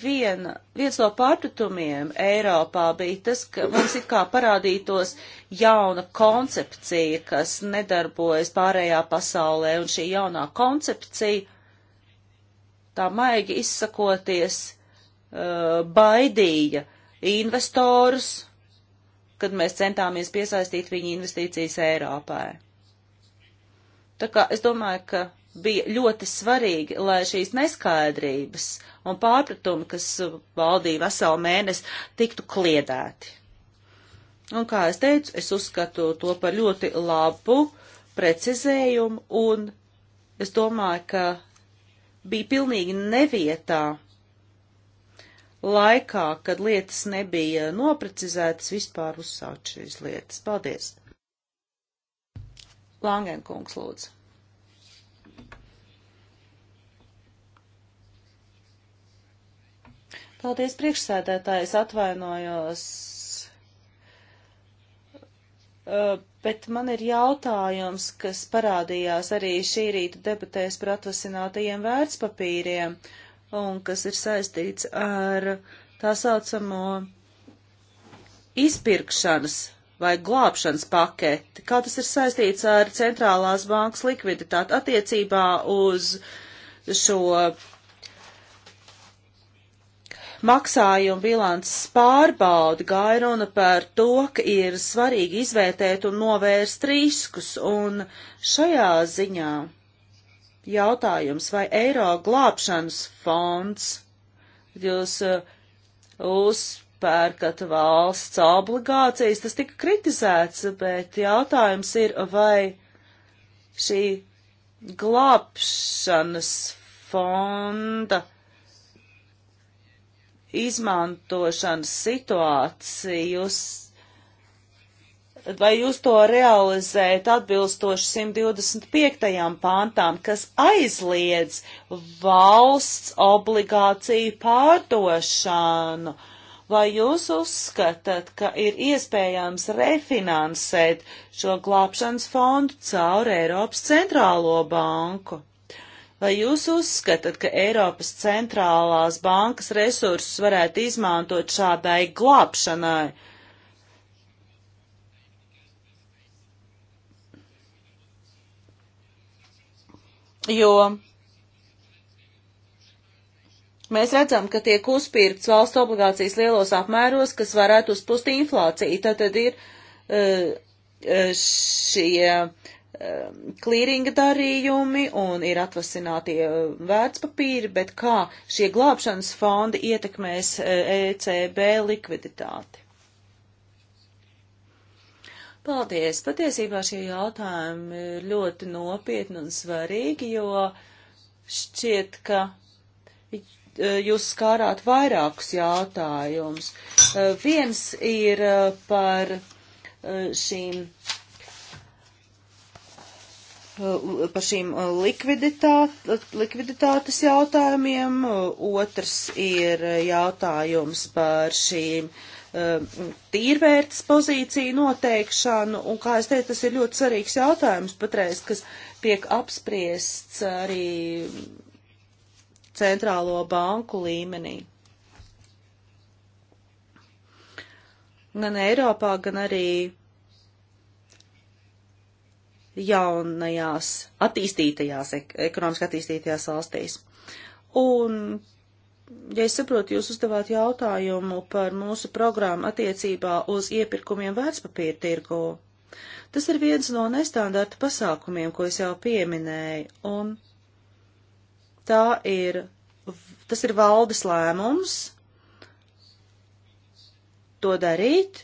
[SPEAKER 2] vien, viens no pārpratumiem Eiropā bija tas, ka mums it kā parādītos jauna koncepcija, kas nedarbojas pārējā pasaulē, un šī jaunā koncepcija tā maigi izsakoties, eh, baidīja investorus, kad mēs centāmies piesaistīt viņu investīcijas Eiropā. Tā kā es domāju, ka bija ļoti svarīgi, lai šīs neskaidrības un pārpratumi, kas valdīja veselu mēnesi, tiktu kliedēti. Un kā es teicu, es uzskatu to par ļoti labu precizējumu, un es domāju, ka bija pilnīgi nevietā laikā, kad lietas nebija noprecizētas, vispār uzsākt šīs lietas. Paldies! Langenkungs lūdzu. Paldies priekšsēdētājs atvainojos Uh, bet man ir jautājums, kas parādījās arī šī rīta debatēs par atvasinātajiem vērtspapīriem un kas ir saistīts ar tā saucamo izpirkšanas vai glābšanas paketi, kā tas ir saistīts ar centrālās bankas likviditāti attiecībā uz šo maksājumu bilances pārbaudi gāja runa par to, ka ir svarīgi izvērtēt un novērst riskus, un šajā ziņā jautājums, vai eiro glābšanas fonds jūs uh, uzpērkat valsts obligācijas, tas tika kritizēts, bet jautājums ir, vai šī glābšanas fonda izmantošanas situācijas, vai jūs to realizējat atbilstoši 125. pāntām, kas aizliedz valsts obligāciju pārdošanu? Vai jūs uzskatāt, ka ir iespējams refinansēt šo glābšanas fondu caur Eiropas centrālo banku? Vai jūs uzskatāt, ka Eiropas centrālās bankas resursus varētu izmantot šādai glābšanai? Jo Mēs redzam, ka tiek uzpirkts valsts obligācijas lielos apmēros, kas varētu uzpūst inflāciju. Tad, tad ir eh, eh, šie klīringa um, darījumi un ir atvasinātie um, vērtspapīri, bet kā šie glābšanas fondi ietekmēs uh, ECB likviditāti? Paldies! Patiesībā šie jautājumi ir ļoti nopietni un svarīgi, jo šķiet, ka uh, jūs skārāt vairākus jautājumus. Uh, viens ir par šīm Uh, par šīm uh, likviditāt, likviditātes jautājumiem, uh, otrs ir jautājums par šīm tīrvērtas pozīciju noteikšanu, un, kā es teicu, tas ir ļoti svarīgs jautājums patreiz, kas tiek apspriests arī centrālo banku līmenī. Gan Eiropā, gan arī jaunajās attīstītajās, ekonomiski attīstītajās valstīs. Un, ja es saprotu, jūs uzdevāt jautājumu par mūsu programmu attiecībā uz iepirkumiem vērtspapīra tirgu. Tas ir viens no nestandarta pasākumiem, ko es jau pieminēju, un tā ir, tas ir valdes lēmums to darīt,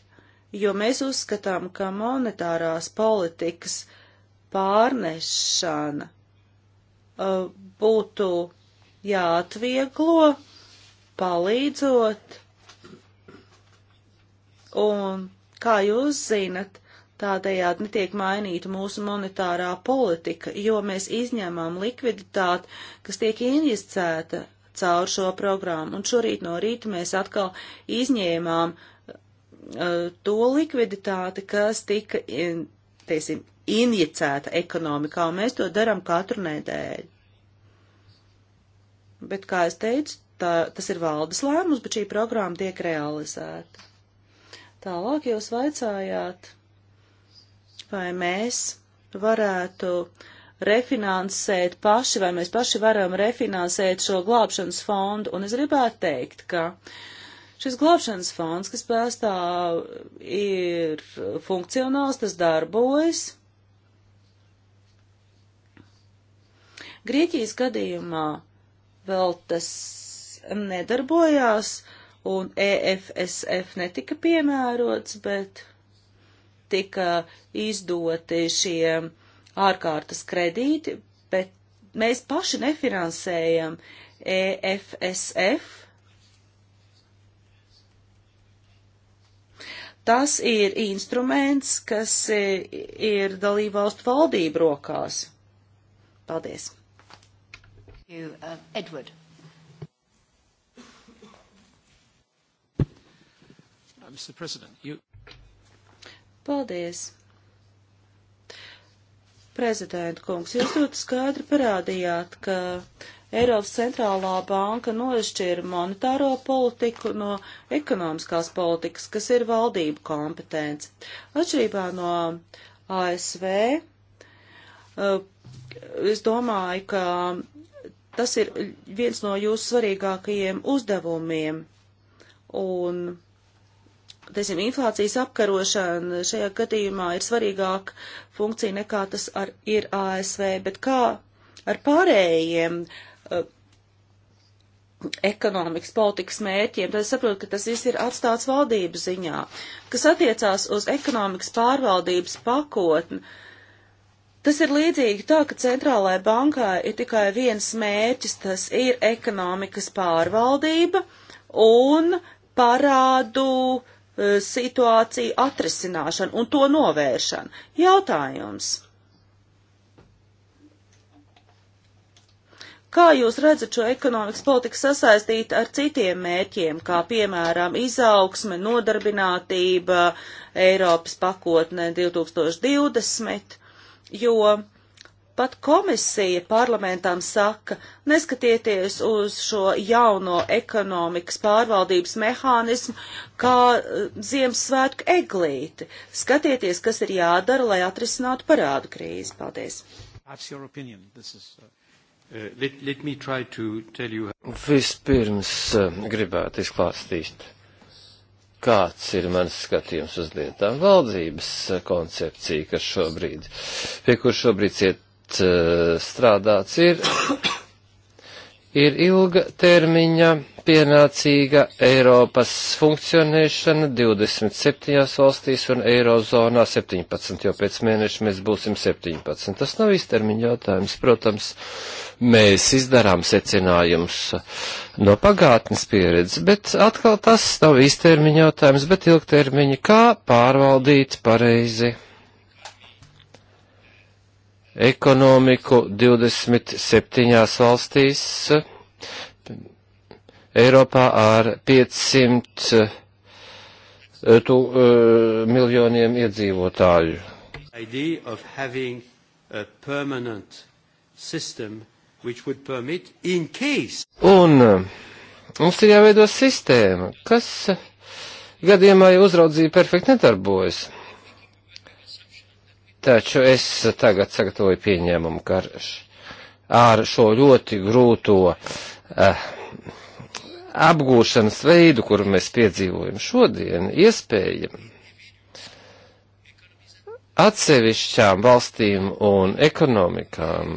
[SPEAKER 2] jo mēs uzskatām, ka monetārās politikas pārnešana uh, būtu jāatvieglo, palīdzot, un, kā jūs zinat, tādējādi netiek mainīta mūsu monetārā politika, jo mēs izņemam likviditāti, kas tiek injicēta caur šo programmu, un šorīt no rīta mēs atkal izņēmām uh, to likviditāti, kas tika in, teiksim, injicēta ekonomikā, un mēs to darām katru nedēļu. Bet, kā es teicu, tā, tas ir valdes lēmums, bet šī programma tiek realizēta. Tālāk jūs vaicājāt, vai mēs varētu refinansēt paši, vai mēs paši varam refinansēt šo glābšanas fondu, un es gribētu teikt, ka uh, Šis glābšanas fonds, kas pastāv, ir funkcionāls, tas darbojas. Grieķijas gadījumā vēl tas nedarbojās, un EFSF netika piemērots, bet tika izdoti šie ārkārtas kredīti, bet mēs paši nefinansējam EFSF, Tas ir instruments, kas ir dalība valstu valdību rokās. Paldies.
[SPEAKER 1] You, uh, Edward. Uh, Mr. President, you...
[SPEAKER 2] Paldies. Prezidenta kungs, jūs ļoti skaidri parādījāt, ka Eiropas centrālā banka nošķira monetāro politiku no ekonomiskās politikas, kas ir valdību kompetence. Atšķirībā no ASV, eh, es domāju, ka tas ir viens no jūsu svarīgākajiem uzdevumiem. Un teiksim, inflācijas apkarošana šajā gadījumā ir svarīgāka funkcija nekā tas ar, ir ASV, bet kā ar pārējiem Uh, ekonomikas politikas mērķiem, tad es saprotu, ka tas viss ir atstāts valdības ziņā. Kas attiecās uz ekonomikas pārvaldības pakotni, Tas ir līdzīgi tā, ka centrālajai bankai ir tikai viens mērķis, tas ir ekonomikas pārvaldība un parādu uh, situāciju atrisināšana un to novēršana. Jautājums. Kā jūs redzat šo ekonomikas politiku sasaistīt ar citiem mērķiem, kā piemēram izaugsme, nodarbinātība, Eiropas pakotne 2020, jo pat komisija parlamentam saka, neskatieties uz šo jauno ekonomikas pārvaldības mehānismu kā eh, Ziemassvētku eglīti. Skatieties, kas ir jādara, lai atrisinātu parādu krīzi. Paldies!
[SPEAKER 1] That's your opinion. This is, uh... Uh, let, let me try to tell you. Vispirms uh, gribētu izklāstīt, kāds ir mans skatījums uz lietām. Valdības uh, koncepcija, kas šobrīd, pie kur šobrīd ciet strādāts, ir, (coughs) ir ilga termiņa pienācīga Eiropas funkcionēšana 27 valstīs un Eirozonā 17, jo pēc mēneša mēs būsim 17. Tas nav īstermiņa jautājums, protams, mēs izdarām secinājumus no pagātnes pieredzes, bet atkal tas nav īstermiņa jautājums, bet ilgtermiņa, kā pārvaldīt pareizi ekonomiku 27 valstīs Eiropā ar 500 eh, tu, uh, miljoniem iedzīvotāju. System, Un eh, mums ir jāveido sistēma, kas gadījumā jau uzraudzība perfekti nedarbojas. Taču es tagad sagatavoju pieņēmumu karš ar šo ļoti grūto uh, apgūšanas veidu, kuru mēs piedzīvojam šodien, iespējami atsevišķām valstīm un ekonomikām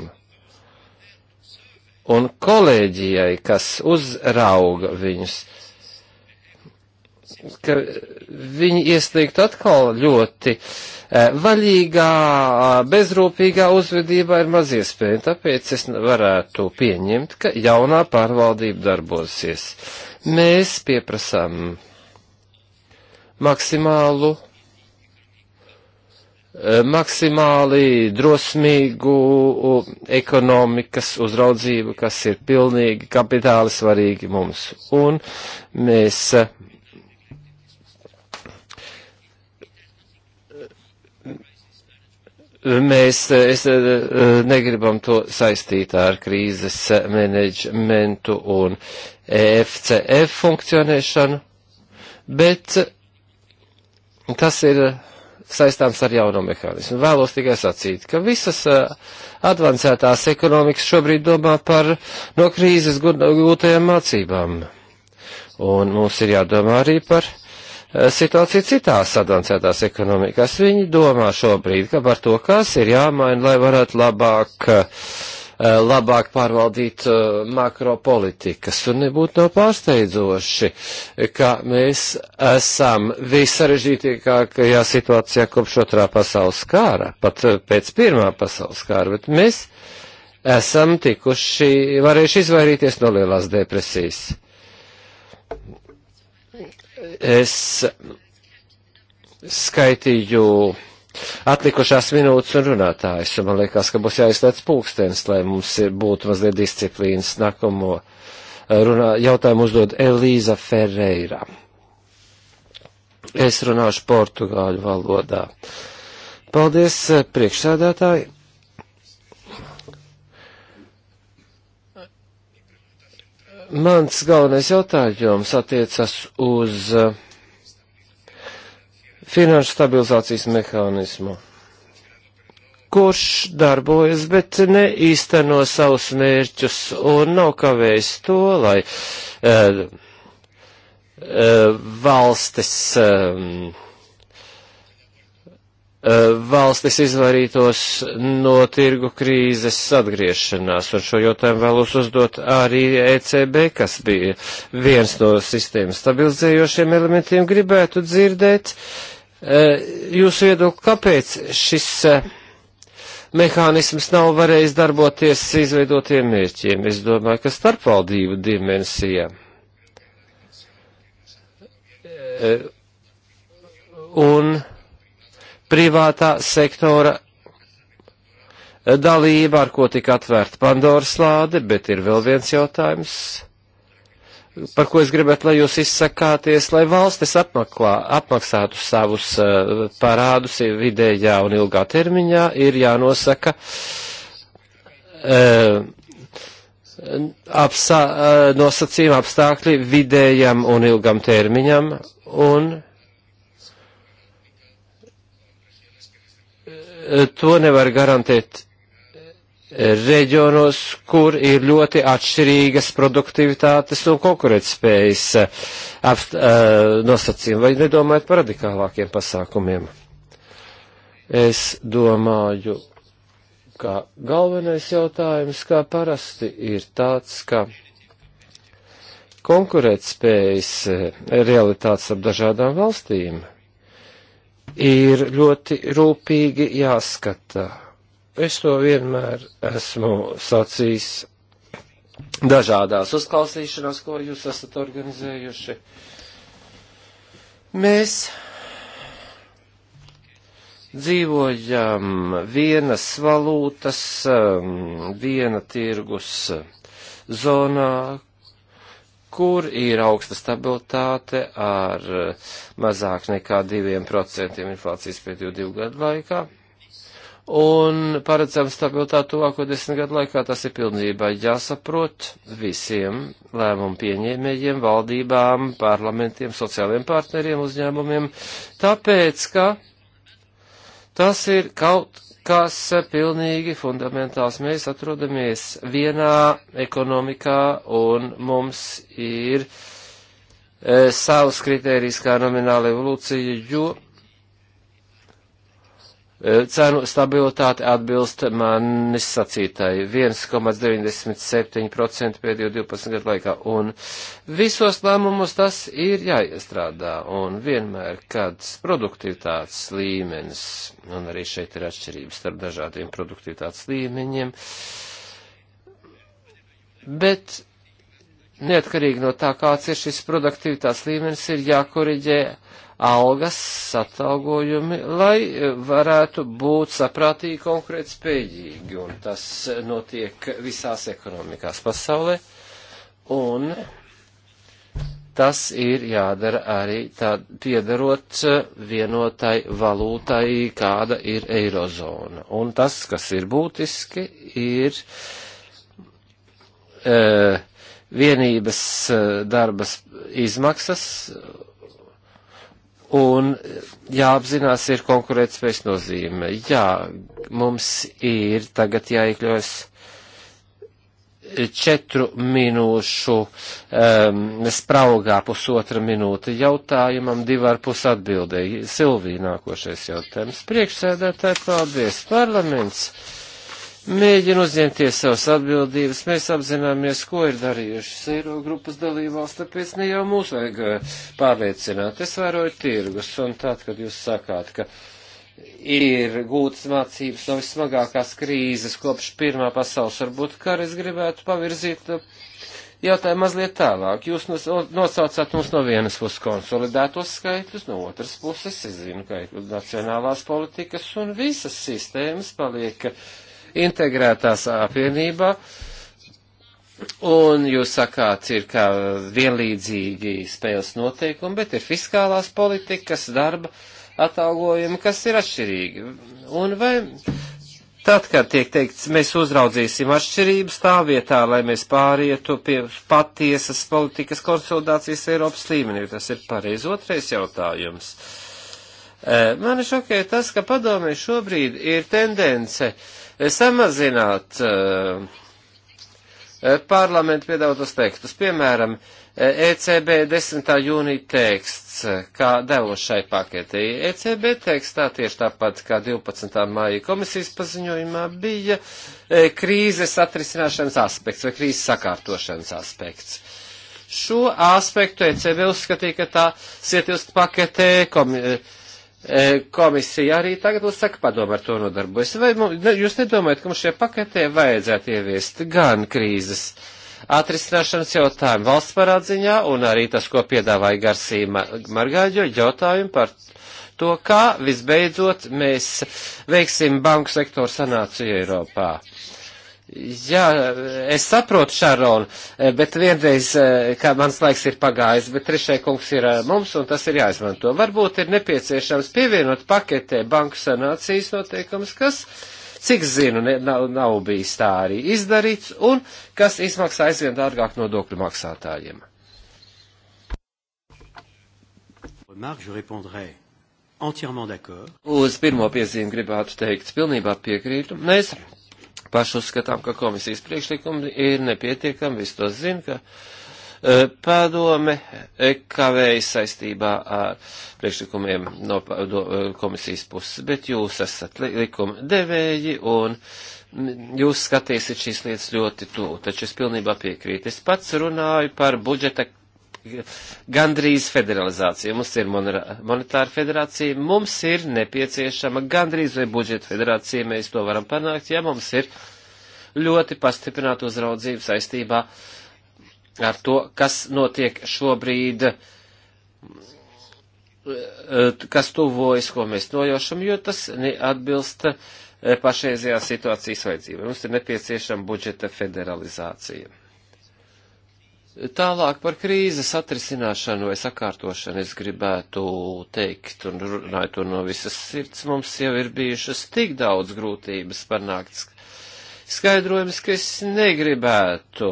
[SPEAKER 1] un kolēģijai, kas uzrauga viņus, uh, ka viņi iesniegtu atkal ļoti eh, vaļīgā, bezrūpīgā uzvedībā ir maz iespēja, tāpēc es varētu pieņemt, ka jaunā pārvaldība darbosies. Mēs pieprasām maksimālu, eh, maksimāli drosmīgu ekonomikas uzraudzību, kas ir pilnīgi kapitāli svarīgi mums. Un mēs eh, mēs es, eh, eh, negribam to saistīt ar krīzes menedžmentu un EFCF funkcionēšanu, bet tas ir saistāms ar jauno mehānismu. Vēlos tikai sacīt, ka visas eh, advancētās ekonomikas šobrīd domā par no krīzes gūtajām mācībām. Un mums ir jādomā arī par Eh, situācija citās advancētās ekonomikās. Viņi domā šobrīd, ka par to, kas ir jāmaina, lai varētu labāk, eh, labāk pārvaldīt eh, makropolitikas. Un nebūtu nav pārsteidzoši, ka mēs esam visarežģītākajā situācijā kopš otrā pasaules kāra, pat pēc pirmā pasaules kāra, bet mēs esam tikuši, varējuši izvairīties no lielās depresijas. Es skaitīju atlikušās minūtes un runātājs, un man liekas, ka būs jāizslēdz pulkstens, lai mums būtu mazliet disciplīnas nākamo eh, runā, jautājumu uzdod Elīza Ferreira. Es runāšu portugāļu valodā. Paldies, eh, priekšsēdētāji. Mans galvenais jautājums attiecas uz eh, finanšu stabilizācijas mehānismu, kurš darbojas, bet neīsteno savus mērķus un nav kavējis to, lai uh, uh, valstis. Uh, Eh, valstis izvairītos no tirgu krīzes atgriešanās, un šo jautājumu vēlos uzdot arī ECB, kas bija viens no sistēmas stabilizējošiem elementiem, gribētu dzirdēt eh, jūsu viedokli, kāpēc šis eh, mehānisms nav varējis darboties izveidotiem mērķiem. Es domāju, ka starpvaldību dimensijā un privātā sektora dalība, ar ko tika atvērta Pandoras lāde, bet ir vēl viens jautājums, par ko es gribētu, lai jūs izsakāties, lai valstis apmaklā, apmaksātu savus uh, parādus vidējā un ilgā termiņā, ir jānosaka uh, eh, apsā, uh, eh, nosacījuma apstākļi vidējam un ilgam termiņam un Eh, to nevar garantēt eh, reģionos, kur ir ļoti atšķirīgas produktivitātes un konkurētspējas eh, apst, uh, nosacījumi, vai nedomājat par radikālākiem pasākumiem? Es domāju, ka galvenais jautājums, kā parasti, ir tāds, ka konkurētspējas realitātes ap dažādām valstīm ir ļoti rūpīgi jāskatā. Es to vienmēr esmu sacījis dažādās uzklausīšanās, ko jūs esat organizējuši. Mēs dzīvojam vienas valūtas, um, viena tirgus zonā, kur ir augsta stabilitāte ar eh, mazāk nekā 2% inflācijas pēdējo divu gadu laikā. Un paredzam stabilitāti tuvāko desmit gadu laikā tas ir pilnībā jāsaprot visiem lēmumu pieņēmējiem, valdībām, parlamentiem, sociāliem partneriem, uzņēmumiem, tāpēc, ka tas ir kaut kas pilnīgi fundamentāls. Mēs atrodamies vienā ekonomikā un mums ir e, savs kritērijs kā nomināla evolūcija, jo E, cenu stabilitāte atbilst manis sacītai 1,97% pēdējo 12 gadu laikā, un visos lēmumos tas ir jāiestrādā, un vienmēr, kad produktivitātes līmenis, un arī šeit ir atšķirības starp dažādiem produktivitātes līmeņiem, bet neatkarīgi no tā, kāds ir šis produktivitātes līmenis, ir jākoriģē algas, atalgojumi, lai varētu būt saprātīgi konkrēt spējīgi, un tas notiek visās ekonomikās pasaulē, un tas ir jādara arī tād, piedarot vienotai valūtai, kāda ir eirozona. Un tas, kas ir būtiski, ir e, vienības eh, darbas izmaksas Un eh, jāapzinās ir konkurētspējas nozīme. Jā, mums ir tagad jāiekļaujas četru minūšu um, spraugā pusotra minūte jautājumam, divi ar pus atbildēji. Silvija nākošais jautājums. Priekšsēdētāji, paldies. Parlaments mēģina uzņemties savas atbildības. Mēs apzināmies, ko ir darījušas eiro grupas dalībvalsts, tāpēc ne jau mūs vajag eh, pārliecināt. Es vēroju tirgus, un tad, kad jūs sakāt, ka ir gūtas mācības no vismagākās krīzes kopš Pirmā pasaules varbūt kara, es gribētu pavirzīt eh, jautāju mazliet tālāk. Jūs nosaucāt mums no vienas puses konsolidētos skaitļus, no otras puses, es zinu, ka ir nacionālās politikas un visas sistēmas paliek integrētās apvienībā. Un jūs sakāt, ir kā vienlīdzīgi spēles noteikumi, bet ir fiskālās politikas, darba atalgojumi, kas ir atšķirīgi. Un vai Tad, kad tiek teikts, mēs uzraudzīsim atšķirības tā vietā, lai mēs pārietu pie patiesas politikas konsolidācijas Eiropas līmenī, tas ir pareizi otrais jautājums. Mani šokē tas, ka padomē šobrīd ir tendence uh, samazināt eh, eh, parlamentu piedāvātos tekstus. Piemēram, ECB eh, e 10. jūnija teksts, kā devos šai paketī. ECB tekstā tieši tāpat kā 12. māja komisijas paziņojumā bija krīzes atrisināšanas aspekts vai krīzes sakārtošanas aspekts. Šo aspektu ECB uzskatīja, ka tā sietilst paketē komisijas E, komisija arī tagad uzsaka padomu ar to nodarbojas. Vai mums, jūs nedomājat, ka mums šajā paketē vajadzētu ieviest gan krīzes atrisināšanas jautājumu valsts parādziņā un arī tas, ko piedāvāja Garsīma Margāģo jautājumu par to, kā visbeidzot mēs veiksim banku sektoru sanāciju Eiropā. Jā, es saprotu, Šarona, eh, bet vienreiz, eh, kā mans laiks ir pagājis, bet trešai kungs ir eh, mums un tas ir jāizmanto. Varbūt ir nepieciešams pievienot paketē banku sanācijas noteikums, kas, cik zinu, ne, nav, nav bijis tā arī izdarīts un kas izmaksā aizvien dārgāk nodokļu maksātājiem. Uz pirmo piezīmi gribētu teikt, pilnībā piekrītu. Mēs paši uzskatām, ka komisijas priekšlikumi ir nepietiekami, viss to zina, ka uh, padome e, kavējas saistībā ar priekšlikumiem no do, e, komisijas puses, bet jūs esat li likuma devēji un jūs skatīsiet šīs lietas ļoti tuvu, taču es pilnībā piekrītu. Es pats runāju par budžeta gandrīz federalizācija. Mums ir monetāra federācija, mums ir nepieciešama gandrīz vai budžeta federācija, mēs to varam panākt, ja mums ir ļoti pastiprināta uzraudzība saistībā ar to, kas notiek šobrīd, kas tuvojas, ko mēs nojošam, jo tas neatbilst eh, pašreizējā situācijas vajadzībai. Mums ir nepieciešama budžeta federalizācija. Tālāk par krīzes atrisināšanu vai sakārtošanu es gribētu teikt, un runāju to no visas sirds, mums jau ir bijušas tik daudz grūtības panākt skaidrojums, ka es negribētu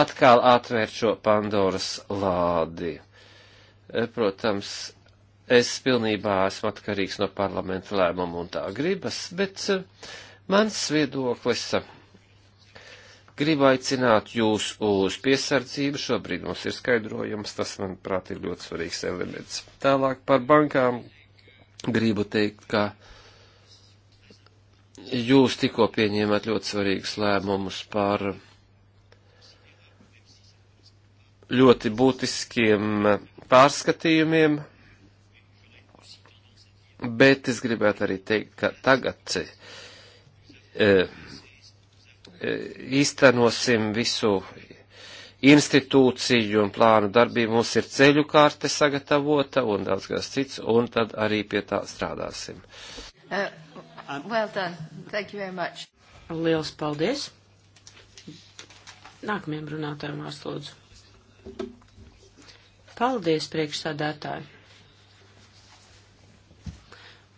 [SPEAKER 1] atkal atvērt šo Pandoras lādi. Eh, protams, es pilnībā esmu atkarīgs no parlamenta lēmumu un tā gribas, bet eh, mans viedoklis. Uh, Gribu aicināt jūs uz piesardzību, šobrīd mums ir skaidrojums, tas, manuprāt, ir ļoti svarīgs elements. Tālāk par bankām gribu teikt, ka jūs tikko pieņēmāt ļoti svarīgus lēmumus par ļoti būtiskiem pārskatījumiem, bet es gribētu arī teikt, ka tagad. E, īstenosim visu institūciju un plānu darbību. Mums ir ceļu kārte sagatavota un daudz kas cits, un tad arī pie tā strādāsim.
[SPEAKER 3] Uh, well done. Thank you very much. Liels paldies. Nākamajam runātājam vārslūdzu. Paldies, priekšsādātāji.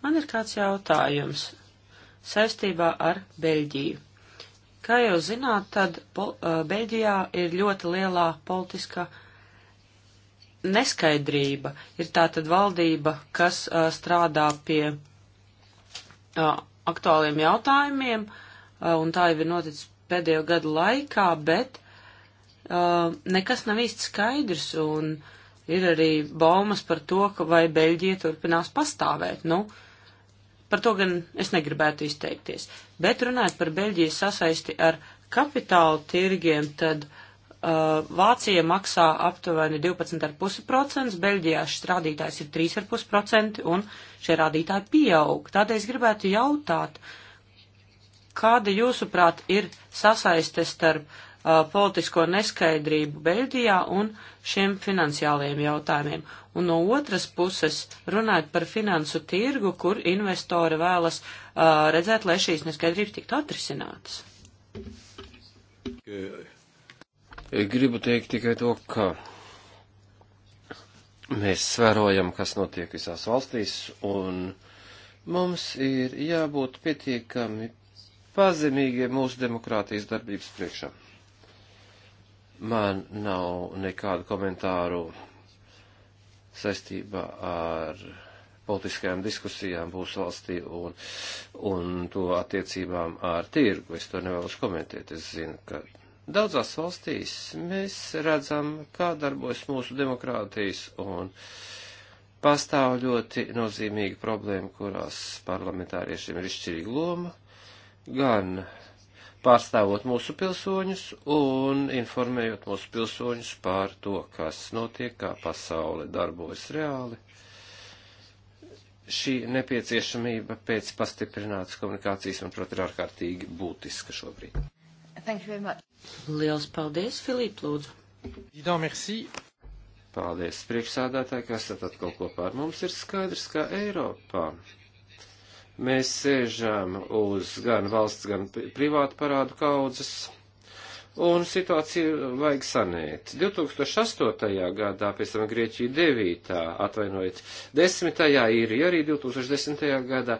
[SPEAKER 3] Man ir kāds jautājums saistībā ar Beļģiju. Kā jau zināt, tad pol, uh, Beļģijā ir ļoti lielā politiska neskaidrība. Ir tātad valdība, kas uh, strādā pie uh, aktuāliem jautājumiem, uh, un tā jau ir noticis pēdējo gadu laikā, bet uh, nekas nav īsti skaidrs, un ir arī baumas par to, ka vai Beļģija turpinās pastāvēt. Nu, uh, Par to gan es negribētu izteikties. Bet runājot par Beļģijas sasaisti ar kapitāla tirgiem, tad uh, Vācija maksā aptuveni 12,5%, Beļģijā šis rādītājs ir 3,5% un šie rādītāji pieaug. Tādēļ es gribētu jautāt, kāda jūsuprāt ir sasaiste starp Uh, politisko neskaidrību Beļģijā un šiem finansiāliem jautājumiem. Un no otras puses runājot par finansu tirgu, kur investori vēlas uh, redzēt, lai šīs neskaidrības tiktu atrisinātas.
[SPEAKER 1] Gribu teikt tikai to, ka mēs svērojam, kas notiek visās valstīs, un mums ir jābūt pietiekami pazemīgiem mūsu demokrātijas darbības priekšā. Man nav nekādu komentāru saistībā ar politiskajām diskusijām būs valstī un, un to attiecībām ar tirgu. Es to nevēlos komentēt. Es zinu, ka daudzās valstīs mēs redzam, kā darbojas mūsu demokrātijas un pastāv ļoti nozīmīga problēma, kurās parlamentāriešiem ir izšķirīga loma gan pārstāvot mūsu pilsoņus un informējot mūsu pilsoņus par to, kas notiek, kā pasaule darbojas reāli. Šī nepieciešamība pēc pastiprinātas komunikācijas, manuprāt, ir ārkārtīgi būtiska šobrīd.
[SPEAKER 3] Liels paldies, Filip, lūdzu. Didon, merci.
[SPEAKER 1] Paldies, priekšsādātāji, kas esat atkal kopā ar mums. Ir skaidrs, ka Eiropā Mēs sēžam uz gan valsts, gan privātu parādu kaudzes, un situāciju vajag sanēt. 2008. gadā, pēc tam Grieķija 9. atvainojiet, 10. īrija arī 2010. gadā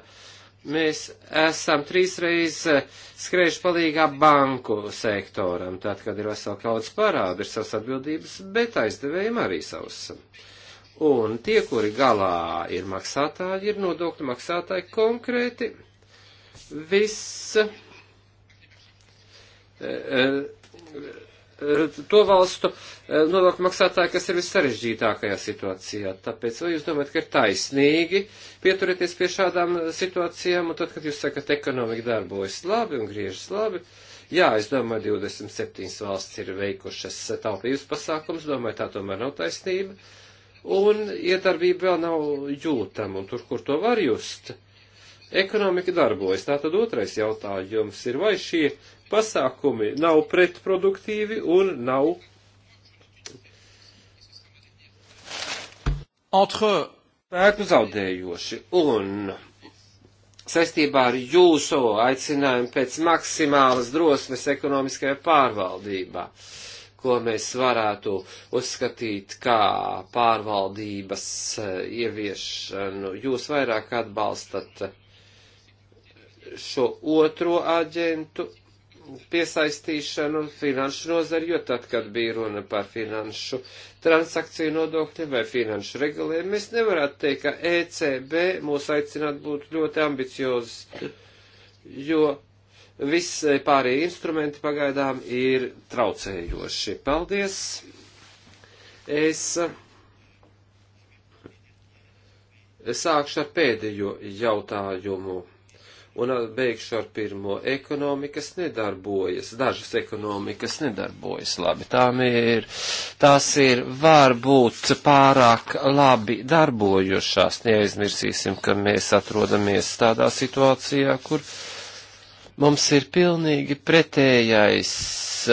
[SPEAKER 1] mēs esam trīsreiz eh, skrējuši palīgā banku sektoram, tad, kad ir vesela kaudzes parādu, ir savas atbildības, bet aizdevējiem arī savas. Un tie, kuri galā ir maksātāji, ir nodokļu maksātāji konkrēti viss e, e, to valstu e, nodokļu maksātāji, kas ir vissarežģītākajā situācijā. Tāpēc vai jūs domājat, ka ir taisnīgi pieturēties pie šādām situācijām, un tad, kad jūs sakat, ekonomika darbojas labi un griežas labi, Jā, es domāju, 27 valsts ir veikušas taupības pasākums, domāju, tā tomēr nav taisnība. Uh, un iedarbība vēl nav jūtama, un tur, kur to var just, ekonomika darbojas. Tātad otrais jautājums ir, vai šie pasākumi nav pretproduktīvi un nav. Entre spēku zaudējoši. Un saistībā ar jūsu aicinājumu pēc maksimālas drosmes ekonomiskajā pārvaldībā. Uh, ko mēs varētu uzskatīt kā pārvaldības eh, ieviešanu. Jūs vairāk atbalstat šo otro aģentu piesaistīšanu finanšu nozari, jo tad, kad bija runa par finanšu transakciju nodokļiem vai finanšu regulējumu, mēs nevarētu teikt, ka ECB mūs aicināt būt ļoti ambiciozs, jo Viss pārējie instrumenti pagaidām ir traucējoši. Paldies! Es sākšu ar pēdējo jautājumu un beigšu ar pirmo. Ekonomikas nedarbojas, dažas ekonomikas nedarbojas labi. Tām ir, tās ir varbūt pārāk labi darbojušās. Neaizmirsīsim, ka mēs atrodamies tādā situācijā, kur Mums ir pilnīgi pretējais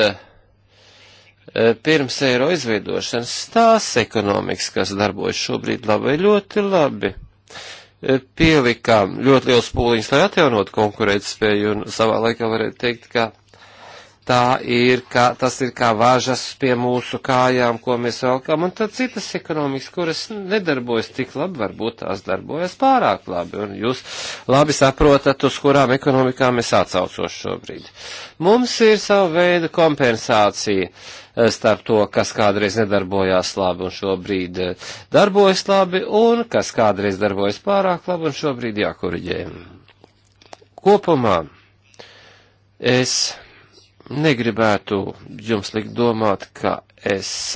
[SPEAKER 1] eh, pirms eiro izveidošanas tās ekonomikas, kas darbojas šobrīd labi, ļoti labi. Eh, pielikām ļoti liels pūliņus, lai atjaunotu konkurētspēju, un savā laikā varētu teikt, ka tā ir, kā, tas ir kā važas pie mūsu kājām, ko mēs velkam, un tad citas ekonomikas, kuras nedarbojas tik labi, varbūt tās darbojas pārāk labi, un jūs labi saprotat, uz kurām ekonomikām es atsaucos šobrīd. Mums ir sava veida kompensācija eh, starp to, kas kādreiz nedarbojās labi un šobrīd eh, darbojas labi, un kas kādreiz darbojas pārāk labi un šobrīd jākoriģē. Kopumā es negribētu jums likt domāt, ka es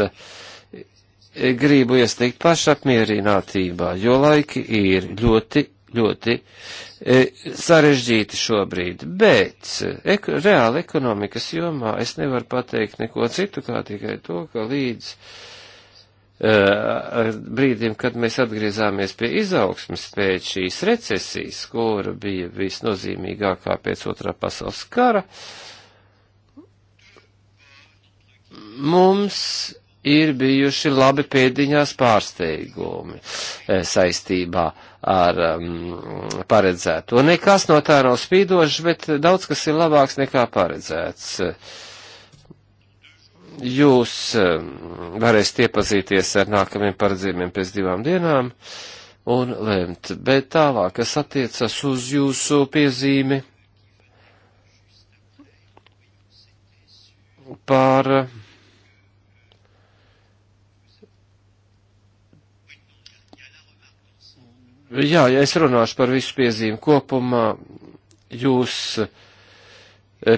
[SPEAKER 1] gribu iestīgt pašapmierinātībā, jo laiki ir ļoti, ļoti e, sarežģīti šobrīd, bet ek reāli ekonomikas jomā es nevaru pateikt neko citu, kā tikai to, ka līdz uh, brīdim, kad mēs atgriezāmies pie izaugsmes pēc šīs recesijas, kura bija visnozīmīgākā pēc otrā pasaules kara, uh, Mums ir bijuši labi pēdiņās pārsteigumi eh, saistībā ar um, paredzēto. Nekas no tā nav spīdošs, bet daudz kas ir labāks nekā paredzēts. Jūs um, varēsiet iepazīties ar nākamiem paredzējumiem pēc divām dienām un lemt, bet tālāk, kas attiecas uz jūsu piezīmi par uh, Jā, ja es runāšu par visu piezīmu kopumā, jūs e,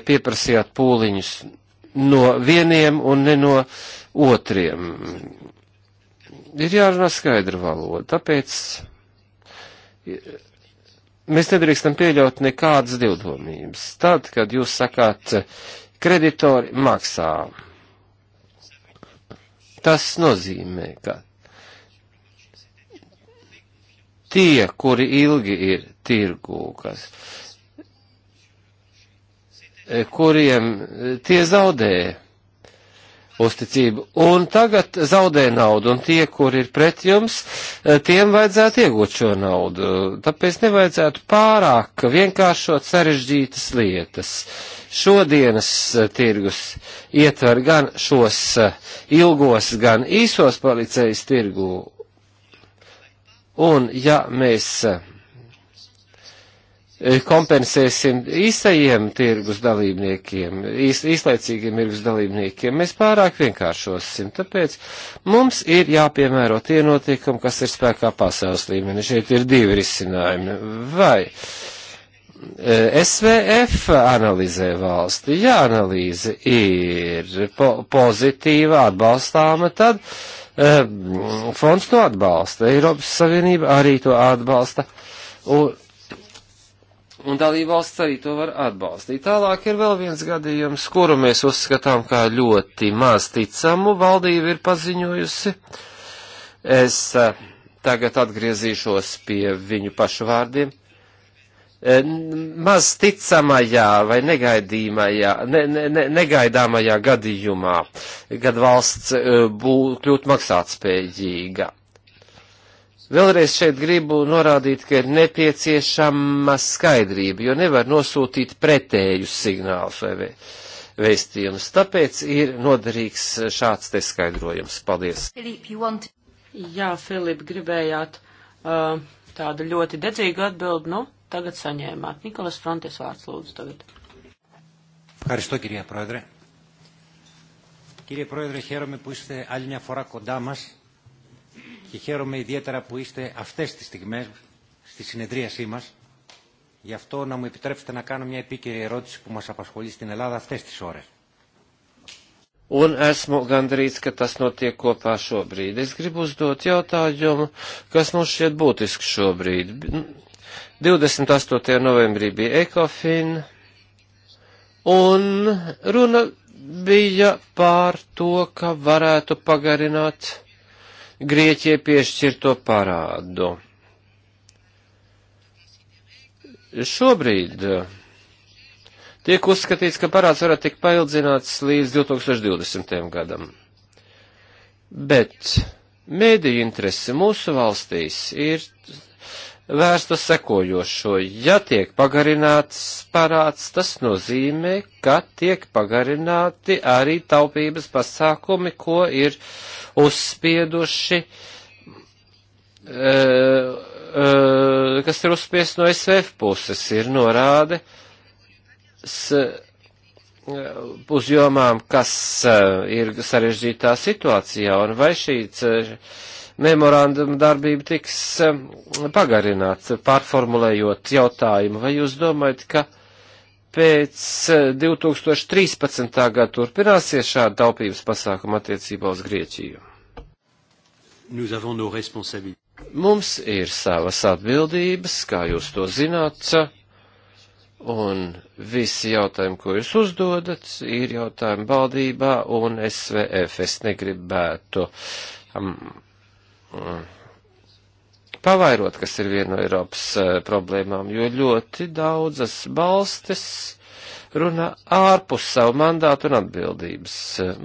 [SPEAKER 1] pieprasījāt pūliņus no vieniem un ne no otriem. Ir jārunā skaidra valoda, tāpēc e, mēs nedrīkstam pieļaut nekādas divdomības. Tad, kad jūs sakāt, e, kreditori maksā, tas nozīmē, ka tie, kuri ilgi ir tirgū, kas, kuriem tie zaudē uzticību, un tagad zaudē naudu, un tie, kur ir pret jums, tiem vajadzētu iegūt šo naudu. Tāpēc nevajadzētu pārāk vienkāršot sarežģītas lietas. Šodienas tirgus ietver gan šos ilgos, gan īsos policijas tirgu, Un ja mēs e, kompensēsim īstajiem tirgus dalībniekiem, īs, īslaicīgiem tirgus dalībniekiem, mēs pārāk vienkāršosim. Tāpēc mums ir jāpiemēro tie notiekumi, kas ir spēkā pasaules līmenī. Šeit ir divi risinājumi. Vai e, SVF analizē valsti, ja analīze ir po pozitīva, atbalstāma, tad Ehm, fonds to atbalsta, Eiropas Savienība arī to atbalsta, un, un dalībvalsts arī to var atbalstīt. Tālāk ir vēl viens gadījums, kuru mēs uzskatām kā ļoti maz ticamu, valdība ir paziņojusi. Es eh, tagad atgriezīšos pie viņu pašu vārdiem. E, maz ticamajā vai negaidīmajā, ne, ne, negaidāmajā gadījumā, kad valsts e, būtu kļūt maksātspējīga. Vēlreiz šeit gribu norādīt, ka ir nepieciešama skaidrība, jo nevar nosūtīt pretējus signālus vai vēstījumus. Tāpēc ir noderīgs šāds te skaidrojums. Paldies. Filip,
[SPEAKER 3] want... Jā, Filip, gribējāt uh, tādu ļoti dedzīgu atbildi, nu, tagad saņēmāt. Nikolas Frontes vārds lūdzu tagad.
[SPEAKER 1] Ευχαριστώ κυρία Πρόεδρε. Κύριε Πρόεδρε, χαίρομαι που είστε άλλη μια φορά κοντά μας και χαίρομαι ιδιαίτερα που είστε αυτές τις στιγμές στη συνεδρίασή μας. Γι' αυτό να μου επιτρέψετε να κάνω μια επίκαιρη ερώτηση που μας απασχολεί στην Ελλάδα αυτές τις ώρες. Un esmu gandrīz, ka tas notiek kopā šobrīd. Es gribu uzdot jautājumu, kas mums šķiet būtisks šobrīd. 28. novembrī bija Ekofin, un runa bija pār to, ka varētu pagarināt Grieķijai piešķirto parādu. Šobrīd eh, tiek uzskatīts, ka parāds varētu tikt paildzināts līdz 2020. gadam. Bet mēdīju interese mūsu valstīs ir vērsta sekojošo. Ja tiek pagarināts parāds, tas nozīmē, ka tiek pagarināti arī taupības pasākumi, ko ir uzspieduši, e, e, kas ir uzspiest no SVF puses, ir norāde e, uz jomām, kas e, ir sarežģītā situācijā, un vai šī memoranduma darbība tiks um, pagarināta, pārformulējot jautājumu. Vai jūs domājat, ka pēc 2013. Uh, gada turpināsies šāda taupības pasākuma attiecībā uz Grieķiju? Mums ir savas atbildības, kā jūs to zināt, un visi jautājumi, ko jūs uzdodat, ir jautājumi valdībā un SVF. Es negribētu um, Mm. pavairot, kas ir viena no Eiropas eh, problēmām, jo ļoti daudzas balstis runa ārpus savu mandātu un atbildības.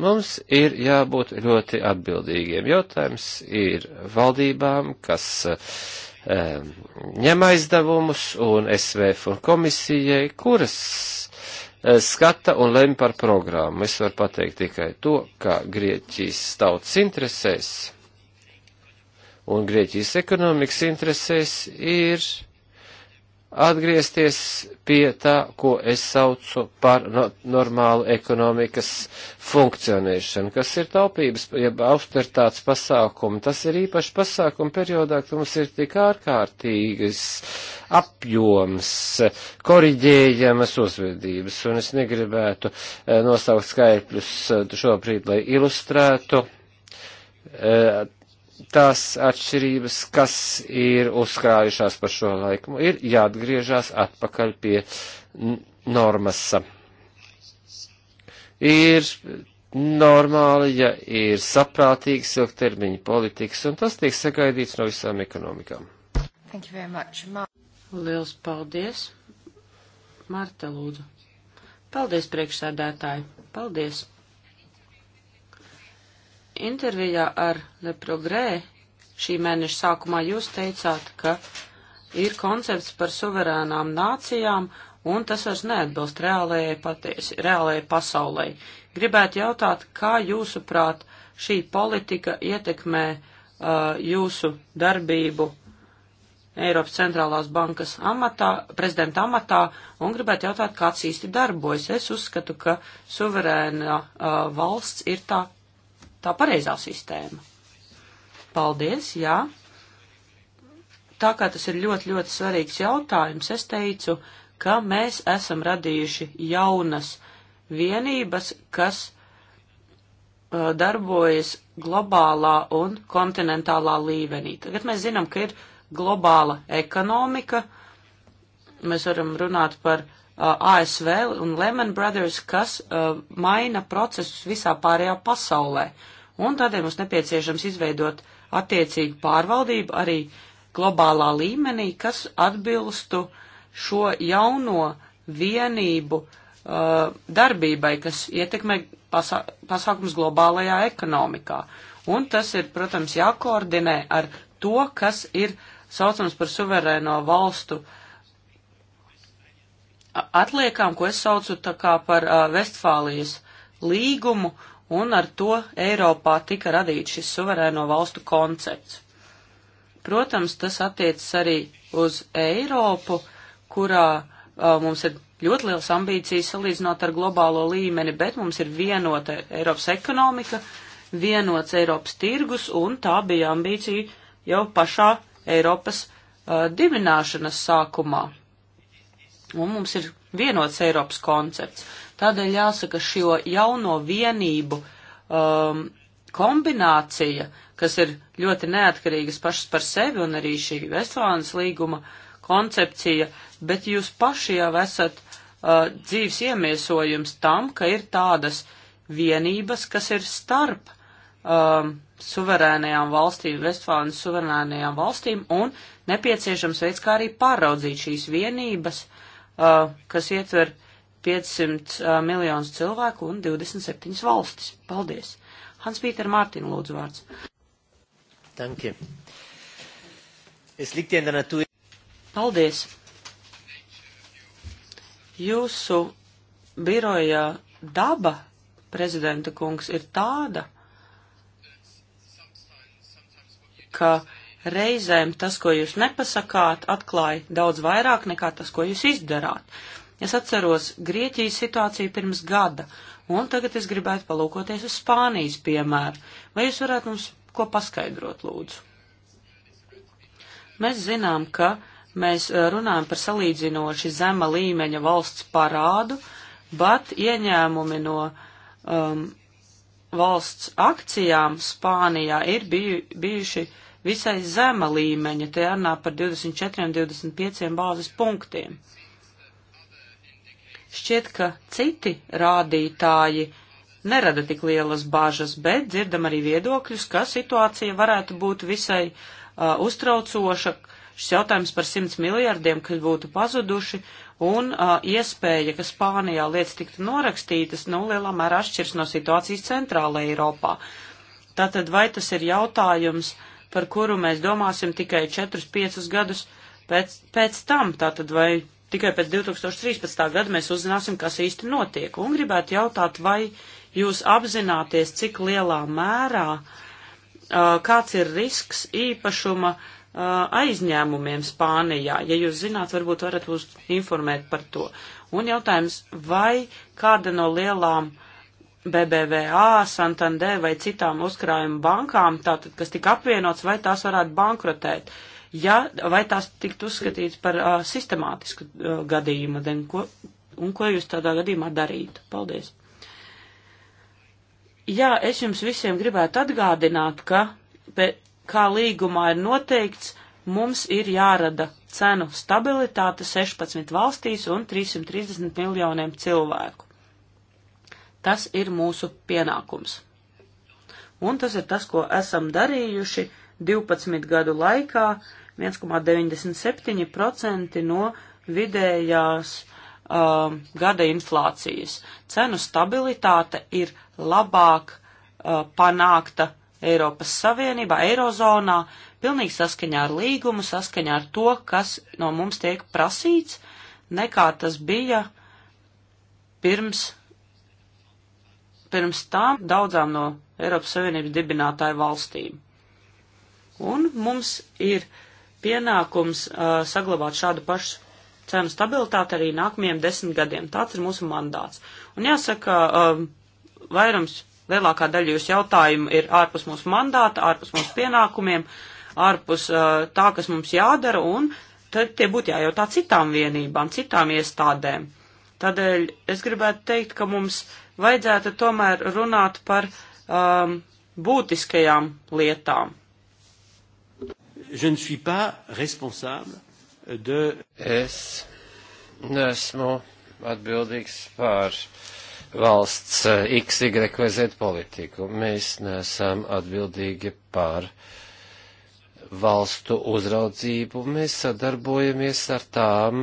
[SPEAKER 1] Mums ir jābūt ļoti atbildīgiem. Jautājums ir valdībām, kas um, ņem aizdevumus un SVF un komisijai, kuras eh, skata un lem par programmu. Es varu pateikt tikai to, ka Grieķijas tautas interesēs un Grieķijas ekonomikas interesēs ir atgriezties pie tā, ko es saucu par no, normālu ekonomikas funkcionēšanu, kas ir taupības, jeb austeritātes pasākumi. Tas ir īpaši pasākumi periodā, kad mums ir tik ārkārtīgas apjoms, koriģējamas uzvedības, un es negribētu eh, nosaukt skaitļus eh, šobrīd, lai ilustrētu eh, tās atšķirības, kas ir uzkrājušās par šo laiku, ir jāatgriežās atpakaļ pie normas. Ir normāli, ja ir saprātīgs ilgtermiņa politikas, un tas tiek sagaidīts no visām ekonomikām.
[SPEAKER 3] Liels paldies! Marta lūdzu. Paldies, priekšsēdētāji! Paldies! intervijā ar Leprogrē šī mēneša sākumā jūs teicāt, ka ir koncepts par suverēnām nācijām, un tas vairs neatbilst reālajai, patiesi, reālajai pasaulē. Gribētu jautāt, kā jūsuprāt šī politika ietekmē uh, jūsu darbību Eiropas centrālās bankas amatā, prezidenta amatā, un gribētu jautāt, kāds īsti darbojas. Es uzskatu, ka suverēna uh, valsts ir tā tā pareizā sistēma. Paldies, jā. Tā kā tas ir ļoti, ļoti svarīgs jautājums, es teicu, ka mēs esam radījuši jaunas vienības, kas uh, darbojas globālā un kontinentālā līmenī. Tagad mēs zinām, ka ir globāla ekonomika, mēs varam runāt par uh, ASV un Lehman Brothers, kas uh, maina procesus visā pārējā pasaulē. Un tādēļ mums nepieciešams izveidot attiecīgu pārvaldību arī globālā līmenī, kas atbilstu šo jauno vienību uh, darbībai, kas ietekmē pasā pasākums globālajā ekonomikā. Un tas ir, protams, jākoordinē ar to, kas ir saucams par suverēno valstu uh, atliekām, ko es saucu tā kā par uh, Vestfālijas līgumu, un ar to Eiropā tika radīts šis suverēno valstu koncepts. Protams, tas attiecas arī uz Eiropu, kurā uh, mums ir ļoti liels ambīcijas salīdzinot ar globālo līmeni, bet mums ir vienota Eiropas ekonomika, vienots Eiropas tirgus, un tā bija ambīcija jau pašā Eiropas uh, dibināšanas sākumā un mums ir vienots Eiropas koncepts. Tādēļ jāsaka, šo jauno vienību um, kombinācija, kas ir ļoti neatkarīgas pašas par sevi un arī šī Vestfānas līguma koncepcija, bet jūs paši jau esat uh, dzīves iemiesojums tam, ka ir tādas vienības, kas ir starp um, suverēnajām valstīm, Vestfānas suverēnajām valstīm un nepieciešams veids, kā arī pāraudzīt šīs vienības kas ietver 500 miljonus cilvēku un 27 valstis. Paldies! Hans Pīter Mārtiņa lūdzu vārds. Danke. Es likt in der Natur. Paldies! Jūsu biroja daba, prezidenta kungs, ir tāda, ka reizēm tas, ko jūs nepasakāt, atklāja daudz vairāk nekā tas, ko jūs izdarāt. Es atceros Grieķijas situāciju pirms gada, un tagad es gribētu palūkoties uz Spānijas piemēru. Vai jūs varētu mums ko paskaidrot, lūdzu? Mēs zinām, ka mēs eh, runājam par salīdzinoši zema līmeņa valsts parādu, bet ieņēmumi no um, valsts akcijām Spānijā ir biju, bijuši uh, visai zema līmeņa, te jārunā par 24 un 25 bāzes punktiem. Šķiet, ka citi rādītāji nerada tik lielas bāžas, bet dzirdam arī viedokļus, ka situācija varētu būt visai uh, uztraucoša. Šis jautājums par 100 miljardiem, kas būtu pazuduši, un uh, iespēja, ka Spānijā lietas tiktu norakstītas, nu, lielā mērā atšķirs no situācijas centrāla Eiropā. Tātad vai tas ir jautājums uh, par kuru mēs domāsim tikai 4-5 gadus pēc, pēc tam, tātad vai tikai pēc 2013. gada mēs uzzināsim, kas īsti notiek. Un gribētu jautāt, vai jūs apzināties, cik lielā mērā, kāds ir risks īpašuma aizņēmumiem Spānijā. Ja jūs zināt, varbūt varat mūs informēt par to. Un jautājums, vai kāda no lielām BBVA, Santander vai citām uzkrājuma bankām, tātad, kas tika apvienots, vai tās varētu bankrotēt, ja, vai tās tikt uzskatīts par uh, sistemātisku uh, gadījumu, den, ko, un ko jūs tādā gadījumā darītu? Paldies! Jā, es jums visiem gribētu atgādināt, ka, pie, kā līgumā ir noteikts, mums ir jārada cenu stabilitāte 16 valstīs un 330 miljoniem cilvēku. Tas ir mūsu pienākums. Un tas ir tas, ko esam darījuši 12 gadu laikā 1,97% no vidējās uh, gada inflācijas. Cenu stabilitāte ir labāk uh, panākta Eiropas Savienībā, Eirozonā, pilnīgi saskaņā ar līgumu, saskaņā ar to, kas no mums tiek prasīts, nekā tas bija pirms pirms tām daudzām no Eiropas Savienības dibinātāju valstīm. Un mums ir pienākums uh, saglabāt šādu pašu cenu stabilitāti arī nākamajiem desmit gadiem. Tāds ir mūsu mandāts. Un jāsaka, uh, vairums, lielākā daļa jūsu jautājumu ir ārpus mūsu mandāta, ārpus mūsu pienākumiem, ārpus uh, tā, kas mums jādara, un tad tie būtu jājautā citām vienībām, citām iestādēm. Uh, Tādēļ es gribētu teikt, ka mums vajadzētu tomēr runāt par um, būtiskajām lietām.
[SPEAKER 1] De... Es neesmu atbildīgs par valsts eh, XYZ politiku. Mēs neesam atbildīgi par uh, valstu uzraudzību. Mēs sadarbojamies ar tām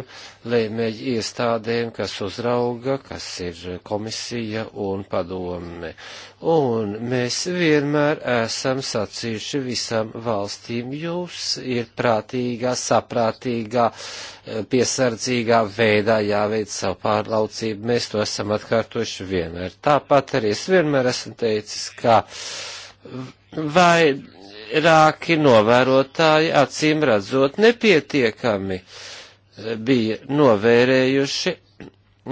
[SPEAKER 1] lēmēju iestādēm, kas uzrauga, kas ir komisija un padome. Un mēs vienmēr esam sacījuši visam valstīm, jūs ir prātīgā, saprātīgā, piesardzīgā veidā jāveic savu pārlaucību. Mēs to esam atkārtojuši vienmēr. Tāpat arī es vienmēr esmu teicis, ka vai vairāki novērotāji acīm redzot nepietiekami bija novērējuši,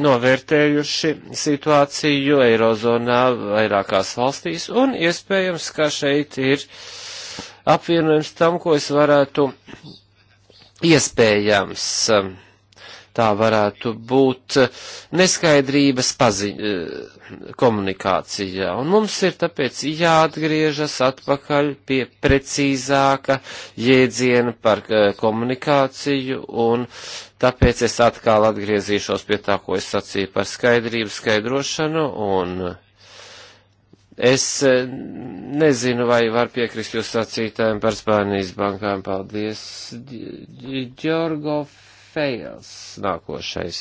[SPEAKER 1] novērtējuši situāciju Eirozonā vairākās valstīs, un iespējams, ka šeit ir apvienojums tam, ko es varētu iespējams. Um, tā varētu būt neskaidrības pazi, eh, komunikācijā. Un mums ir tāpēc jāatgriežas atpakaļ pie precīzāka jēdziena par eh, komunikāciju, un tāpēc es atkal atgriezīšos pie tā, ko es sacīju par skaidrību, skaidrošanu, un es eh, nezinu, vai var piekrist jūs sacītājiem par Spānijas bankām. Paldies, Džorgov. Feils nākošais.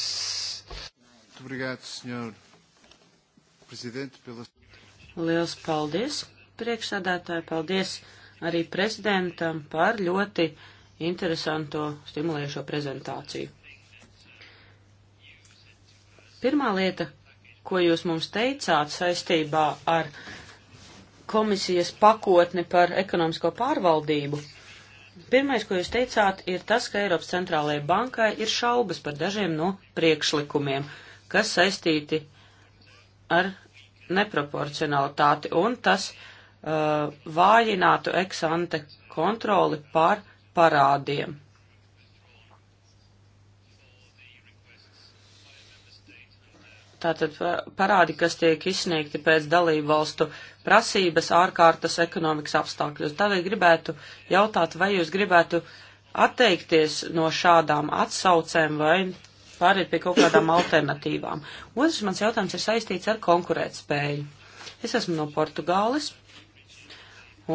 [SPEAKER 3] Liels paldies, priekšsādātāji, paldies arī prezidentam par ļoti interesanto stimulējošo prezentāciju. Pirmā lieta, ko jūs mums teicāt saistībā ar komisijas pakotni par ekonomisko pārvaldību – Pirmais, ko jūs teicāt, ir tas, ka Eiropas centrālajai bankai ir šaubas par dažiem no priekšlikumiem, kas saistīti ar neproporcionalitāti, un tas uh, vājinātu eksante kontroli pār parādiem. Tātad eh, parādi, kas tiek izsniegti pēc dalību valstu prasības ārkārtas ekonomikas apstākļos. Tādēļ gribētu jautāt, vai jūs gribētu atteikties no šādām atsaucēm vai pāriet pie kaut kādām alternatīvām. Otrs mans jautājums ir saistīts ar konkurētspēju. Es esmu no Portugāles,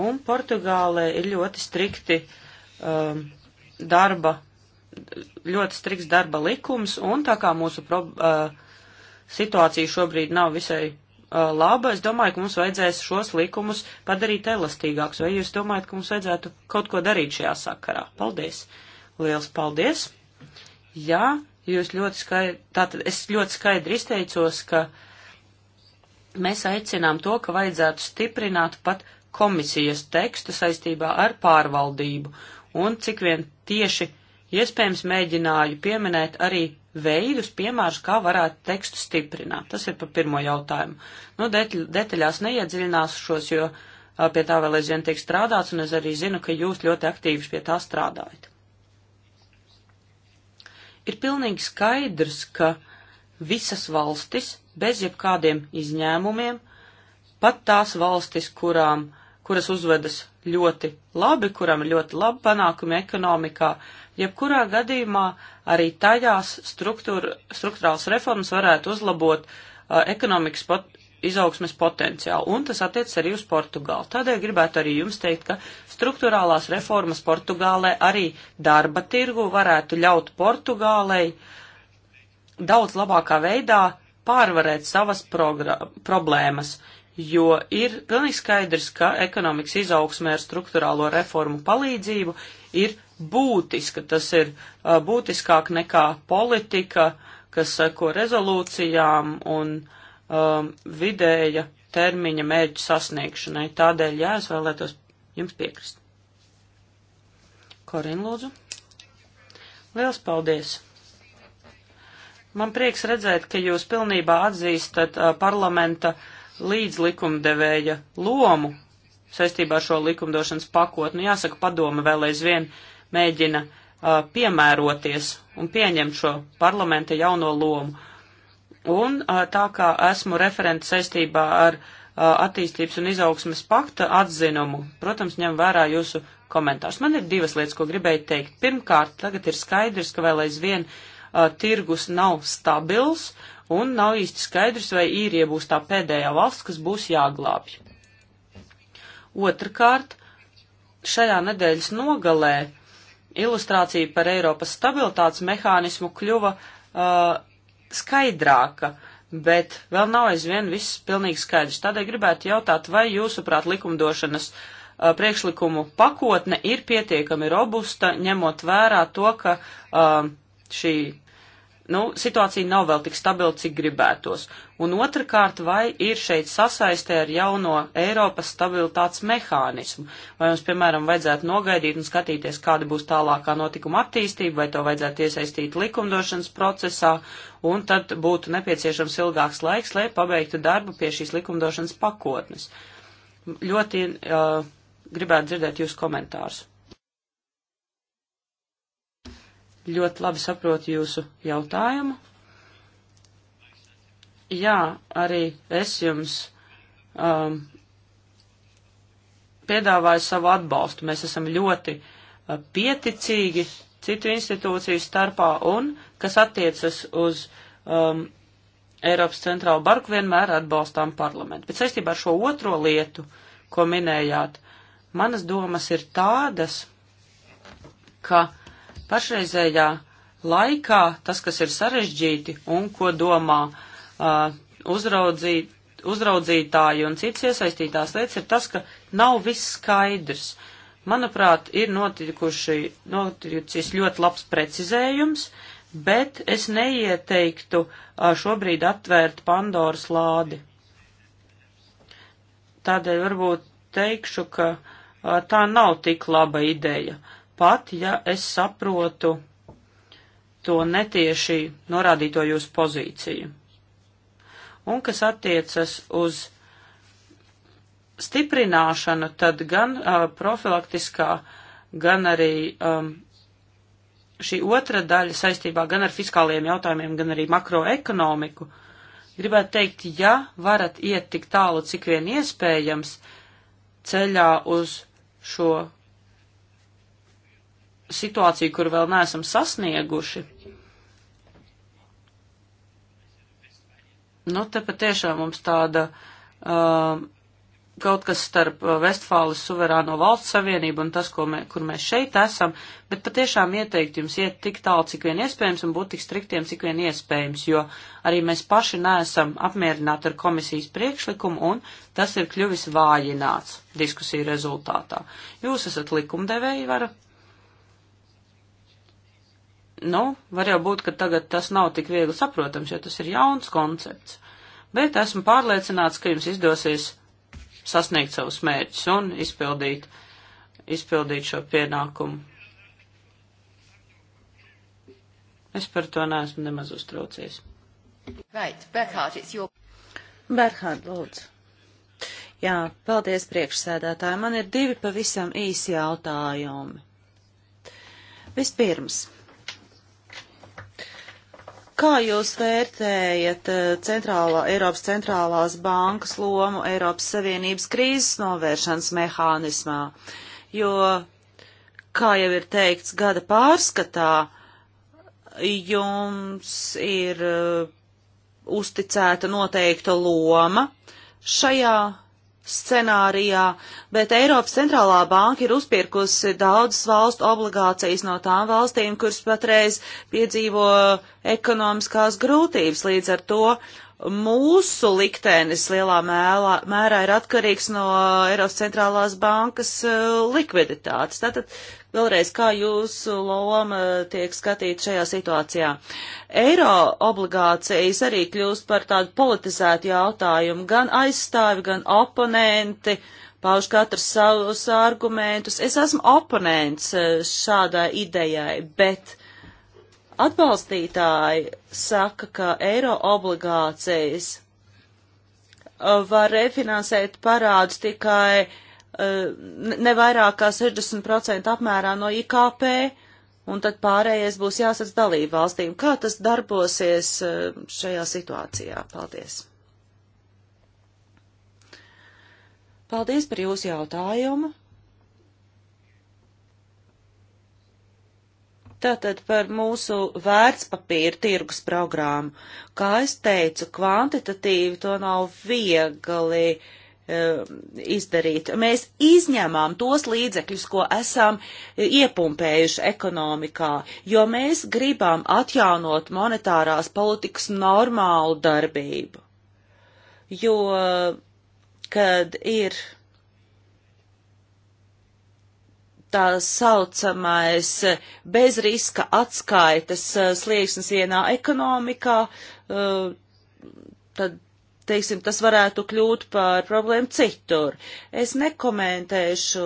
[SPEAKER 3] un Portugālē ir ļoti strikti um, darba, ļoti strikts darba likums, un tā kā mūsu pro, uh, situācija šobrīd nav visai uh, laba, es domāju, ka mums vajadzēs šos likumus padarīt elastīgākus. Vai jūs domājat, ka mums vajadzētu kaut ko darīt šajā sakarā? Paldies! Liels paldies! Jā, jūs ļoti skaidri, tātad es ļoti skaidri izteicos, ka mēs aicinām to, ka vajadzētu stiprināt pat komisijas tekstu saistībā ar pārvaldību, un cik vien tieši iespējams mēģināju pieminēt arī veidus, piemērus, kā varētu tekstu stiprināt. Tas ir par pirmo jautājumu. Nu, detaļ, detaļās neiedziļināšos, jo pie tā vēl aizvien tiek strādāts, un es arī zinu, ka jūs ļoti aktīvi pie tā strādājat. Ir pilnīgi skaidrs, ka visas valstis, bez jebkādiem izņēmumiem, pat tās valstis, kurām, kuras uzvedas ļoti labi, kurām ir ļoti labi panākumi ekonomikā, Jebkurā gadījumā arī tajās struktūrāls reformas varētu uzlabot uh, ekonomikas pot izaugsmes potenciālu, un tas attiecas arī uz Portugālu. Tādēļ gribētu arī jums teikt, ka struktūrālās reformas Portugālē arī darba tirgu varētu ļaut Portugālei daudz labākā veidā pārvarēt savas problēmas, jo ir pilnīgi skaidrs, ka ekonomikas izaugsmē ar struktūrālo reformu palīdzību ir būtiska. Tas ir uh, būtiskāk nekā politika, kas seko rezolūcijām un um, vidēja termiņa mērķu sasniegšanai. Tādēļ, jā, es vēlētos jums piekrist. Korin, lūdzu. Liels paldies! Man prieks redzēt, ka jūs pilnībā atzīstat uh, parlamenta līdzlikumdevēja lomu saistībā ar šo likumdošanas pakotni. Jāsaka, padome vēl aizvien uh, mēģina uh, piemēroties un pieņemt šo parlamenta jauno lomu. Un uh, tā kā esmu referents saistībā ar uh, attīstības un izaugsmes pakta atzinumu, protams, ņem vērā jūsu komentārus. Man ir divas lietas, ko gribēju teikt. Pirmkārt, tagad ir skaidrs, ka vēl aizvien uh, tirgus nav stabils un nav īsti skaidrs, vai īrie būs tā pēdējā valsts, kas būs jāglābj. Otrakārt, šajā nedēļas nogalē ilustrācija par Eiropas stabilitātes mehānismu kļuva uh, skaidrāka, bet vēl nav aizvien viss pilnīgi skaidrs. Tādēļ gribētu jautāt, vai jūsuprāt likumdošanas uh, priekšlikumu pakotne ir pietiekami robusta, ņemot vērā to, ka uh, šī uh, nu, situācija nav vēl tik stabila, cik gribētos. Un otrkārt, vai ir šeit sasaistē ar jauno Eiropas stabilitātes mehānismu? Vai mums, piemēram, vajadzētu nogaidīt un skatīties, kāda būs tālākā notikuma attīstība, vai to vajadzētu iesaistīt likumdošanas procesā, un tad būtu nepieciešams ilgāks laiks, lai pabeigtu darbu pie šīs likumdošanas pakotnes. Ļoti uh, gribētu dzirdēt jūsu komentārus. ļoti labi saprotu jūsu jautājumu. Jā, arī es jums um, piedāvāju savu atbalstu. Mēs esam ļoti uh, pieticīgi citu institūciju starpā un, kas attiecas uz um, Eiropas centrālu barku, vienmēr atbalstām parlamentu. Bet saistībā ar šo otro lietu, ko minējāt, manas domas ir tādas, ka Pašreizējā laikā tas, kas ir sarežģīti un ko domā uh, uzraudzīt, uzraudzītāji un citas iesaistītās lietas, ir tas, ka nav viss skaidrs. Manuprāt, ir noticis ļoti labs precizējums, bet es neieteiktu uh, šobrīd atvērt Pandoras lādi. Tādēļ varbūt teikšu, ka uh, tā nav tik laba ideja. Uh, pat ja es saprotu to netieši norādīto jūsu pozīciju. Un kas attiecas uz stiprināšanu, tad gan uh, profilaktiskā, gan arī um, šī otra daļa saistībā gan ar fiskāliem jautājumiem, gan arī makroekonomiku, gribētu teikt, ja varat iet tik tālu, cik vien iespējams, ceļā uz šo situāciju, kur vēl neesam sasnieguši. Nu, te patiešām mums tāda uh, kaut kas starp uh, Vestfāles suverāno valsts savienību un tas, mē, kur mēs šeit esam, bet patiešām ieteikt jums iet tik tālu, cik vien iespējams un būt tik striktiem, cik vien iespējams, jo arī mēs paši neesam apmierināti ar komisijas priekšlikumu un tas ir kļuvis vājināts diskusiju rezultātā. Jūs esat likumdevēji, varat Nu, var jau būt, ka tagad tas nav tik viegli saprotams, jo tas ir jauns koncepts. Bet esmu pārliecināts, ka jums izdosies sasniegt savus mērķus un izpildīt, izpildīt šo pienākumu. Es par to neesmu nemaz uztraucies. Right, Berhard, it's your... Berhard,
[SPEAKER 2] lūdzu. Jā, paldies priekšsēdētāji. Man ir divi pavisam īsi jautājumi. Vispirms. Kā jūs vērtējat eh, centrālā, Eiropas centrālās bankas lomu Eiropas Savienības krīzes novēršanas mehānismā? Jo, kā jau ir teikts, gada pārskatā jums ir eh, uzticēta noteikta loma šajā scenārijā, bet Eiropas centrālā banka ir uzpirkusi daudzas valstu obligācijas no tām valstīm, kuras patreiz piedzīvo ekonomiskās grūtības. Līdz ar to mūsu liktenis lielā mēlā, mērā ir atkarīgs no Eiropas centrālās bankas eh, likviditātes. Tātad, vēlreiz, kā jūsu loma tiek skatīta šajā situācijā? Eiro obligācijas arī kļūst par tādu politizētu jautājumu. Gan aizstāvi, gan oponenti pauž katrs savus argumentus. Es esmu oponents eh, šādai idejai, bet Atbalstītāji saka, ka eiro obligācijas uh, var refinansēt parādus tikai uh, nevairāk kā 60% apmērā no IKP, un tad pārējais būs jāsadz dalību valstīm. Kā tas darbosies uh, šajā situācijā? Paldies! Paldies par jūsu jautājumu! Tātad par mūsu vērtspapīra tirgus programmu. Kā es teicu, kvantitatīvi to nav viegli um, izdarīt. Mēs izņemam tos līdzekļus, ko esam e, iepumpējuši ekonomikā, jo mēs gribam atjaunot monetārās politikas normālu darbību. Jo, kad ir tā saucamais bezriska atskaitas eh, slieksnis vienā ekonomikā, eh, tad, teiksim, tas varētu kļūt par problēmu citur. Es nekomentēšu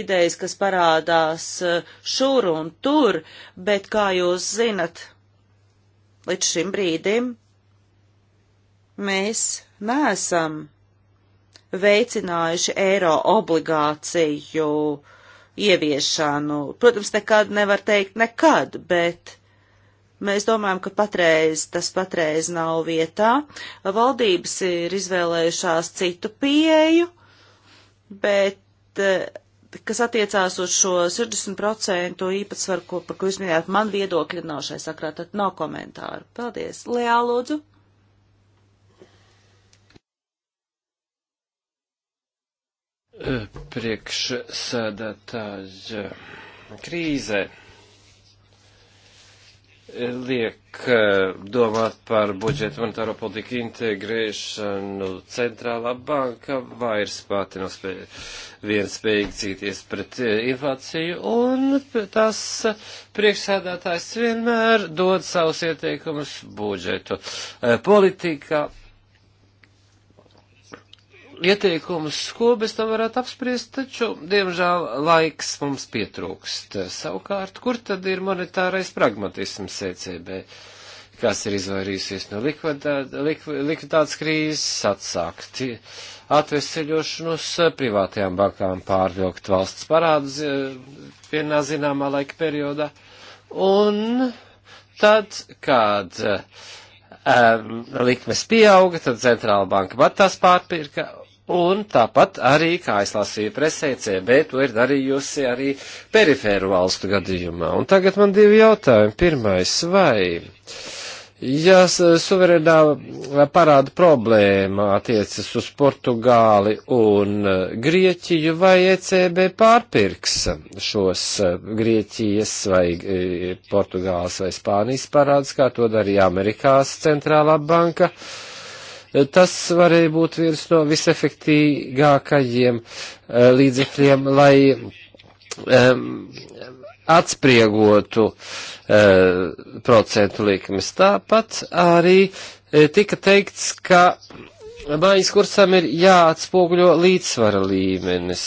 [SPEAKER 2] idejas, kas parādās eh, šur un tur, bet, kā jūs zinat, līdz šim brīdim mēs nesam veicinājuši eiro obligāciju uh, ieviešanu. Protams, nekad nevar teikt nekad, bet mēs domājam, ka patreiz tas patreiz nav vietā. Valdības ir izvēlējušās citu pieeju, bet e, kas attiecās uz šo 60% īpatsvaru, ko, par ko jūs minējāt, man viedokļa nav šai sakrā, tad nav komentāru.
[SPEAKER 1] Paldies. Lejā, lūdzu. priekšsēdētāja krīze liek eh, domāt par budžetu monetāro politiku integrēšanu centrālā banka vairs pati nav spēj, vien spējīgi cīties pret eh, inflāciju, un tas priekšsēdētājs vienmēr dod savus ieteikumus budžetu eh, politikā ieteikumus, ko bez tam varētu apspriest, taču, diemžēl, laiks mums pietrūkst. Savukārt, kur tad ir monetārais pragmatisms ECB, kas ir izvairījusies no likvidā, lik, likvidātas krīzes, atsākt atveseļošanos, privātajām bankām pārvilkt valsts parādus vienā zināmā laika periodā. Un tad, kad um, likmes pieauga, tad centrāla banka pat tās pārpirka, Un tāpat arī, kā es lasīju presē, CB to ir darījusi arī perifēru valstu gadījumā. Un tagad man divi jautājumi. Pirmais, vai, ja suverēnā parāda problēma attiecas uz Portugāli un e, Grieķiju, vai ECB pārpirks šos e, Grieķijas vai e, Portugāles vai Spānijas parādus, kā to darīja Amerikās centrālā banka? Uh, Tas varēja būt viens no visefektīgākajiem eh, līdzekļiem, lai um, atspriegotu uh, procentu likmes. Tāpat arī eh, tika teikts, ka mājas kursam ir jāatspoguļo līdzsvara līmenis.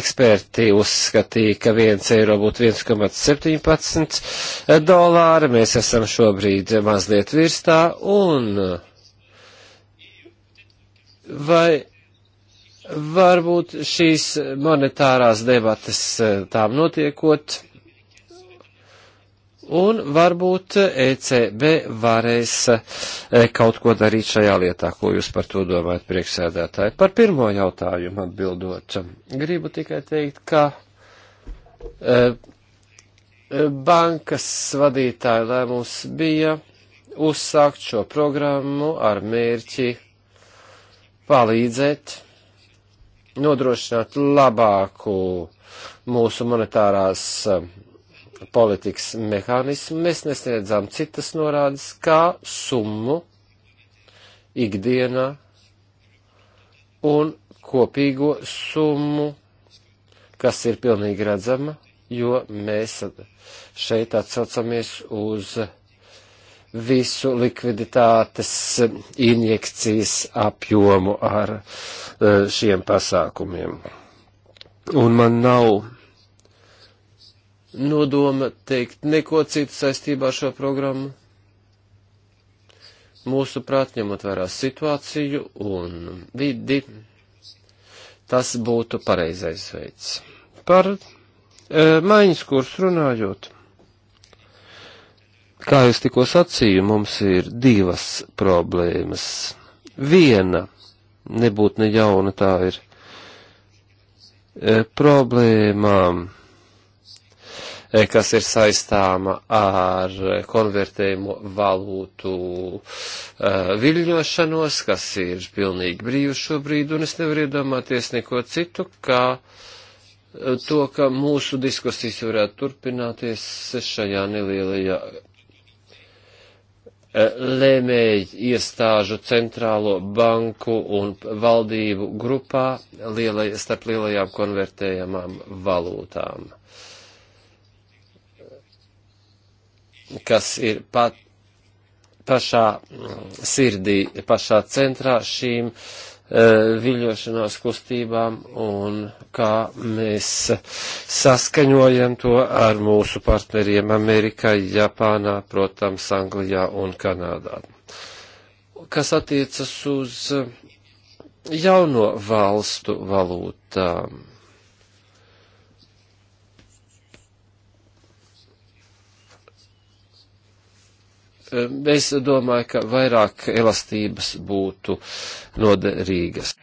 [SPEAKER 1] Eksperti uzskatīja, ka 1 eiro būtu 1,17 dolāri, mēs esam šobrīd mazliet virstā un. Uh, Vai varbūt šīs monetārās debates eh, tām notiekot, un varbūt ECB varēs eh, kaut ko darīt šajā lietā, ko jūs par to domājat, priekšsēdētāji. Par pirmo jautājumu atbildot, gribu tikai teikt, ka eh, bankas vadītāja lēmums bija uzsākt šo programmu ar mērķi palīdzēt nodrošināt labāku mūsu monetārās eh, politikas mehānismu. Mēs nesniedzām citas norādes, kā summu ikdienā un kopīgo summu, kas ir pilnīgi redzama, jo mēs šeit atsaucamies uz visu likviditātes eh, injekcijas apjomu ar eh, šiem pasākumiem. Un man nav nodoma teikt neko citu saistībā ar šo programmu. Mūsuprāt, ņemot vērā situāciju un vidi, tas būtu pareizais veids. Par e, maiņas kursu runājot. Kā jūs tikko sacīju, mums ir divas problēmas. Viena nebūt ne jauna tā ir e, problēmām, e, kas ir saistāma ar konvertējumu valūtu e, viļņošanos, kas ir pilnīgi brīvi šobrīd, un es nevaru iedomāties neko citu, kā e, to, ka mūsu diskusijas varētu turpināties šajā nelielajā Eh, lēmēji iestāžu centrālo banku un valdību grupā lielai, starp lielajām konvertējamām valūtām, kas ir pat pašā mm, sirdī, pašā centrā šīm uh, E, viļņošanās kustībām un kā mēs saskaņojam to ar mūsu partneriem Amerikā, Japānā, protams, Anglijā un Kanādā. Kas attiecas uz jauno valstu valūtām Ehm, es domāju, ka vairāk elastības būtu noderīgas.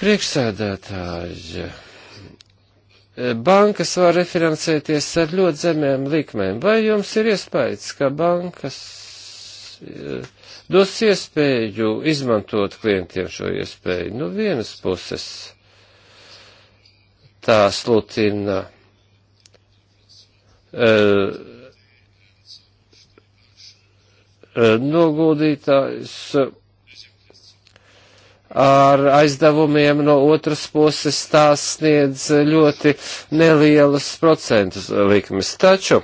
[SPEAKER 1] Priekšsēdētāji, eh, bankas var refinansēties ar ļoti zemiem likmēm. Vai jums ir iespējas, ka bankas eh, dos iespēju izmantot klientiem šo iespēju? No nu, vienas puses tā slutina Eh, eh, noguldītājs ar aizdevumiem no otras puses tās sniedz ļoti nelielas procentus likmes. Taču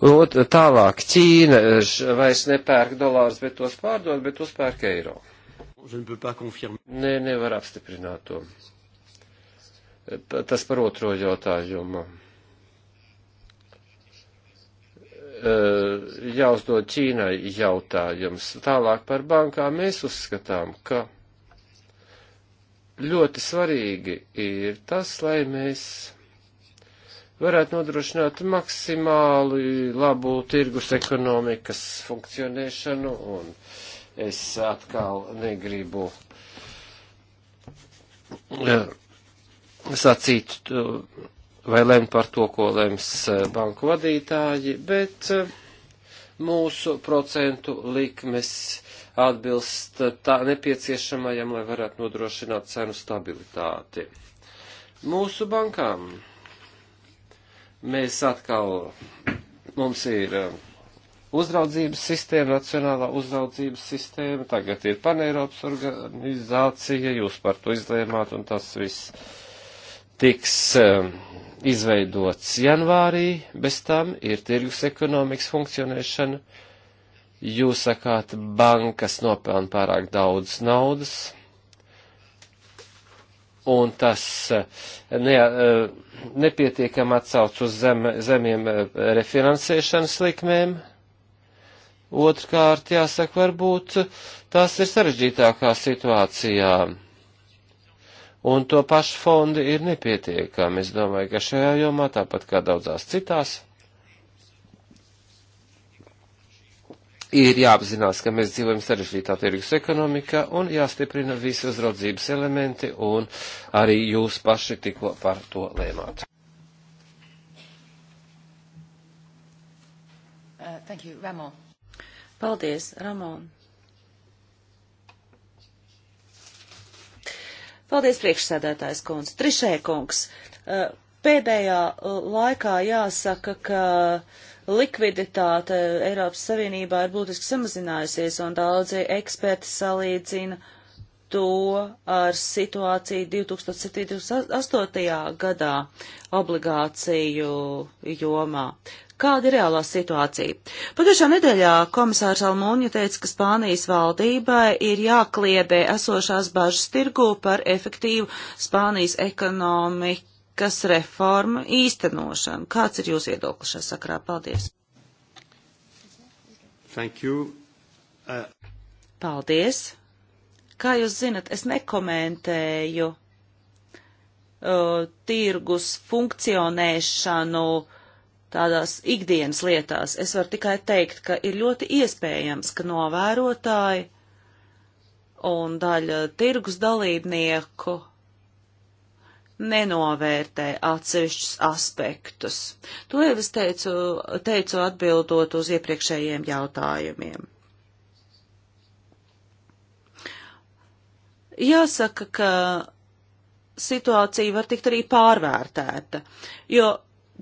[SPEAKER 1] ot, tālāk Ķīna eh, vairs nepērk dolārus, bet tos pārdod, bet tos pērk eiro. Nē, nevar apstiprināt to. Tas par otro jautājumu. Eh, jāuzdod Ķīnai jautājums. Tālāk par bankām mēs uzskatām, ka ļoti svarīgi ir tas, lai mēs varētu nodrošināt maksimāli labu tirgus ekonomikas funkcionēšanu, un es atkal negribu eh, sacīt. Uh, vai lemt par to, ko lems eh, banku vadītāji, bet eh, mūsu procentu likmes atbilst tā nepieciešamajam, lai varētu nodrošināt cenu stabilitāti. Mūsu bankām mēs atkal, mums ir eh, uzraudzības sistēma, nacionālā uzraudzības sistēma, tagad ir paneiropas organizācija, jūs par to izlēmāt un tas viss tiks um, izveidots janvārī, bez tam ir tirgus ekonomikas funkcionēšana. Jūs sakāt, bankas nopelna pārāk daudz naudas, un tas uh, ne, uh, nepietiekam atsauc uz zem, zemiem uh, refinansēšanas likmēm. Otrkārt, jāsaka, varbūt tās ir sarežģītākā situācijā un to pašu fondi ir nepietiekami. Es domāju, ka šajā jomā, tāpat kā daudzās citās, ir jāapzinās, ka mēs dzīvojam sarežģītā tirgus ekonomikā un jāstiprina visi uzraudzības elementi, un arī jūs paši tikko par to lēmāt.
[SPEAKER 2] Uh, Paldies, Ramon. Paldies, priekšsēdētājs kungs. Trišē kungs, eh, pēdējā eh, laikā jāsaka, ka likviditāte Eiropas Savienībā ir būtiski samazinājusies, un daudzi eksperti salīdzina to ar situāciju 2007. 2008. gadā obligāciju jomā. Kāda ir reālā situācija? Pagājušā nedēļā komisārs Almūņa teica, ka Spānijas valdībai ir jākliedē esošās bažas tirgū par efektīvu Spānijas ekonomikas reformu īstenošanu. Kāds ir jūsu viedoklis šajā sakrā? Paldies!
[SPEAKER 3] Thank you. Uh...
[SPEAKER 2] Paldies! Kā jūs zinat, es nekomentēju uh, tirgus funkcionēšanu uh, tādās ikdienas lietās, es varu tikai teikt, ka ir ļoti iespējams, ka novērotāji un daļa tirgus dalībnieku nenovērtē atsevišķus aspektus. To jau es teicu, teicu atbildot uz iepriekšējiem jautājumiem. Jāsaka, ka situācija var tikt arī pārvērtēta, jo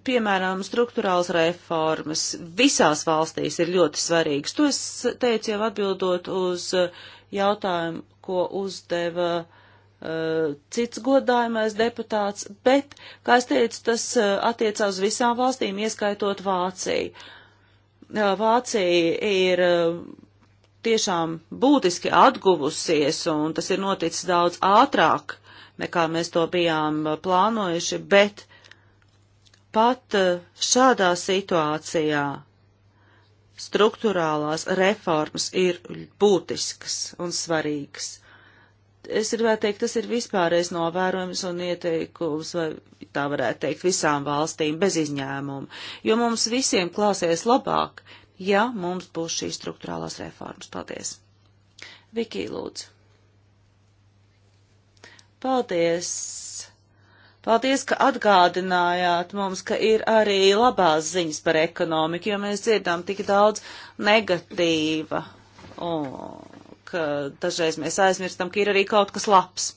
[SPEAKER 2] piemēram, struktūrāls reformas visās valstīs ir ļoti svarīgas. To es teicu jau atbildot uz uh, jautājumu, ko uzdeva uh, cits godājumais deputāts, bet, kā es teicu, tas uh, attiecās uz visām valstīm, ieskaitot Vāciju. Vācija ir uh, tiešām būtiski atguvusies, un tas ir noticis daudz ātrāk, nekā mēs to bijām plānojuši, bet uh, Pat e, šādā situācijā struktūrālās reformas ir būtiskas un svarīgas. Es gribētu teikt, tas ir vispārējais novērojums un ieteikums, vai tā varētu teikt, visām valstīm bez izņēmuma, jo mums visiem klāsies labāk, ja mums būs šīs struktūrālās reformas. Paldies! Viki, lūdzu! Paldies! Paldies, ka atgādinājāt mums, ka ir arī labās ziņas par ekonomiku, jo mēs dzirdām tik daudz negatīva, un ka dažreiz mēs aizmirstam, ka ir arī kaut kas labs.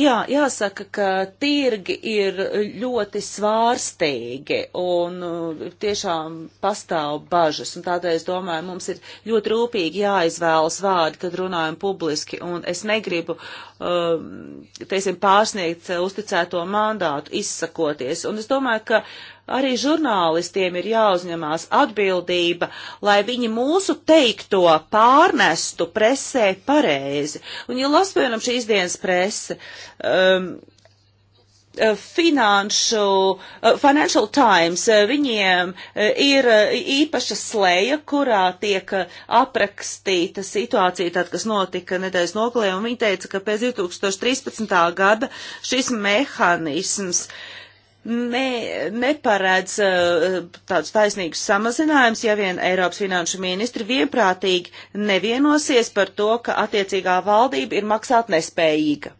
[SPEAKER 2] Jā, jāsaka, ka tirgi ir ļoti svārstīgi un uh, tiešām pastāv bažas. Un tādēļ es domāju, mums ir ļoti rūpīgi jāizvēlas vārdi, kad runājam publiski. Un es negribu, um, teiksim, pārsniegt uzticēto mandātu, izsakoties. Un es domāju, ka arī žurnālistiem ir jāuzņemās atbildība, lai viņi mūsu teikto pārnestu presē pareizi. Un, ja lasu, piemēram, šīs dienas prese, um, uh, Finanšu, uh, Financial Times, uh, viņiem ir īpaša slēja, kurā tiek aprakstīta situācija, tad, kas notika nedēļas nogalē, un viņi teica, ka pēc 2013. gada šis mehanisms uh, ne, neparedz eh, tāds taisnīgs samazinājums, ja vien Eiropas finanšu ministri vienprātīgi nevienosies par to, ka attiecīgā valdība ir maksāt nespējīga.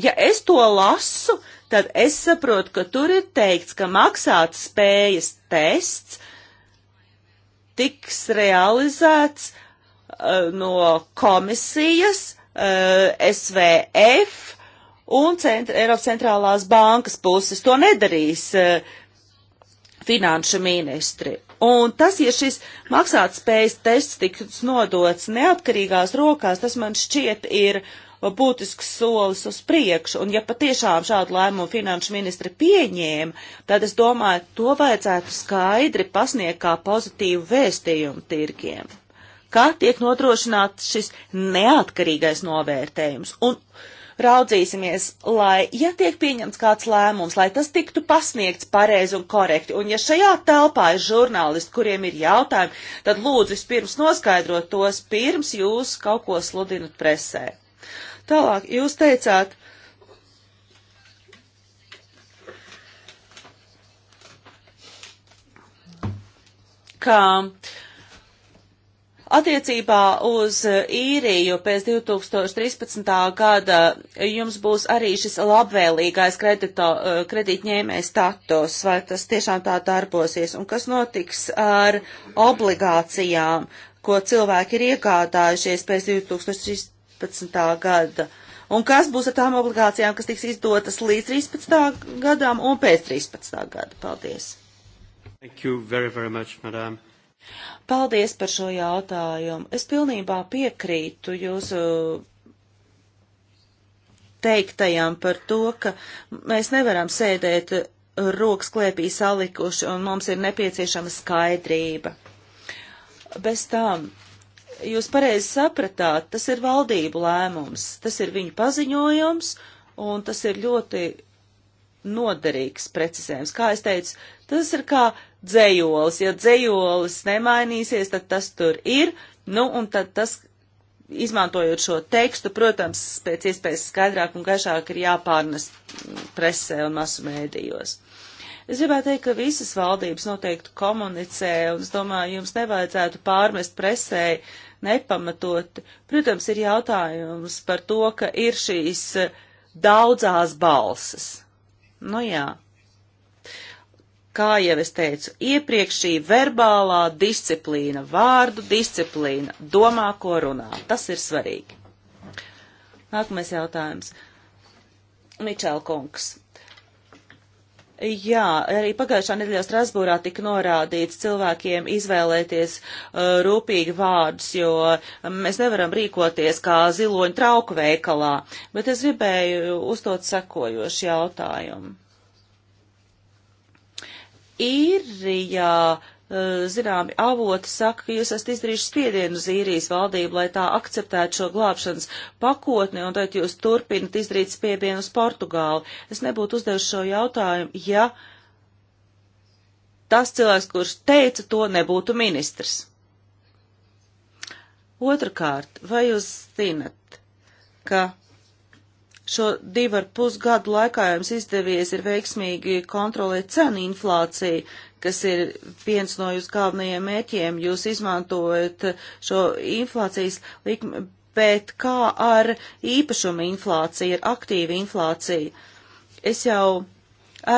[SPEAKER 2] Ja es to lasu, tad es saprotu, ka tur ir teikts, ka maksāt spējas tests tiks realizēts uh, no komisijas, uh, eh, SVF, un centra, Eiropas centrālās bankas puses. To nedarīs uh, finanšu ministri. Un tas, ja šis maksātspējas tests tiks nodots neatkarīgās rokās, tas man šķiet ir būtisks solis uz priekšu. Un ja patiešām šādu lēmumu finanšu ministri pieņēma, tad es domāju, to vajadzētu skaidri pasniegt kā pozitīvu vēstījumu tirgiem. Kā tiek nodrošināts šis neatkarīgais novērtējums? Un raudzīsimies, lai, ja tiek pieņemts kāds lēmums, lai tas tiktu pasniegts pareizi un korekti. Un ja šajā telpā ir žurnālisti, kuriem ir jautājumi, tad lūdzu vispirms noskaidrot tos, pirms jūs kaut ko sludinat presē. Tālāk jūs teicāt, ka uh, Attiecībā uz e, īriju pēc 2013. gada e, jums būs arī šis labvēlīgais kredito, e, kredītņēmēja status, vai tas tiešām tā darbosies, un kas notiks ar obligācijām, ko cilvēki ir iegādājušies pēc 2013. gada, un kas būs ar tām obligācijām, kas tiks izdotas līdz 13. gadam un pēc 13. gada. Paldies!
[SPEAKER 1] Thank you very, very much, madam.
[SPEAKER 2] Paldies par šo jautājumu. Es pilnībā piekrītu jūsu teiktajām par to, ka mēs nevaram sēdēt rokas klēpī salikuši un mums ir nepieciešama skaidrība. Bez tām, jūs pareizi sapratāt, tas ir valdību lēmums, tas ir viņu paziņojums un tas ir ļoti noderīgs precizējums. Kā es teicu, tas ir kā dzējolis. Ja dzējolis nemainīsies, tad tas tur ir, nu, un tad tas, izmantojot šo tekstu, protams, pēc iespējas skaidrāk un gaišāk ir jāpārnes presē un masu mēdījos. Es gribētu teikt, ka visas valdības noteikti komunicē, un es domāju, jums nevajadzētu pārmest presē nepamatot. Protams, ir jautājums par to, ka ir šīs daudzās balsas. Nu jā, kā jau es teicu, iepriekš šī verbālā disciplīna, vārdu disciplīna, domā, ko runā. Tas ir svarīgi. Nākamais jautājums. Mičēl kungs. Jā, arī pagājušā nedēļā Strasbūrā tika norādīts cilvēkiem izvēlēties uh, rūpīgi vārdus, jo um, mēs nevaram rīkoties kā ziloņu trauku veikalā, bet es gribēju uzdot sekojošu jautājumu. Īrijā eh, zināmi avoti saka, ka jūs esat izdarījuši spiedienu uz īrijas valdību, lai tā akceptētu šo glābšanas pakotni, un tad jūs turpinat izdarīt spiedienu uz Portugāli. Es nebūtu uzdevuši šo jautājumu, ja tas cilvēks, kurš teica to, nebūtu ministrs. Otrakārt, vai jūs zinat, ka Šo divu ar pus gadu laikā jums izdevies ir veiksmīgi kontrolēt cenu inflāciju, kas ir viens no jūsu galvenajiem mērķiem. Jūs izmantojat šo inflācijas likmi, bet kā ar īpašumu inflāciju, ar aktīvu inflāciju? Es jau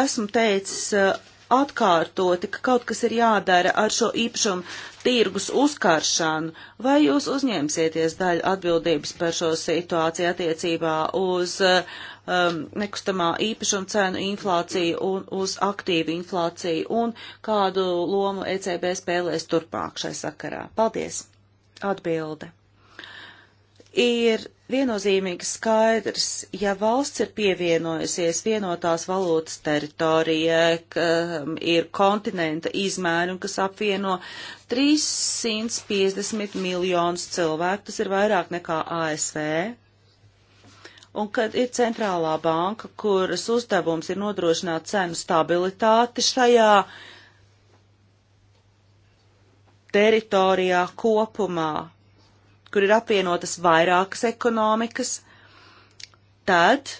[SPEAKER 2] esmu teicis atkārtoti, ka kaut kas ir jādara ar šo īpašumu tirgus uzkaršanu, vai jūs uzņemsieties daļu atbildības par šo situāciju attiecībā uz um, nekustamā īpašuma cenu inflāciju un uz aktīvu inflāciju un kādu lomu ECB spēlēs turpmāk šai sakarā? Paldies! Atbilde. Ir viennozīmīgi skaidrs, ja valsts ir pievienojusies vienotās valūtas teritorijai, ka ir kontinenta izmēri un kas apvieno 350 miljonus cilvēku, tas ir vairāk nekā ASV. Un kad ir centrālā banka, kuras uzdevums ir nodrošināt cenu stabilitāti šajā teritorijā kopumā, kur ir apvienotas vairākas ekonomikas, tad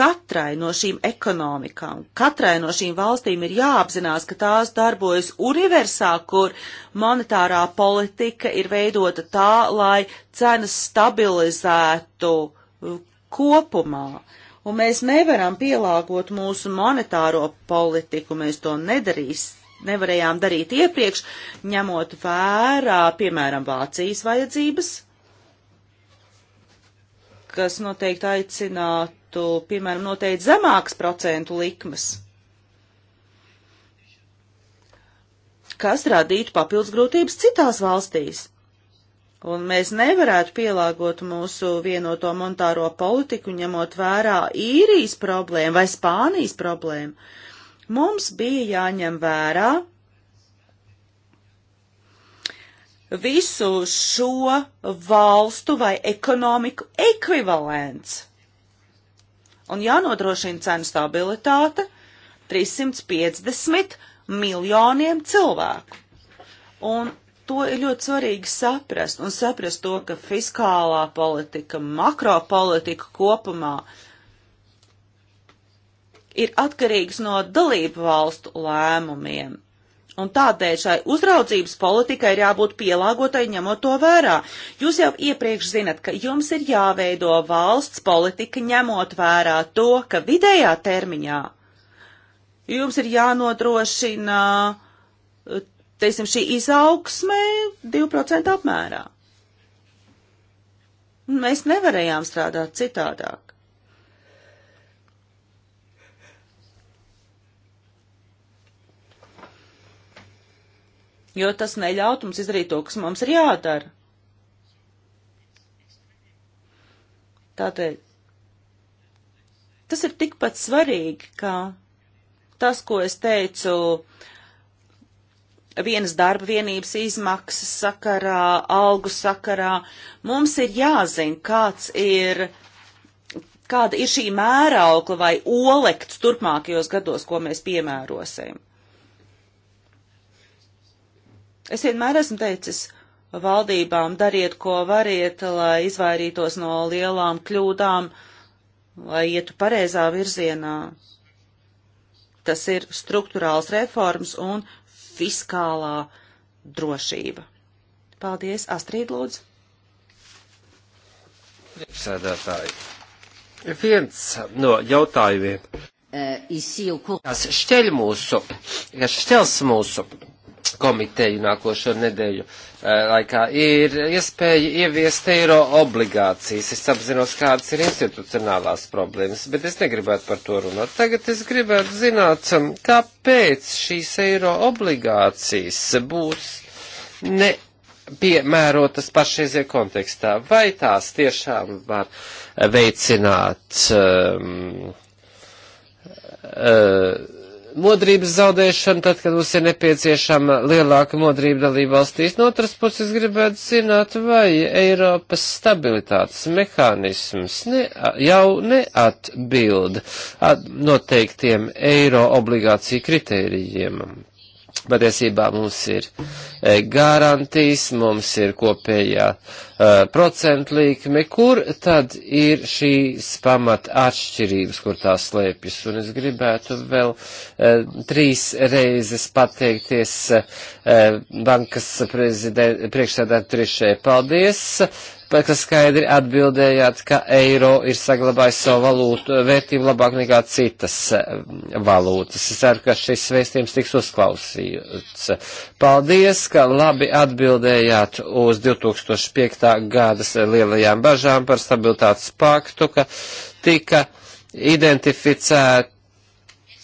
[SPEAKER 2] katrai no šīm ekonomikām, katrai no šīm valstīm ir jāapzinās, ka tās darbojas universā, kur monetārā politika ir veidota tā, lai cenas stabilizētu kopumā. Un mēs nevaram pielāgot mūsu monetāro politiku, mēs to nedarīsim nevarējām darīt iepriekš, ņemot vērā, piemēram, Vācijas vajadzības, kas noteikti aicinātu, piemēram, noteikti zemākas procentu likmes, kas radītu papildus grūtības citās valstīs. Un mēs nevarētu pielāgot mūsu vienoto monetāro politiku, ņemot vērā īrijas problēmu vai Spānijas problēmu Mums bija jāņem vērā visu šo valstu vai ekonomiku ekvivalents. Un jānodrošina cenu stabilitāte 350 miljoniem cilvēku. Un to ir ļoti svarīgi saprast, un saprast to, ka fiskālā politika, makropolitika kopumā uh, ir atkarīgs no dalību valstu lēmumiem. Un tādēļ šai uzraudzības politikai ir jābūt pielāgotai ņemot to vērā. Jūs jau iepriekš zinat, ka jums ir jāveido valsts politika ņemot vērā to, ka vidējā termiņā jums ir jānodrošina, teiksim, šī izaugsme 2% apmērā. Mēs nevarējām strādāt citādāk. jo tas neļaut mums izdarīt to, kas mums ir jādara. Tātad tas ir tikpat svarīgi, kā tas, ko es teicu, vienas darba vienības izmaksas sakarā, algu sakarā. Mums ir jāzina, kāds ir, kāda ir šī mēraukla vai olekts turpmākajos gados, ko mēs piemērosim. Es vienmēr esmu teicis valdībām, dariet, ko variet, lai izvairītos no lielām kļūdām, lai ietu pareizā virzienā. Tas ir struktūrāls reformas un fiskālā drošība. Paldies, Astrid Lūdzu.
[SPEAKER 1] Priekšsēdētāji. Viens no jautājumiem, eh, kas šķeļ mūsu, kas šķels mūsu komiteju nākošo nedēļu eh, laikā ir iespēja ieviest eiro obligācijas. Es apzinos, kādas ir institucionālās problēmas, bet es negribētu par to runāt. Tagad es gribētu zināt, um, kāpēc šīs eiro obligācijas būs ne piemērotas pašreizie kontekstā. Vai tās tiešām var veicināt um, uh, modrības zaudēšanu, tad, kad mums ir nepieciešama lielāka modrība dalība valstīs. No otras puses gribētu zināt, vai Eiropas stabilitātes mehānisms ne, jau neatbild noteiktiem eiro obligāciju kritērijiem. Patiesībā mums ir e, garantijas, mums ir kopējā uh, procentu līkme, kur tad ir šīs pamata atšķirības, kur tās slēpjas. Un es gribētu vēl uh, trīs reizes pateikties uh, bankas priekšsēdētāju trišē. Paldies! ka skaidri atbildējāt, ka eiro ir saglabājis savu valūtu vērtību labāk nekā citas eh, valūtas. Es ceru, ka šis vēstījums tiks uzklausīts. Paldies, ka labi atbildējāt uz 2005. gadas lielajām bažām par stabilitātes paktu, ka tika identificēt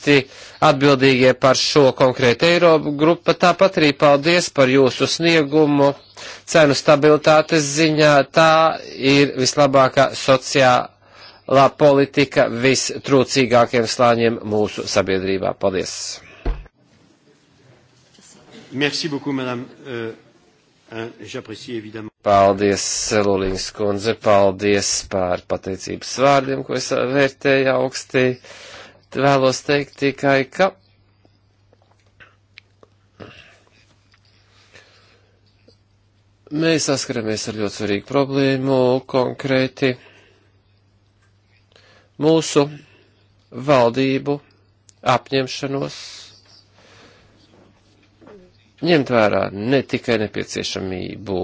[SPEAKER 1] citi atbildīgie par šo konkrētu Eiropu grupu. Tāpat arī paldies par jūsu sniegumu cenu stabilitātes ziņā. Tā ir vislabākā sociālā politika vistrūcīgākiem slāņiem mūsu sabiedrībā. Paldies! Merci beaucoup, madame. Euh, J'apprécie évidemment. Paldies, Lulīņas kundze, paldies par pateicības vārdiem, ko es vērtēju augstī vēlos teikt tikai, ka mēs saskaramies ar ļoti svarīgu problēmu konkrēti mūsu valdību apņemšanos ņemt vērā ne tikai nepieciešamību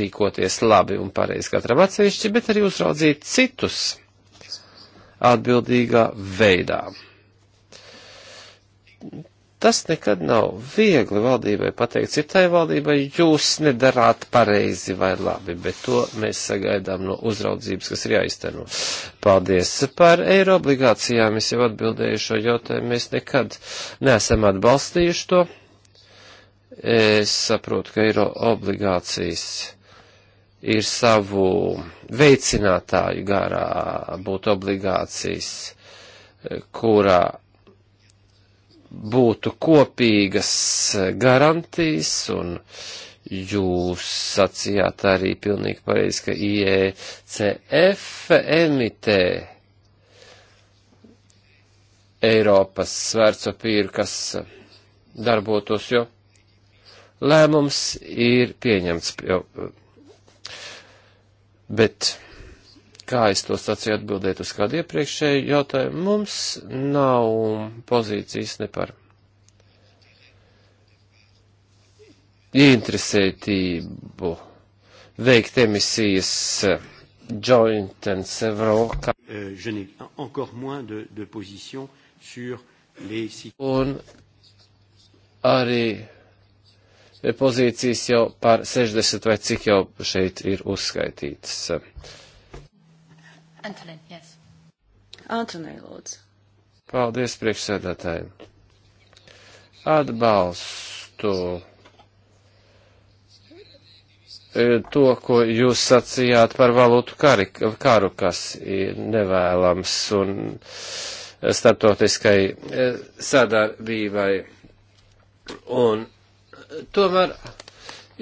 [SPEAKER 1] rīkoties labi un pareizi katram atsevišķi, bet arī uzraudzīt citus atbildīgā veidā. Tas nekad nav viegli valdībai pateikt citai valdībai, jūs nedarāt pareizi vai labi, bet to mēs sagaidām no uzraudzības, kas ir jāizteno. Paldies par eiro obligācijām, es jau atbildēju šo jautājumu, mēs nekad neesam atbalstījuši to. Es saprotu, ka eiro obligācijas ir savu veicinātāju garā, būtu obligācijas, kurā būtu kopīgas garantijas, un jūs sacījāt arī pilnīgi pareizi, ka IECF emitē Eiropas svērcopīru, kas darbotos, jo lēmums ir pieņemts jau Bet, kā es to sacīju atbildēt uz kādu iepriekšēju jautājumu, mums nav pozīcijas ne par ieinteresētību veikt emisijas eh, joint and several. Euh, Un arī pozīcijas jau par 60 vai cik jau šeit ir uzskaitītas.
[SPEAKER 3] Antolin,
[SPEAKER 2] yes. Antolin, lūdzu.
[SPEAKER 1] Paldies priekšsēdētājiem. Atbalstu e, to, ko jūs sacījāt par valūtu kari, karu, kas ir nevēlams un starptautiskai e, sadarbībai. Un Tomēr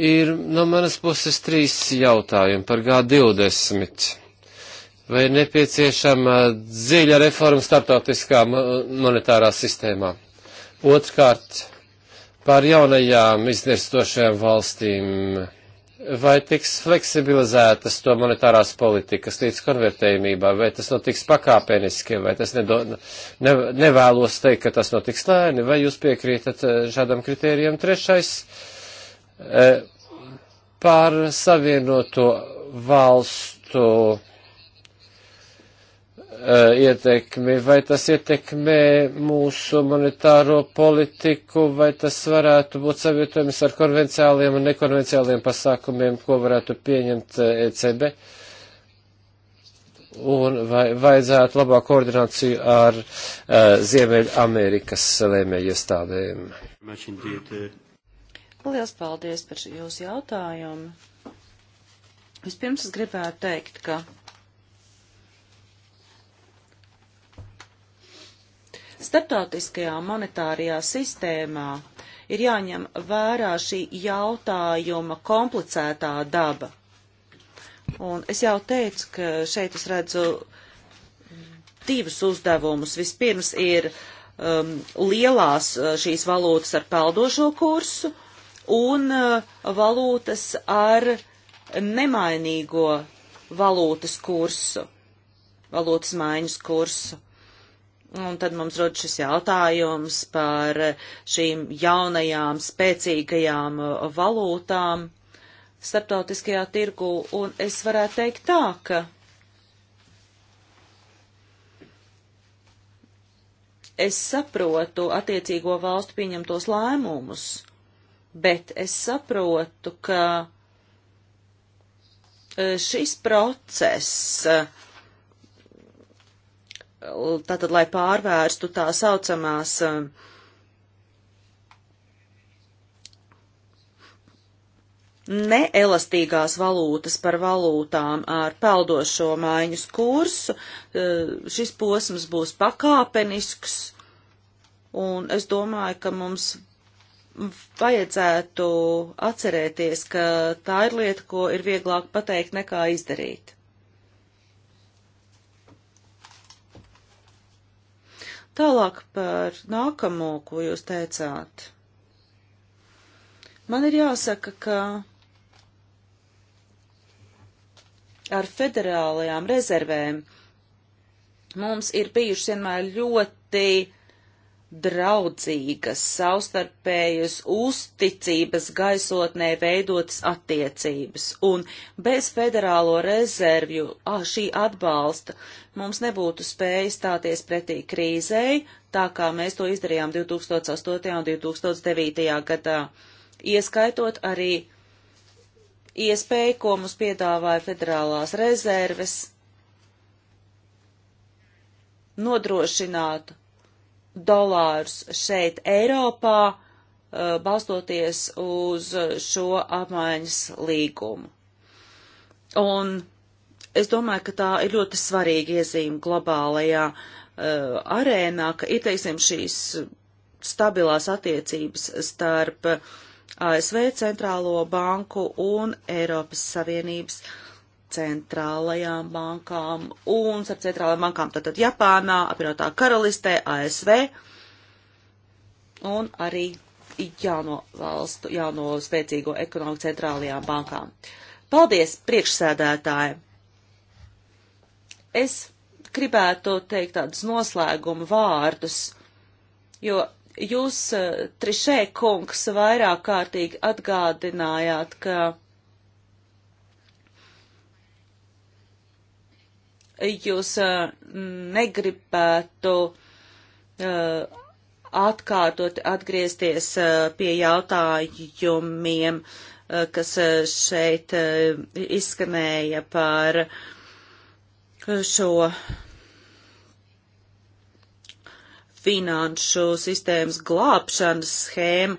[SPEAKER 1] ir no manas puses trīs jautājumi par G20. Vai ir nepieciešama dziļa reforma starptautiskā monetārā sistēmā? Otrkārt, par jaunajām iznirstošajām valstīm vai tiks fleksibilizētas to monetārās politikas līdz konvertējumībā, vai tas notiks pakāpeniski, vai tas nedo, ne, nevēlos teikt, ka tas notiks lēni, vai jūs piekrītat eh, šādam kritērijam. Trešais eh, par savienoto valstu Eh, ietekmi, vai tas ietekmē mūsu monetāro politiku, vai tas varētu būt savietojums ar konvenciāliem un nekonvenciāliem pasākumiem, ko varētu pieņemt ECB, eh, e un vai vajadzētu labāk koordināciju ar uh, eh, Ziemeļa Amerikas lēmēju iestādēm.
[SPEAKER 2] Lielas paldies par jūsu jautājumu. Vispirms es gribētu teikt, ka Startautiskajā monetārajā sistēmā ir jāņem vērā šī jautājuma komplicētā daba. Un es jau teicu, ka šeit es redzu divus uzdevumus. Vispirms ir um, lielās uh, šīs valūtas ar peldošo kursu un uh, valūtas ar nemainīgo valūtas kursu, valūtas maiņas kursu. Un tad mums rod šis jautājums par šīm jaunajām spēcīgajām uh, valūtām starptautiskajā tirgu, un es varētu teikt tā, ka es saprotu attiecīgo valstu pieņemtos lēmumus, bet es saprotu, ka uh, šis process uh, tātad, lai pārvērstu tā saucamās um, neelastīgās valūtas par valūtām ar peldošo maiņas kursu. Uh, šis posms būs pakāpenisks, un es domāju, ka mums vajadzētu atcerēties, ka tā ir lieta, ko ir vieglāk pateikt nekā izdarīt. Tālāk par nākamo, ko jūs teicāt. Man ir jāsaka, ka ar federālajām rezervēm mums ir bijušas vienmēr ļoti draudzīgas, savstarpējas uzticības gaisotnē veidotas attiecības, un bez federālo rezervju a, ah, šī atbalsta mums nebūtu spēja stāties pretī krīzei, tā kā mēs to izdarījām 2008. un 2009. gadā, ieskaitot arī iespēju, ko mums piedāvāja federālās rezerves, nodrošinātu dolārus šeit Eiropā, eh, balstoties uz šo apmaiņas līgumu. Un es domāju, ka tā ir ļoti svarīga iezīme globālajā uh, arēnā, ka ir, teiksim, šīs stabilās attiecības starp ASV centrālo banku un Eiropas Savienības uh, centrālajām bankām un starp centrālajām bankām tātad Japānā, apvienotā karalistē, ASV un arī jauno valstu, jauno spēcīgo ekonomiku centrālajām bankām. Paldies, priekšsēdētāji! Es gribētu teikt tādus noslēguma vārdus, jo jūs, eh, Trišē kungs, vairāk kārtīgi atgādinājāt, ka jūs negribētu atkārtot atgriezties pie jautājumiem, kas šeit izskanēja par šo finanšu sistēmas glābšanas schēmu,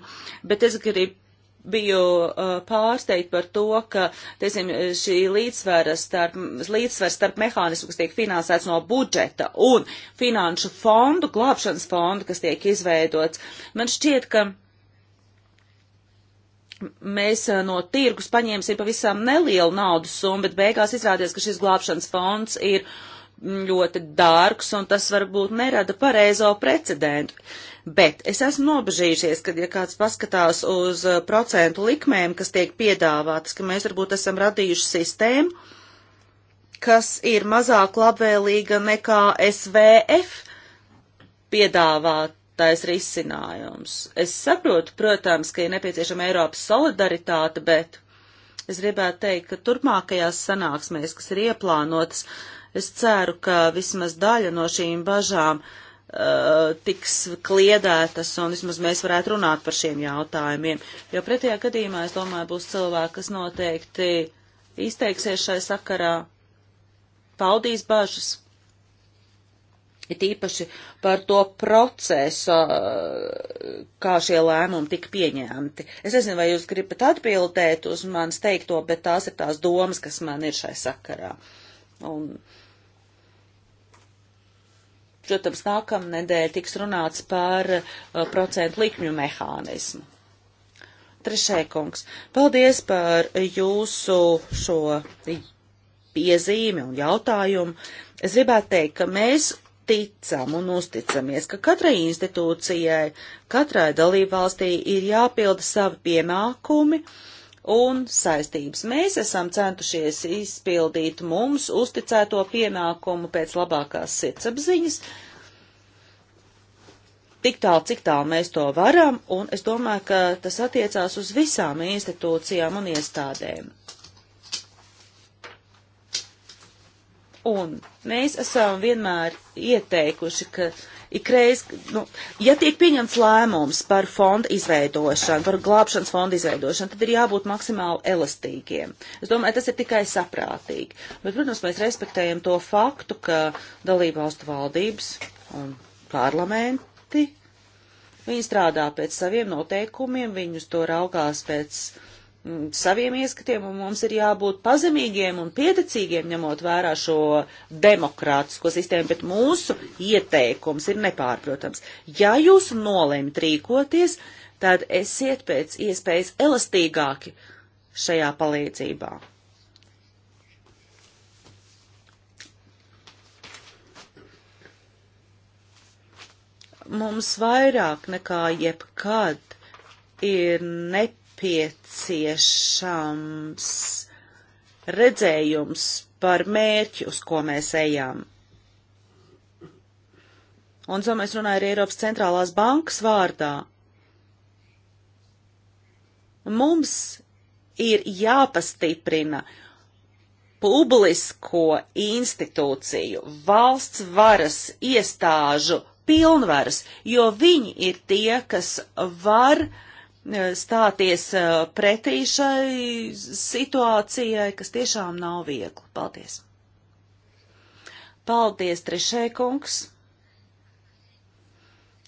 [SPEAKER 2] bet es gribu biju uh, pārsteigta par to, ka, teiksim, šī līdzsvera starp, līdzsvers starp mehānismu, kas tiek finansēts no budžeta un finanšu fondu, glābšanas fondu, kas tiek izveidots, man šķiet, ka mēs uh, no tirgus paņēmsim pavisam nelielu naudas summu, bet beigās izrādījās, ka šis glābšanas fonds ir ļoti dārgs un tas varbūt nerada pareizo precedentu. Uh, Bet es esmu nobežījušies, ka, ja kāds paskatās uz uh, procentu likmēm, kas tiek piedāvātas, ka mēs varbūt esam radījuši sistēmu, kas ir mazāk labvēlīga nekā SVF piedāvātais risinājums. Es saprotu, protams, ka ir nepieciešama Eiropas solidaritāte, bet es gribētu teikt, ka turpmākajās sanāksmēs, kas ir ieplānotas, es ceru, ka vismaz daļa no šīm bažām uh, Uh, tiks kliedētas un vismaz mēs varētu runāt par šiem jautājumiem. Jo pretējā gadījumā, es domāju, būs cilvēki, kas noteikti izteiksies šai sakarā, paudīs bažas. Ir īpaši par to procesu, uh, kā šie lēmumi tika pieņemti. Es nezinu, vai jūs gribat atbildēt uz manis teikto, bet tās ir tās domas, kas man ir šai sakarā. Un, uh, Protams, nākamnedēļ tiks runāts par uh, procentu likmju mehānismu. Trešai kungs, paldies par jūsu šo piezīmi un jautājumu. Es gribētu teikt, ka mēs ticam un uzticamies, ka katrai institūcijai, katrai dalībvalstī ir jāpilda savi pienākumi, uh, un saistības. Mēs esam centušies izpildīt mums uzticēto pienākumu pēc labākās sirdsapziņas, tik tālu, cik tālu mēs to varam, un es domāju, ka tas attiecās uz visām institūcijām un iestādēm. Un mēs esam vienmēr ieteikuši, ka uh, ikreiz, nu, ja tiek pieņemts lēmums par fondu izveidošanu, par glābšanas fondu izveidošanu, tad ir jābūt maksimāli elastīgiem. Es domāju, tas ir tikai saprātīgi. Bet, protams, mēs respektējam to faktu, ka dalībvalstu valdības un parlamenti, viņi strādā pēc saviem noteikumiem, viņus to raugās pēc Mm, saviem ieskatiem, un mums ir jābūt pazemīgiem un pieticīgiem, ņemot vērā šo demokrātisko sistēmu, bet mūsu ieteikums ir nepārprotams. Ja jūs nolemt rīkoties, tad esiet pēc iespējas elastīgāki šajā palīdzībā. Mums vairāk nekā jebkad ir nepieciešams nepieciešams redzējums par mērķi, uz ko mēs ejam. Un to mēs runājam arī Eiropas centrālās bankas vārdā. Mums ir jāpastiprina publisko institūciju, valsts varas iestāžu pilnvaras, jo viņi ir tie, kas var uh, stāties eh, pretī šai situācijai, kas tiešām nav viegli. Paldies! Paldies, trešai kungs!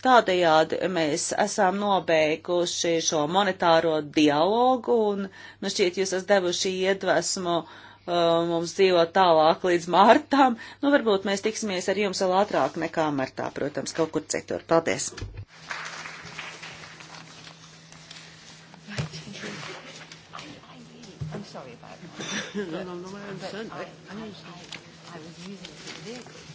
[SPEAKER 2] Tādējādi mēs esam nobeiguši šo monetāro dialogu un, nu šķiet, jūs esat devuši iedvesmu uh, mums dzīvot tālāk līdz martam. Nu, varbūt mēs tiksimies ar jums vēl ātrāk nekā martā, protams, kaut kur citur. Paldies!
[SPEAKER 1] no, no, no, I understand. I, I
[SPEAKER 2] understand. I was using it today.